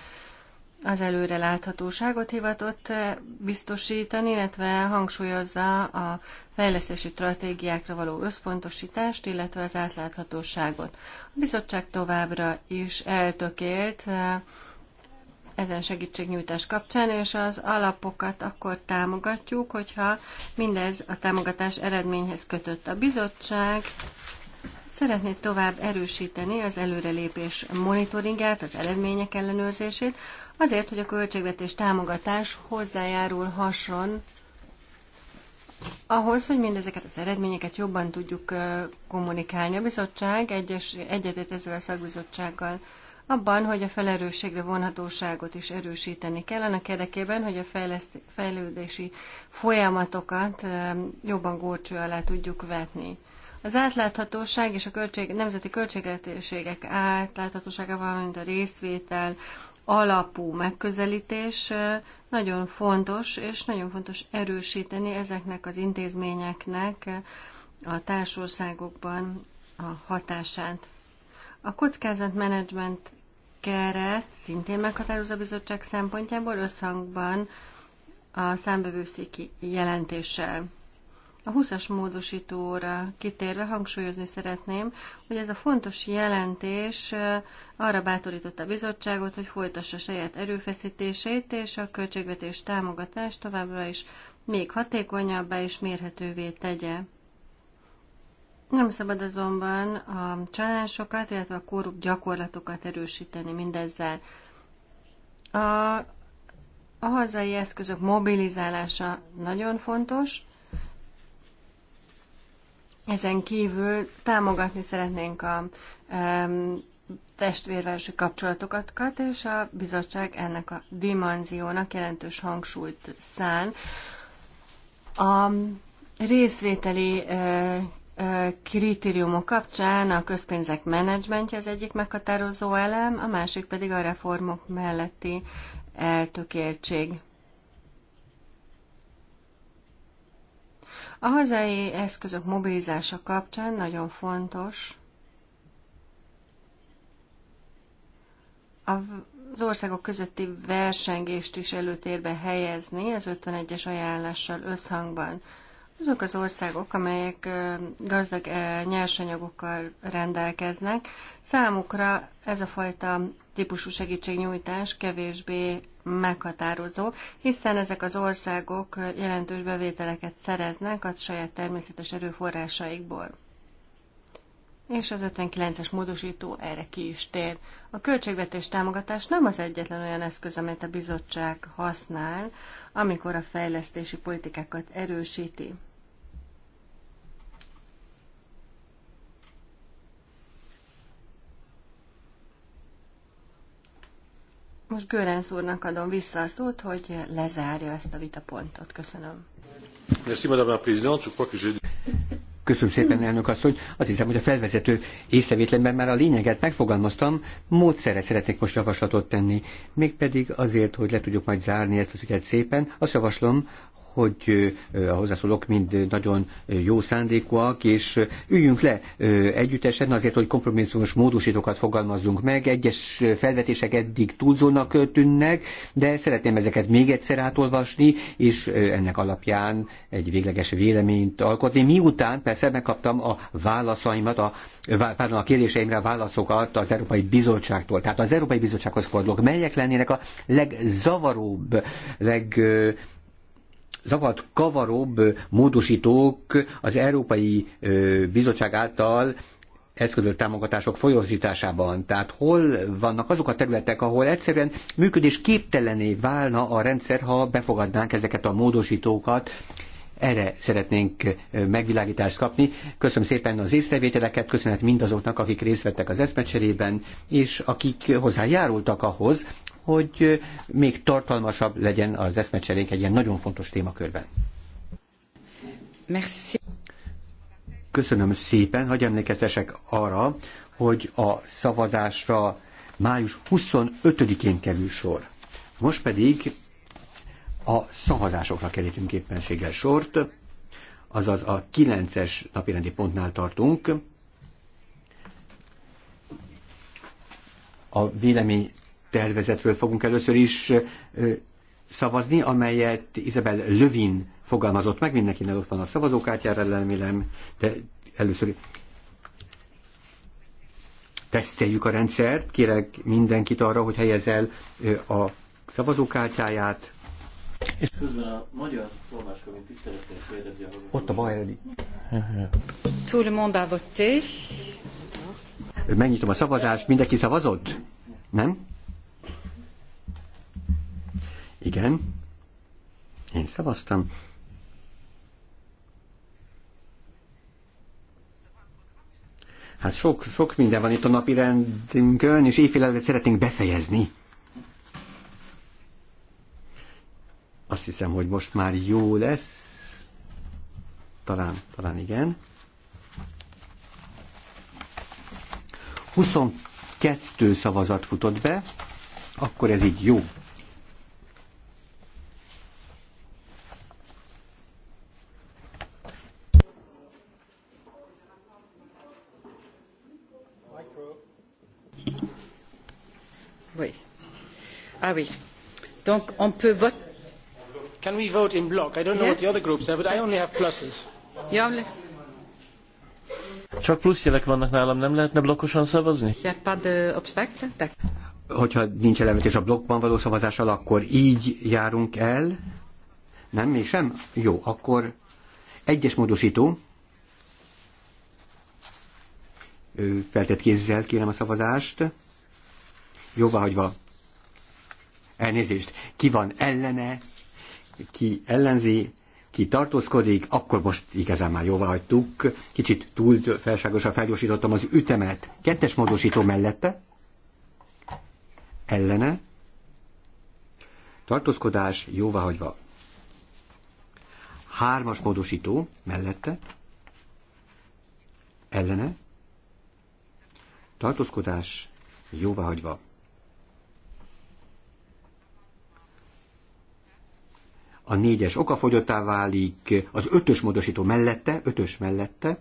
az előreláthatóságot hivatott eh, biztosítani, illetve hangsúlyozza a fejlesztési stratégiákra való összpontosítást, illetve az átláthatóságot. A bizottság továbbra is eltökélt eh, ezen segítségnyújtás kapcsán, és az alapokat akkor támogatjuk, hogyha mindez a támogatás eredményhez kötött. A bizottság szeretné tovább erősíteni az előrelépés monitoringját, az eredmények ellenőrzését, azért, hogy a költségvetés támogatás hozzájárulhasson ahhoz, hogy mindezeket az eredményeket jobban tudjuk kommunikálni. A bizottság egyes, egyetért ezzel a szakbizottsággal abban, hogy a felelősségre vonhatóságot is erősíteni kell, annak érdekében, hogy a fejleszt, fejlődési folyamatokat jobban górcső alá tudjuk vetni. Az átláthatóság és a költség, nemzeti költségvetésségek átláthatóságával, valamint a részvétel, alapú megközelítés nagyon fontos, és nagyon fontos erősíteni ezeknek az intézményeknek a társországokban a hatását. A kockázatmenedzsment keret szintén meghatározza bizottság szempontjából összhangban a számbevőszéki jelentéssel. A 20-as módosítóra kitérve hangsúlyozni szeretném, hogy ez a fontos jelentés arra bátorította a bizottságot, hogy folytassa saját erőfeszítését és a költségvetés támogatást továbbra is még hatékonyabbá és mérhetővé tegye. Nem szabad azonban a csalásokat, illetve a korrupt gyakorlatokat erősíteni mindezzel. A, a hazai eszközök mobilizálása nagyon fontos, ezen kívül támogatni szeretnénk a um, testvérvárosi kapcsolatokat, és a bizottság ennek a dimenziónak jelentős hangsúlyt szán. A részvételi e, e, kritériumok kapcsán a közpénzek menedzsmentje az egyik meghatározó elem, a másik pedig a reformok melletti eltökéltség. A hazai eszközök mobilizása kapcsán nagyon fontos az országok közötti versengést is előtérbe helyezni az 51-es ajánlással összhangban. Azok az országok, amelyek gazdag nyersanyagokkal rendelkeznek, számukra ez a fajta típusú segítségnyújtás kevésbé meghatározó, hiszen ezek az országok jelentős bevételeket szereznek a saját természetes erőforrásaikból. És az 59-es módosító erre ki is tér. A költségvetés támogatás nem az egyetlen olyan eszköz, amelyet a bizottság használ, amikor a fejlesztési politikákat erősíti. Most Görenc úrnak adom vissza a szót, hogy lezárja ezt a vitapontot. Köszönöm. Madame Présidente. Köszönöm szépen, elnök asszony. Azt hiszem, hogy a felvezető észrevétlenben már a lényeget megfogalmaztam. Módszerre szeretnék most javaslatot tenni. Mégpedig azért, hogy le tudjuk majd zárni ezt az ügyet szépen. Azt javaslom, hogy a hozzászólók mind nagyon jó szándékúak, és üljünk le együttesen azért, hogy kompromisszumos módosítókat fogalmazzunk meg. Egyes felvetések eddig túlzónak tűnnek, de szeretném ezeket még egyszer átolvasni, és ennek alapján egy végleges véleményt alkotni. Miután persze megkaptam a válaszaimat, a, pardon, a kérdéseimre a válaszokat az Európai Bizottságtól. Tehát az Európai Bizottsághoz fordulok. Melyek lennének a legzavaróbb, leg zavart kavaróbb módosítók az Európai Bizottság által eszközölt támogatások folyosításában. Tehát hol vannak azok a területek, ahol egyszerűen működés képtelené válna a rendszer, ha befogadnánk ezeket a módosítókat, erre szeretnénk megvilágítást kapni. Köszönöm szépen az észrevételeket, köszönet mindazoknak, akik részt vettek az eszmecserében, és akik hozzájárultak ahhoz, hogy még tartalmasabb legyen az eszmecserénk egy ilyen nagyon fontos témakörben. Merci. Köszönöm szépen, hogy emlékeztesek arra, hogy a szavazásra május 25-én kerül sor. Most pedig a szavazásokra kerítünk éppenséggel sort, azaz a 9-es napirendi pontnál tartunk. A vélemény tervezetről fogunk először is szavazni, amelyet Isabel Lövin fogalmazott meg, mindenkinek ott van a szavazókártyára, remélem, de először teszteljük a rendszert, kérek mindenkit arra, hogy helyez el a szavazókártyáját. És közben a magyar tolmácskomin tisztelettel kérdezi a Ott a baj, Edi. Tout le monde a voté. Megnyitom a szavazást, mindenki szavazott? Nem? Igen. Én szavaztam. Hát sok, sok minden van itt a napi rendünkön, és éjfél előtt szeretnénk befejezni. Azt hiszem, hogy most már jó lesz. Talán, talán igen. 22 szavazat futott be, akkor ez így jó Ah oui. Donc on peut voter. Can we vote in block? I don't know yeah. what the other groups have, but I only have pluses. You only... Csak pluszjelek vannak nálam, nem lehetne blokkosan szavazni? Y a de obstacle? Hogyha nincs és a blokkban való szavazással, akkor így járunk el. Nem, mégsem? Jó, akkor egyes módosító. Feltett kézzel kérem a szavazást. Jóváhagyva elnézést, ki van ellene, ki ellenzi, ki tartózkodik, akkor most igazán már jóvá hagytuk. Kicsit túl felságosan felgyorsítottam az ütemet. Kettes módosító mellette, ellene, tartózkodás jóváhagyva. Hármas módosító mellette, ellene, tartózkodás jóváhagyva. a négyes okafogyottá válik, az ötös módosító mellette, ötös mellette,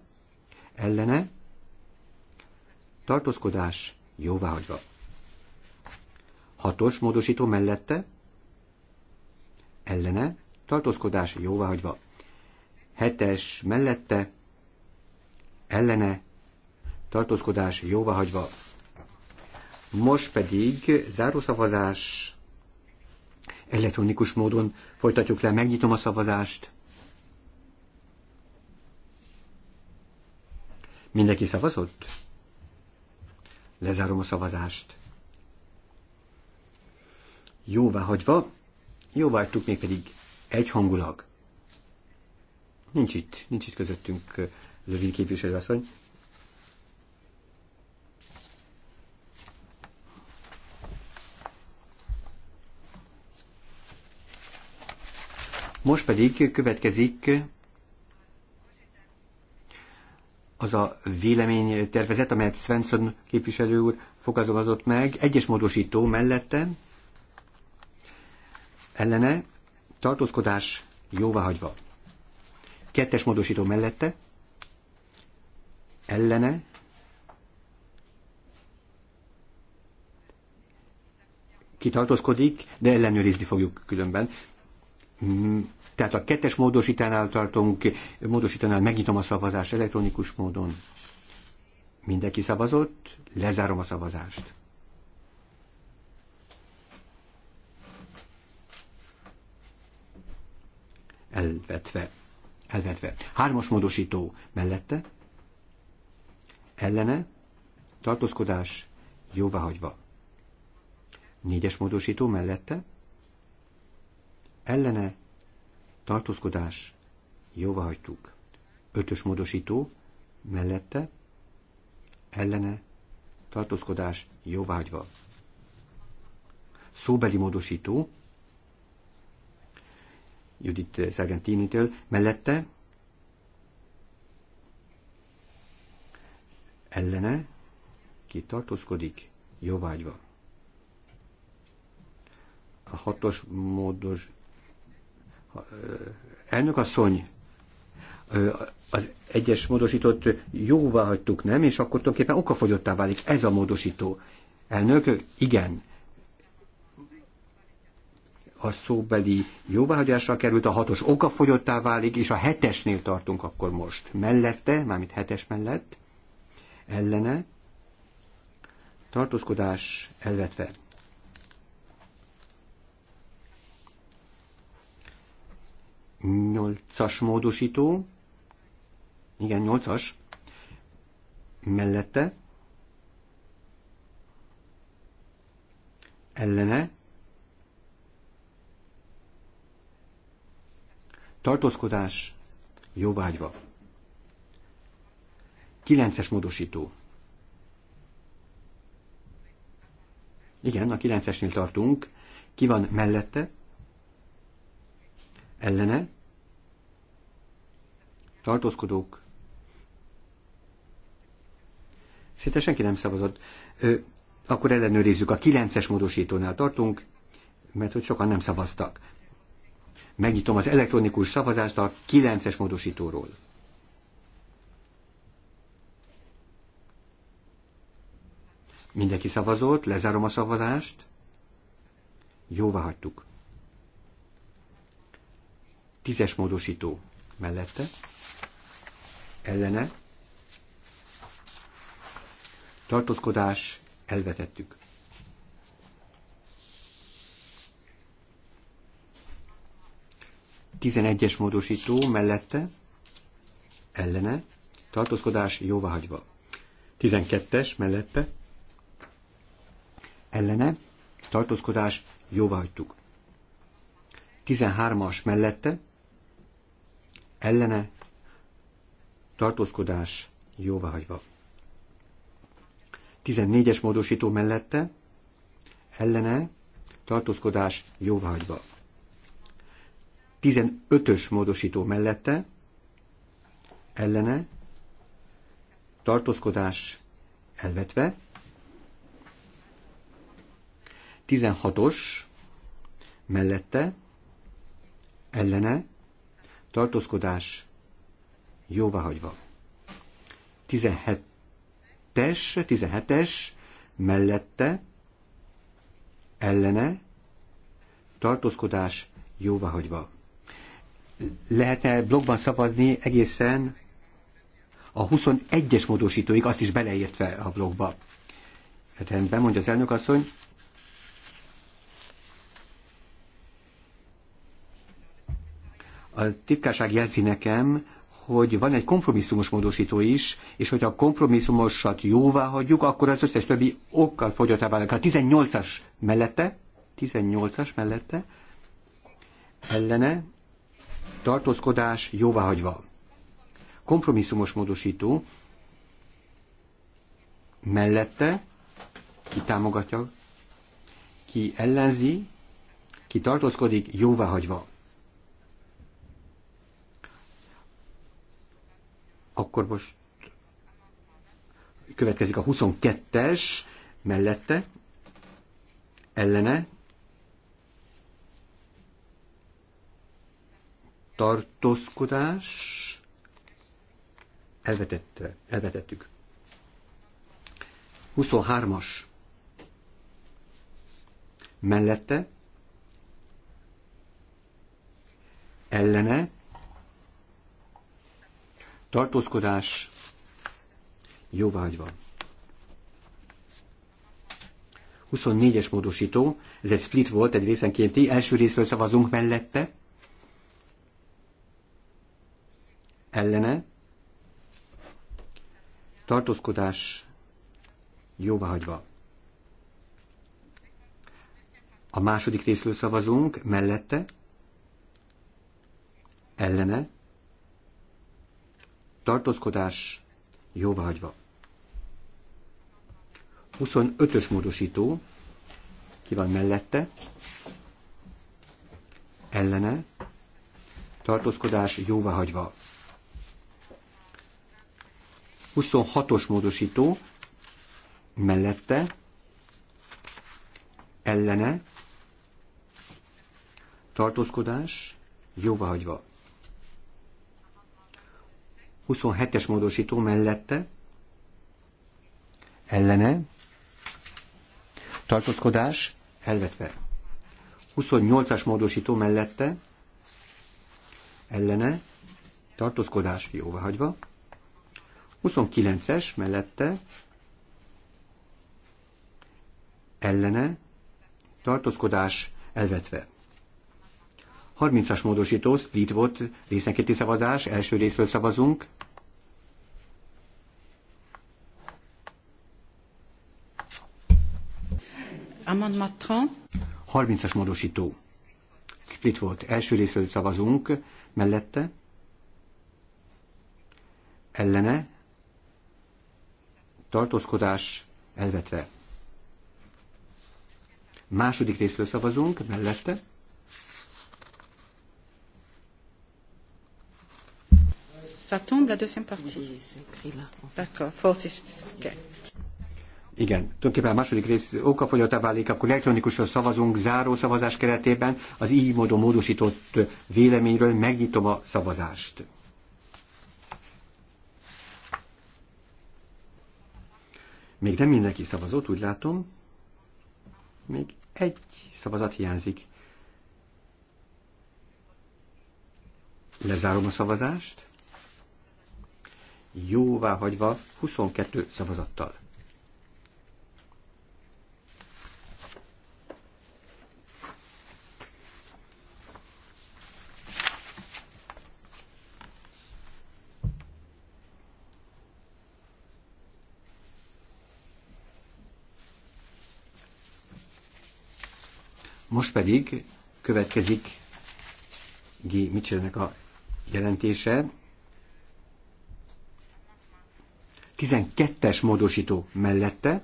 ellene, tartózkodás jóváhagyva. Hatos módosító mellette, ellene, tartózkodás jóváhagyva. Hetes mellette, ellene, tartózkodás jóváhagyva. Most pedig zárószavazás Elektronikus módon folytatjuk le, megnyitom a szavazást. Mindenki szavazott? Lezárom a szavazást. Jóvá hagyva, jóvágytuk mégpedig egyhangulag. Nincs itt, nincs itt közöttünk eh, Lövin képviselőasszony. Most pedig következik az a véleménytervezet, amelyet Svensson képviselő úr fogadomazott meg, egyes módosító mellette ellene tartózkodás jóváhagyva. Kettes módosító mellette ellene kitartózkodik, de ellenőrizni fogjuk különben tehát a kettes módosítánál tartunk, módosítánál megnyitom a szavazást elektronikus módon. Mindenki szavazott, lezárom a szavazást. Elvetve. Elvetve. Hármas módosító mellette. Ellene. Tartózkodás jóváhagyva. Négyes módosító mellette ellene tartózkodás jóvá hagytuk. Ötös módosító mellette ellene tartózkodás hagyva. Szóbeli módosító Judit Sargentinitől mellette ellene ki tartózkodik jóvágyva. A hatos módos Elnök asszony, az egyes módosított jóvá hagytuk, nem? És akkor tulajdonképpen okafogyottá válik ez a módosító. Elnök, igen. A szóbeli jóváhagyásra került, a hatos okafogyottá válik, és a hetesnél tartunk akkor most. Mellette, mármint hetes mellett, ellene, tartózkodás elvetve. Nyolcas módosító. Igen, nyolcas. Mellette. Ellene. Tartózkodás. Jóvágyva. Kilences módosító. Igen, a kilencesnél tartunk. Ki van mellette? ellene tartózkodók. Szinte senki nem szavazott. Ö, akkor ellenőrizzük, a 9-es módosítónál tartunk, mert hogy sokan nem szavaztak. Megnyitom az elektronikus szavazást a 9-es módosítóról. Mindenki szavazott, lezárom a szavazást. Jóvá hagytuk. Tízes módosító mellette, ellene, tartózkodás, elvetettük. Tizenegyes módosító mellette, ellene, tartózkodás, jóváhagyva. Tizenkettes mellette, ellene, tartózkodás, jóváhagytuk. 13-as mellette, ellene tartózkodás jóváhagyva. 14-es módosító mellette ellene tartózkodás jóváhagyva. 15-ös módosító mellette ellene tartózkodás elvetve. 16-os mellette ellene tartózkodás jóváhagyva. 17-es, 17-es mellette ellene tartózkodás jóváhagyva. Lehetne blogban szavazni egészen a 21-es módosítóig, azt is beleértve a blogba. Rendben, mondja az elnök asszony, a titkárság jelzi nekem, hogy van egy kompromisszumos módosító is, és hogyha a kompromisszumosat jóvá hagyjuk, akkor az összes többi okkal fogyottá válik. A 18-as mellette, 18-as mellette, ellene, tartózkodás jóváhagyva. Kompromisszumos módosító mellette, ki támogatja, ki ellenzi, ki tartózkodik jóváhagyva. Akkor most következik a 22-es mellette, ellene, tartózkodás, elvetette, elvetettük. 23-as mellette, ellene, tartózkodás jóvágyva. 24-es módosító, ez egy split volt, egy részenkénti, első részről szavazunk mellette, ellene, tartózkodás jóváhagyva. A második részről szavazunk, mellette, ellene, tartózkodás jóváhagyva. 25-ös módosító, ki van mellette, ellene, tartózkodás jóváhagyva. 26-os módosító, mellette, ellene, tartózkodás jóváhagyva. 27-es módosító mellette ellene tartózkodás elvetve. 28-as módosító mellette ellene tartózkodás jóváhagyva. 29-es mellette ellene tartózkodás elvetve. 30-as módosító, split volt, részenkéti szavazás, első részről szavazunk, Amendment 30. 30-as módosító. Split volt. Első részről szavazunk. Mellette. Ellene. Tartózkodás elvetve. Második részről szavazunk. Mellette. Ça tombe la deuxième partie. Oui, D'accord. Force. Okay. Igen, tulajdonképpen a második rész okafogyottá válik, akkor elektronikusan szavazunk záró szavazás keretében az így módon módosított véleményről megnyitom a szavazást. Még nem mindenki szavazott, úgy látom. Még egy szavazat hiányzik. Lezárom a szavazást. Jóvá hagyva 22 szavazattal. Most pedig következik G. Mitchellnek a jelentése. 12-es módosító mellette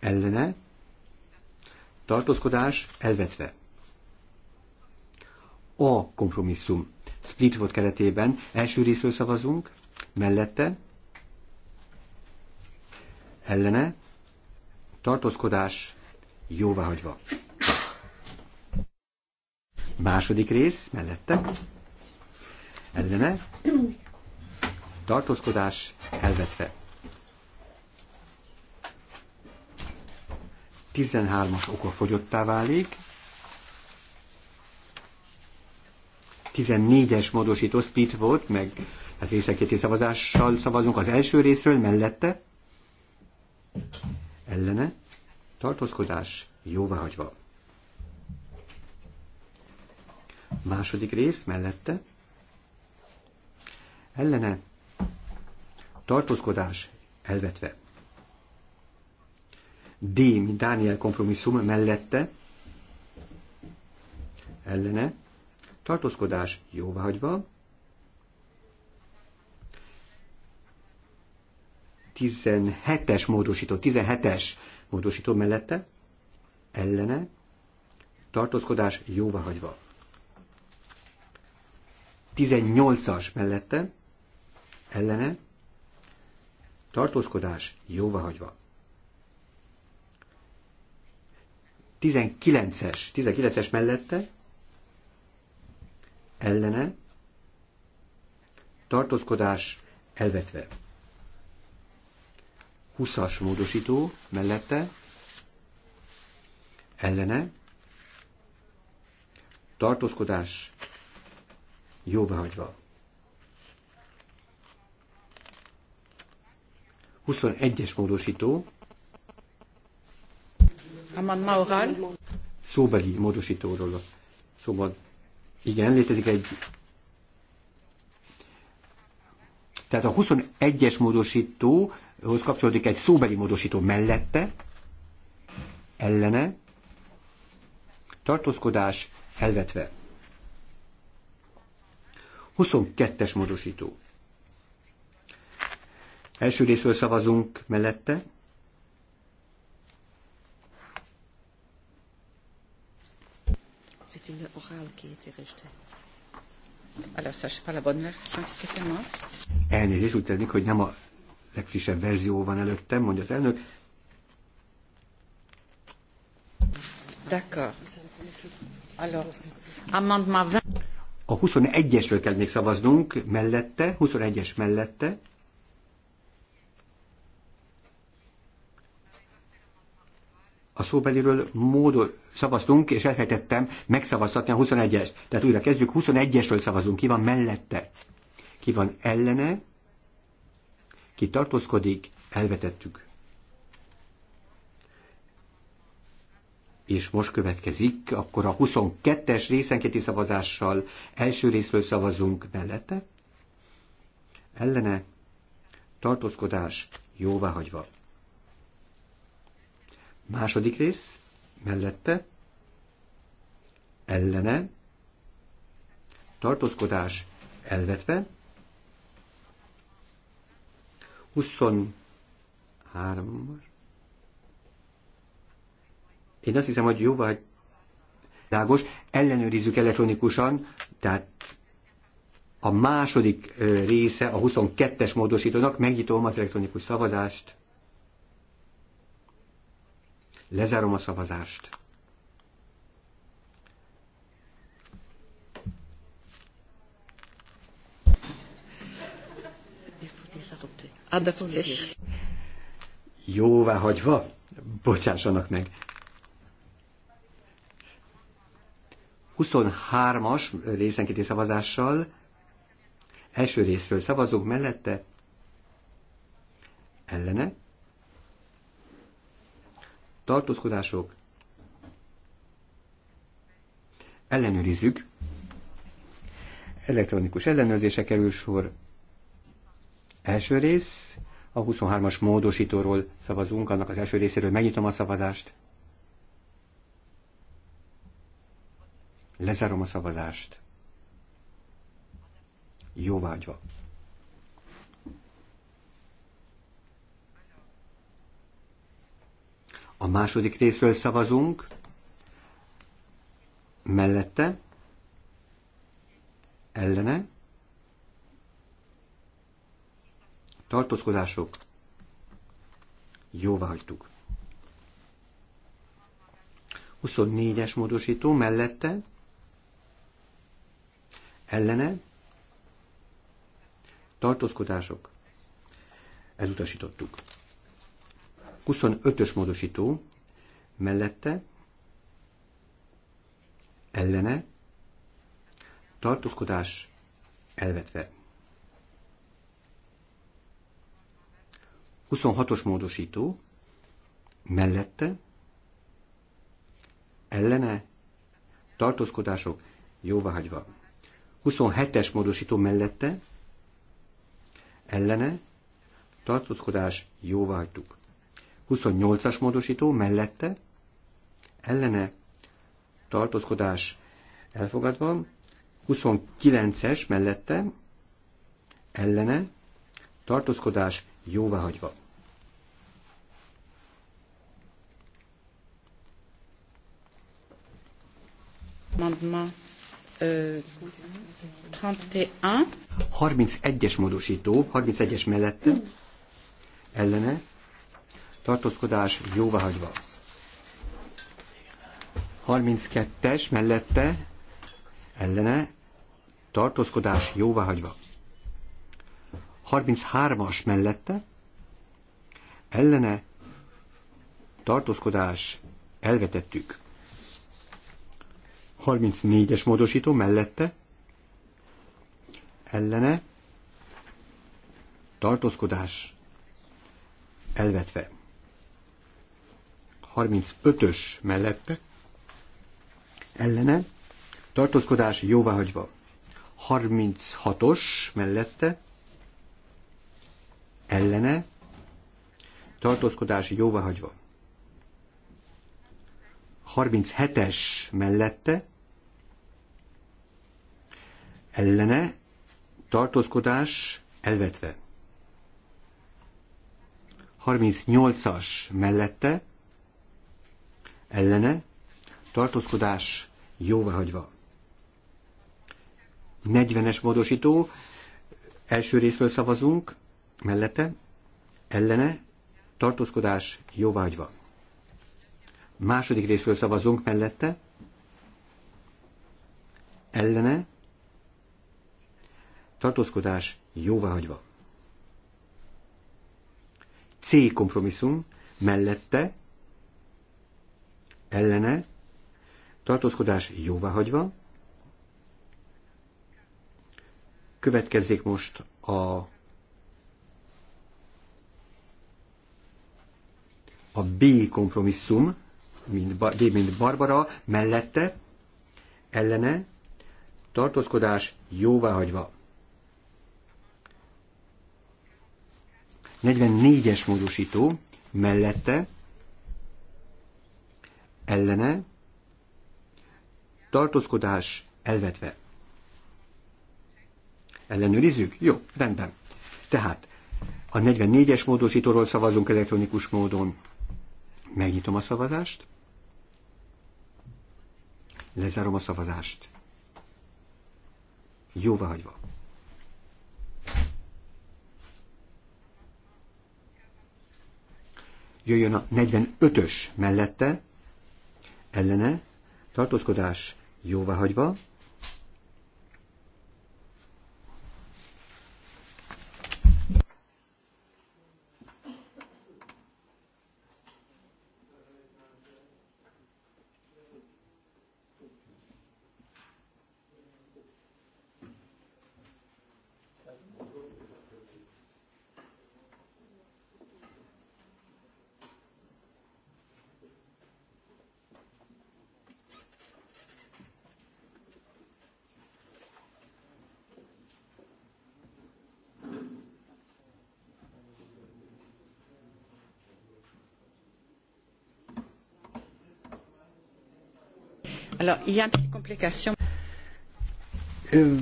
ellene tartózkodás elvetve. A kompromisszum split volt keretében első részről szavazunk, mellette ellene tartózkodás jóváhagyva. Második rész mellette ellene tartózkodás elvetve. 13-as oka fogyottá válik, 14-es módosító speed volt, meg hát részekéti szavazással szavazunk az első részről mellette, ellene, tartózkodás jóváhagyva. Második rész mellette, ellene, tartózkodás elvetve. D, mint Dániel kompromisszum mellette, ellene, tartózkodás jóváhagyva, 17-es módosító, 17-es módosító mellette, ellene, tartózkodás jóváhagyva. 18-as mellette, ellene, tartózkodás jóváhagyva. 19-es, 19-es mellette, ellene, tartózkodás elvetve. 20-as módosító mellette ellene tartózkodás jóváhagyva. 21-es módosító. Szóbeli módosítóról. Szóval igen, létezik egy tehát a 21-es módosító hoz kapcsolódik egy szóbeli módosító mellette, ellene, tartózkodás elvetve. 22-es módosító. Első részről szavazunk mellette. C'était le oral qui était rejeté. Alors, ça, je parle la bonne version, excusez-moi. Elnézést, úgy tennék, hogy nem a legfrissebb verzió van előttem, mondja az elnök. D'accord. Alors, A 21-esről kell még szavaznunk, mellette, 21-es mellette. A szóbeliről módon szavaztunk, és elfejtettem megszavaztatni a 21-est. Tehát újra kezdjük, 21-esről szavazunk. Ki van mellette? Ki van ellene? ki tartózkodik, elvetettük. És most következik, akkor a 22-es részenkéti szavazással első részről szavazunk mellette. Ellene tartózkodás jóváhagyva. Második rész mellette ellene tartózkodás elvetve 23 Én azt hiszem, hogy jó vagy. világos, ellenőrizzük elektronikusan, tehát a második része a 22-es módosítónak, megnyitom az elektronikus szavazást, lezárom a szavazást. adopted. Jóvá hagyva? Bocsássanak meg. 23-as részenkéti szavazással első részről szavazunk mellette ellene tartózkodások ellenőrizzük elektronikus ellenőrzése kerül sor Első rész, a 23-as módosítóról szavazunk, annak az első részéről megnyitom a szavazást. Lezárom a szavazást. jó vágyva. A második részről szavazunk. Mellette. Ellene. tartózkodások, jóvá hagytuk. 24-es módosító mellette, ellene, tartózkodások, elutasítottuk. 25-ös módosító mellette, ellene, tartózkodás elvetve. 26-os módosító mellette ellene tartózkodások jóváhagyva. 27-es módosító mellette ellene tartózkodás jóváhagytuk. 28-as módosító mellette ellene tartózkodás elfogadva, 29-es mellette ellene tartózkodás jóváhagyva. Amendement 31. Euh, 31-es módosító, 31-es mellette, ellene, tartózkodás jóváhagyva. 32-es mellette, ellene, tartózkodás jóváhagyva. 33-as mellette, ellene, tartózkodás elvetettük. 34-es módosító mellette ellene tartózkodás elvetve. 35-ös mellette ellene tartózkodás jóváhagyva. 36-os mellette ellene tartózkodás jóváhagyva. 37-es mellette ellene tartózkodás elvetve. 38-as mellette ellene tartózkodás jóváhagyva. 40-es módosító első részről szavazunk, mellette ellene tartózkodás jóváhagyva. Második részről szavazunk mellette ellene tartózkodás jóváhagyva. C kompromisszum mellette ellene tartózkodás jóváhagyva. Következzék most a a B kompromisszum, mint B, mint Barbara, mellette ellene tartózkodás jóváhagyva. 44-es módosító mellette ellene tartózkodás elvetve. Ellenőrizzük? Jó, rendben. Tehát a 44-es módosítóról szavazunk elektronikus módon. Megnyitom a szavazást. Lezárom a szavazást. hagyva. jöjjön a 45-ös mellette, ellene, tartózkodás jóváhagyva,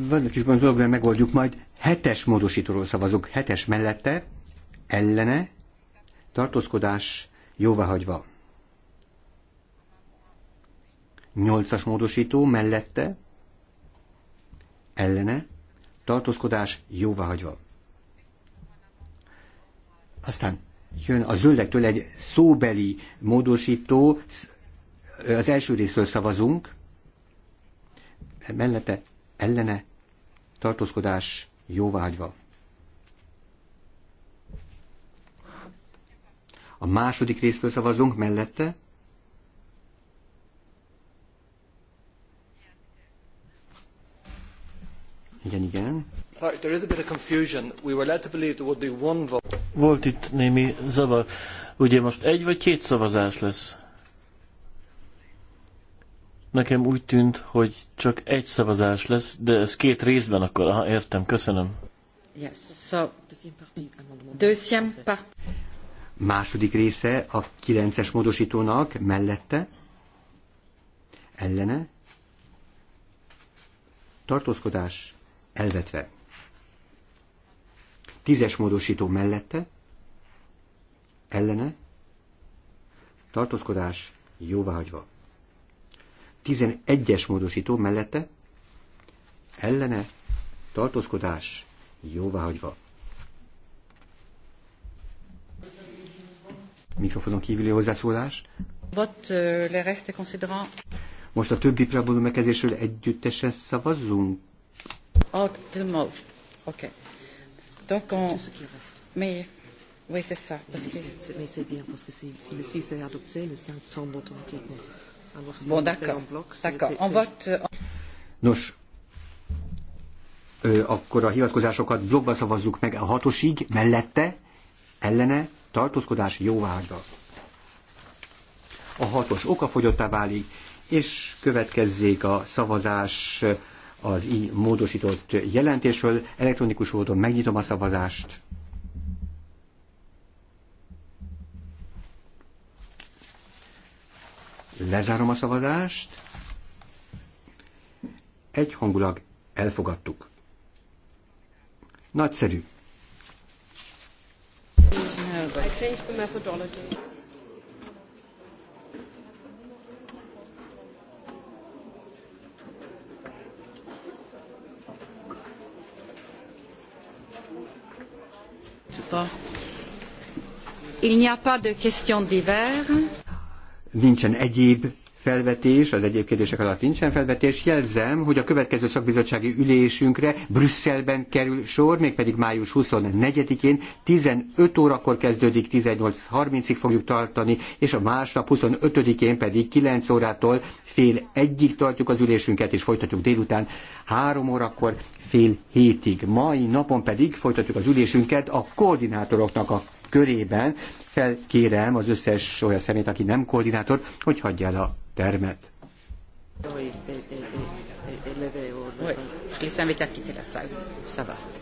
Vannak is gondolok, de megoldjuk majd. Hetes módosítóról szavazunk. Hetes mellette, ellene, tartózkodás jóváhagyva. Nyolcas módosító mellette, ellene, tartózkodás jóváhagyva. Aztán jön a zöldektől egy szóbeli módosító, az első részről szavazunk, mellette ellene tartózkodás jóvágyva. A második részről szavazunk mellette. Igen, igen. Volt itt némi zavar. Ugye most egy vagy két szavazás lesz? Nekem úgy tűnt, hogy csak egy szavazás lesz, de ez két részben akkor. Aha, értem, köszönöm. Yes. So, part. Második része a kilences módosítónak mellette, ellene, tartózkodás elvetve. Tízes módosító mellette, ellene, tartózkodás jóváhagyva. 11-es módosító mellette ellene tartózkodás jóváhagyva. Mikrofonon kívüli hozzászólás. Euh, Most a többi preambulum megkezdésről együttesen szavazzunk? Ah, de Oké. Donc on... Mais... Oui, c'est ça. Parce que... Mais c'est bien, parce que si, si le 6 est adopté, le 5 tombe automatiquement. Ah, bon, d'accord. On vote... Euh, Nos, ö, euh, akkor a hivatkozásokat blogban szavazzuk meg a hatosig, mellette, ellene, tartózkodás jóvágyra. A hatos okafogyottá válik, és következzék a szavazás az így módosított jelentésről. Elektronikus módon megnyitom a szavazást. Lezárom a szavazást. Egyhangulag elfogadtuk. Nagyszerű. Il n'y a pas de questions diverses nincsen egyéb felvetés, az egyéb kérdések alatt nincsen felvetés. Jelzem, hogy a következő szakbizottsági ülésünkre Brüsszelben kerül sor, mégpedig május 24-én 15 órakor kezdődik, 18.30-ig fogjuk tartani, és a másnap 25-én pedig 9 órától fél egyig tartjuk az ülésünket, és folytatjuk délután 3 órakor fél hétig. Mai napon pedig folytatjuk az ülésünket a koordinátoroknak a körében felkérem az összes olyan szemét, aki nem koordinátor, hogy hagyja el a termet. Oui, je les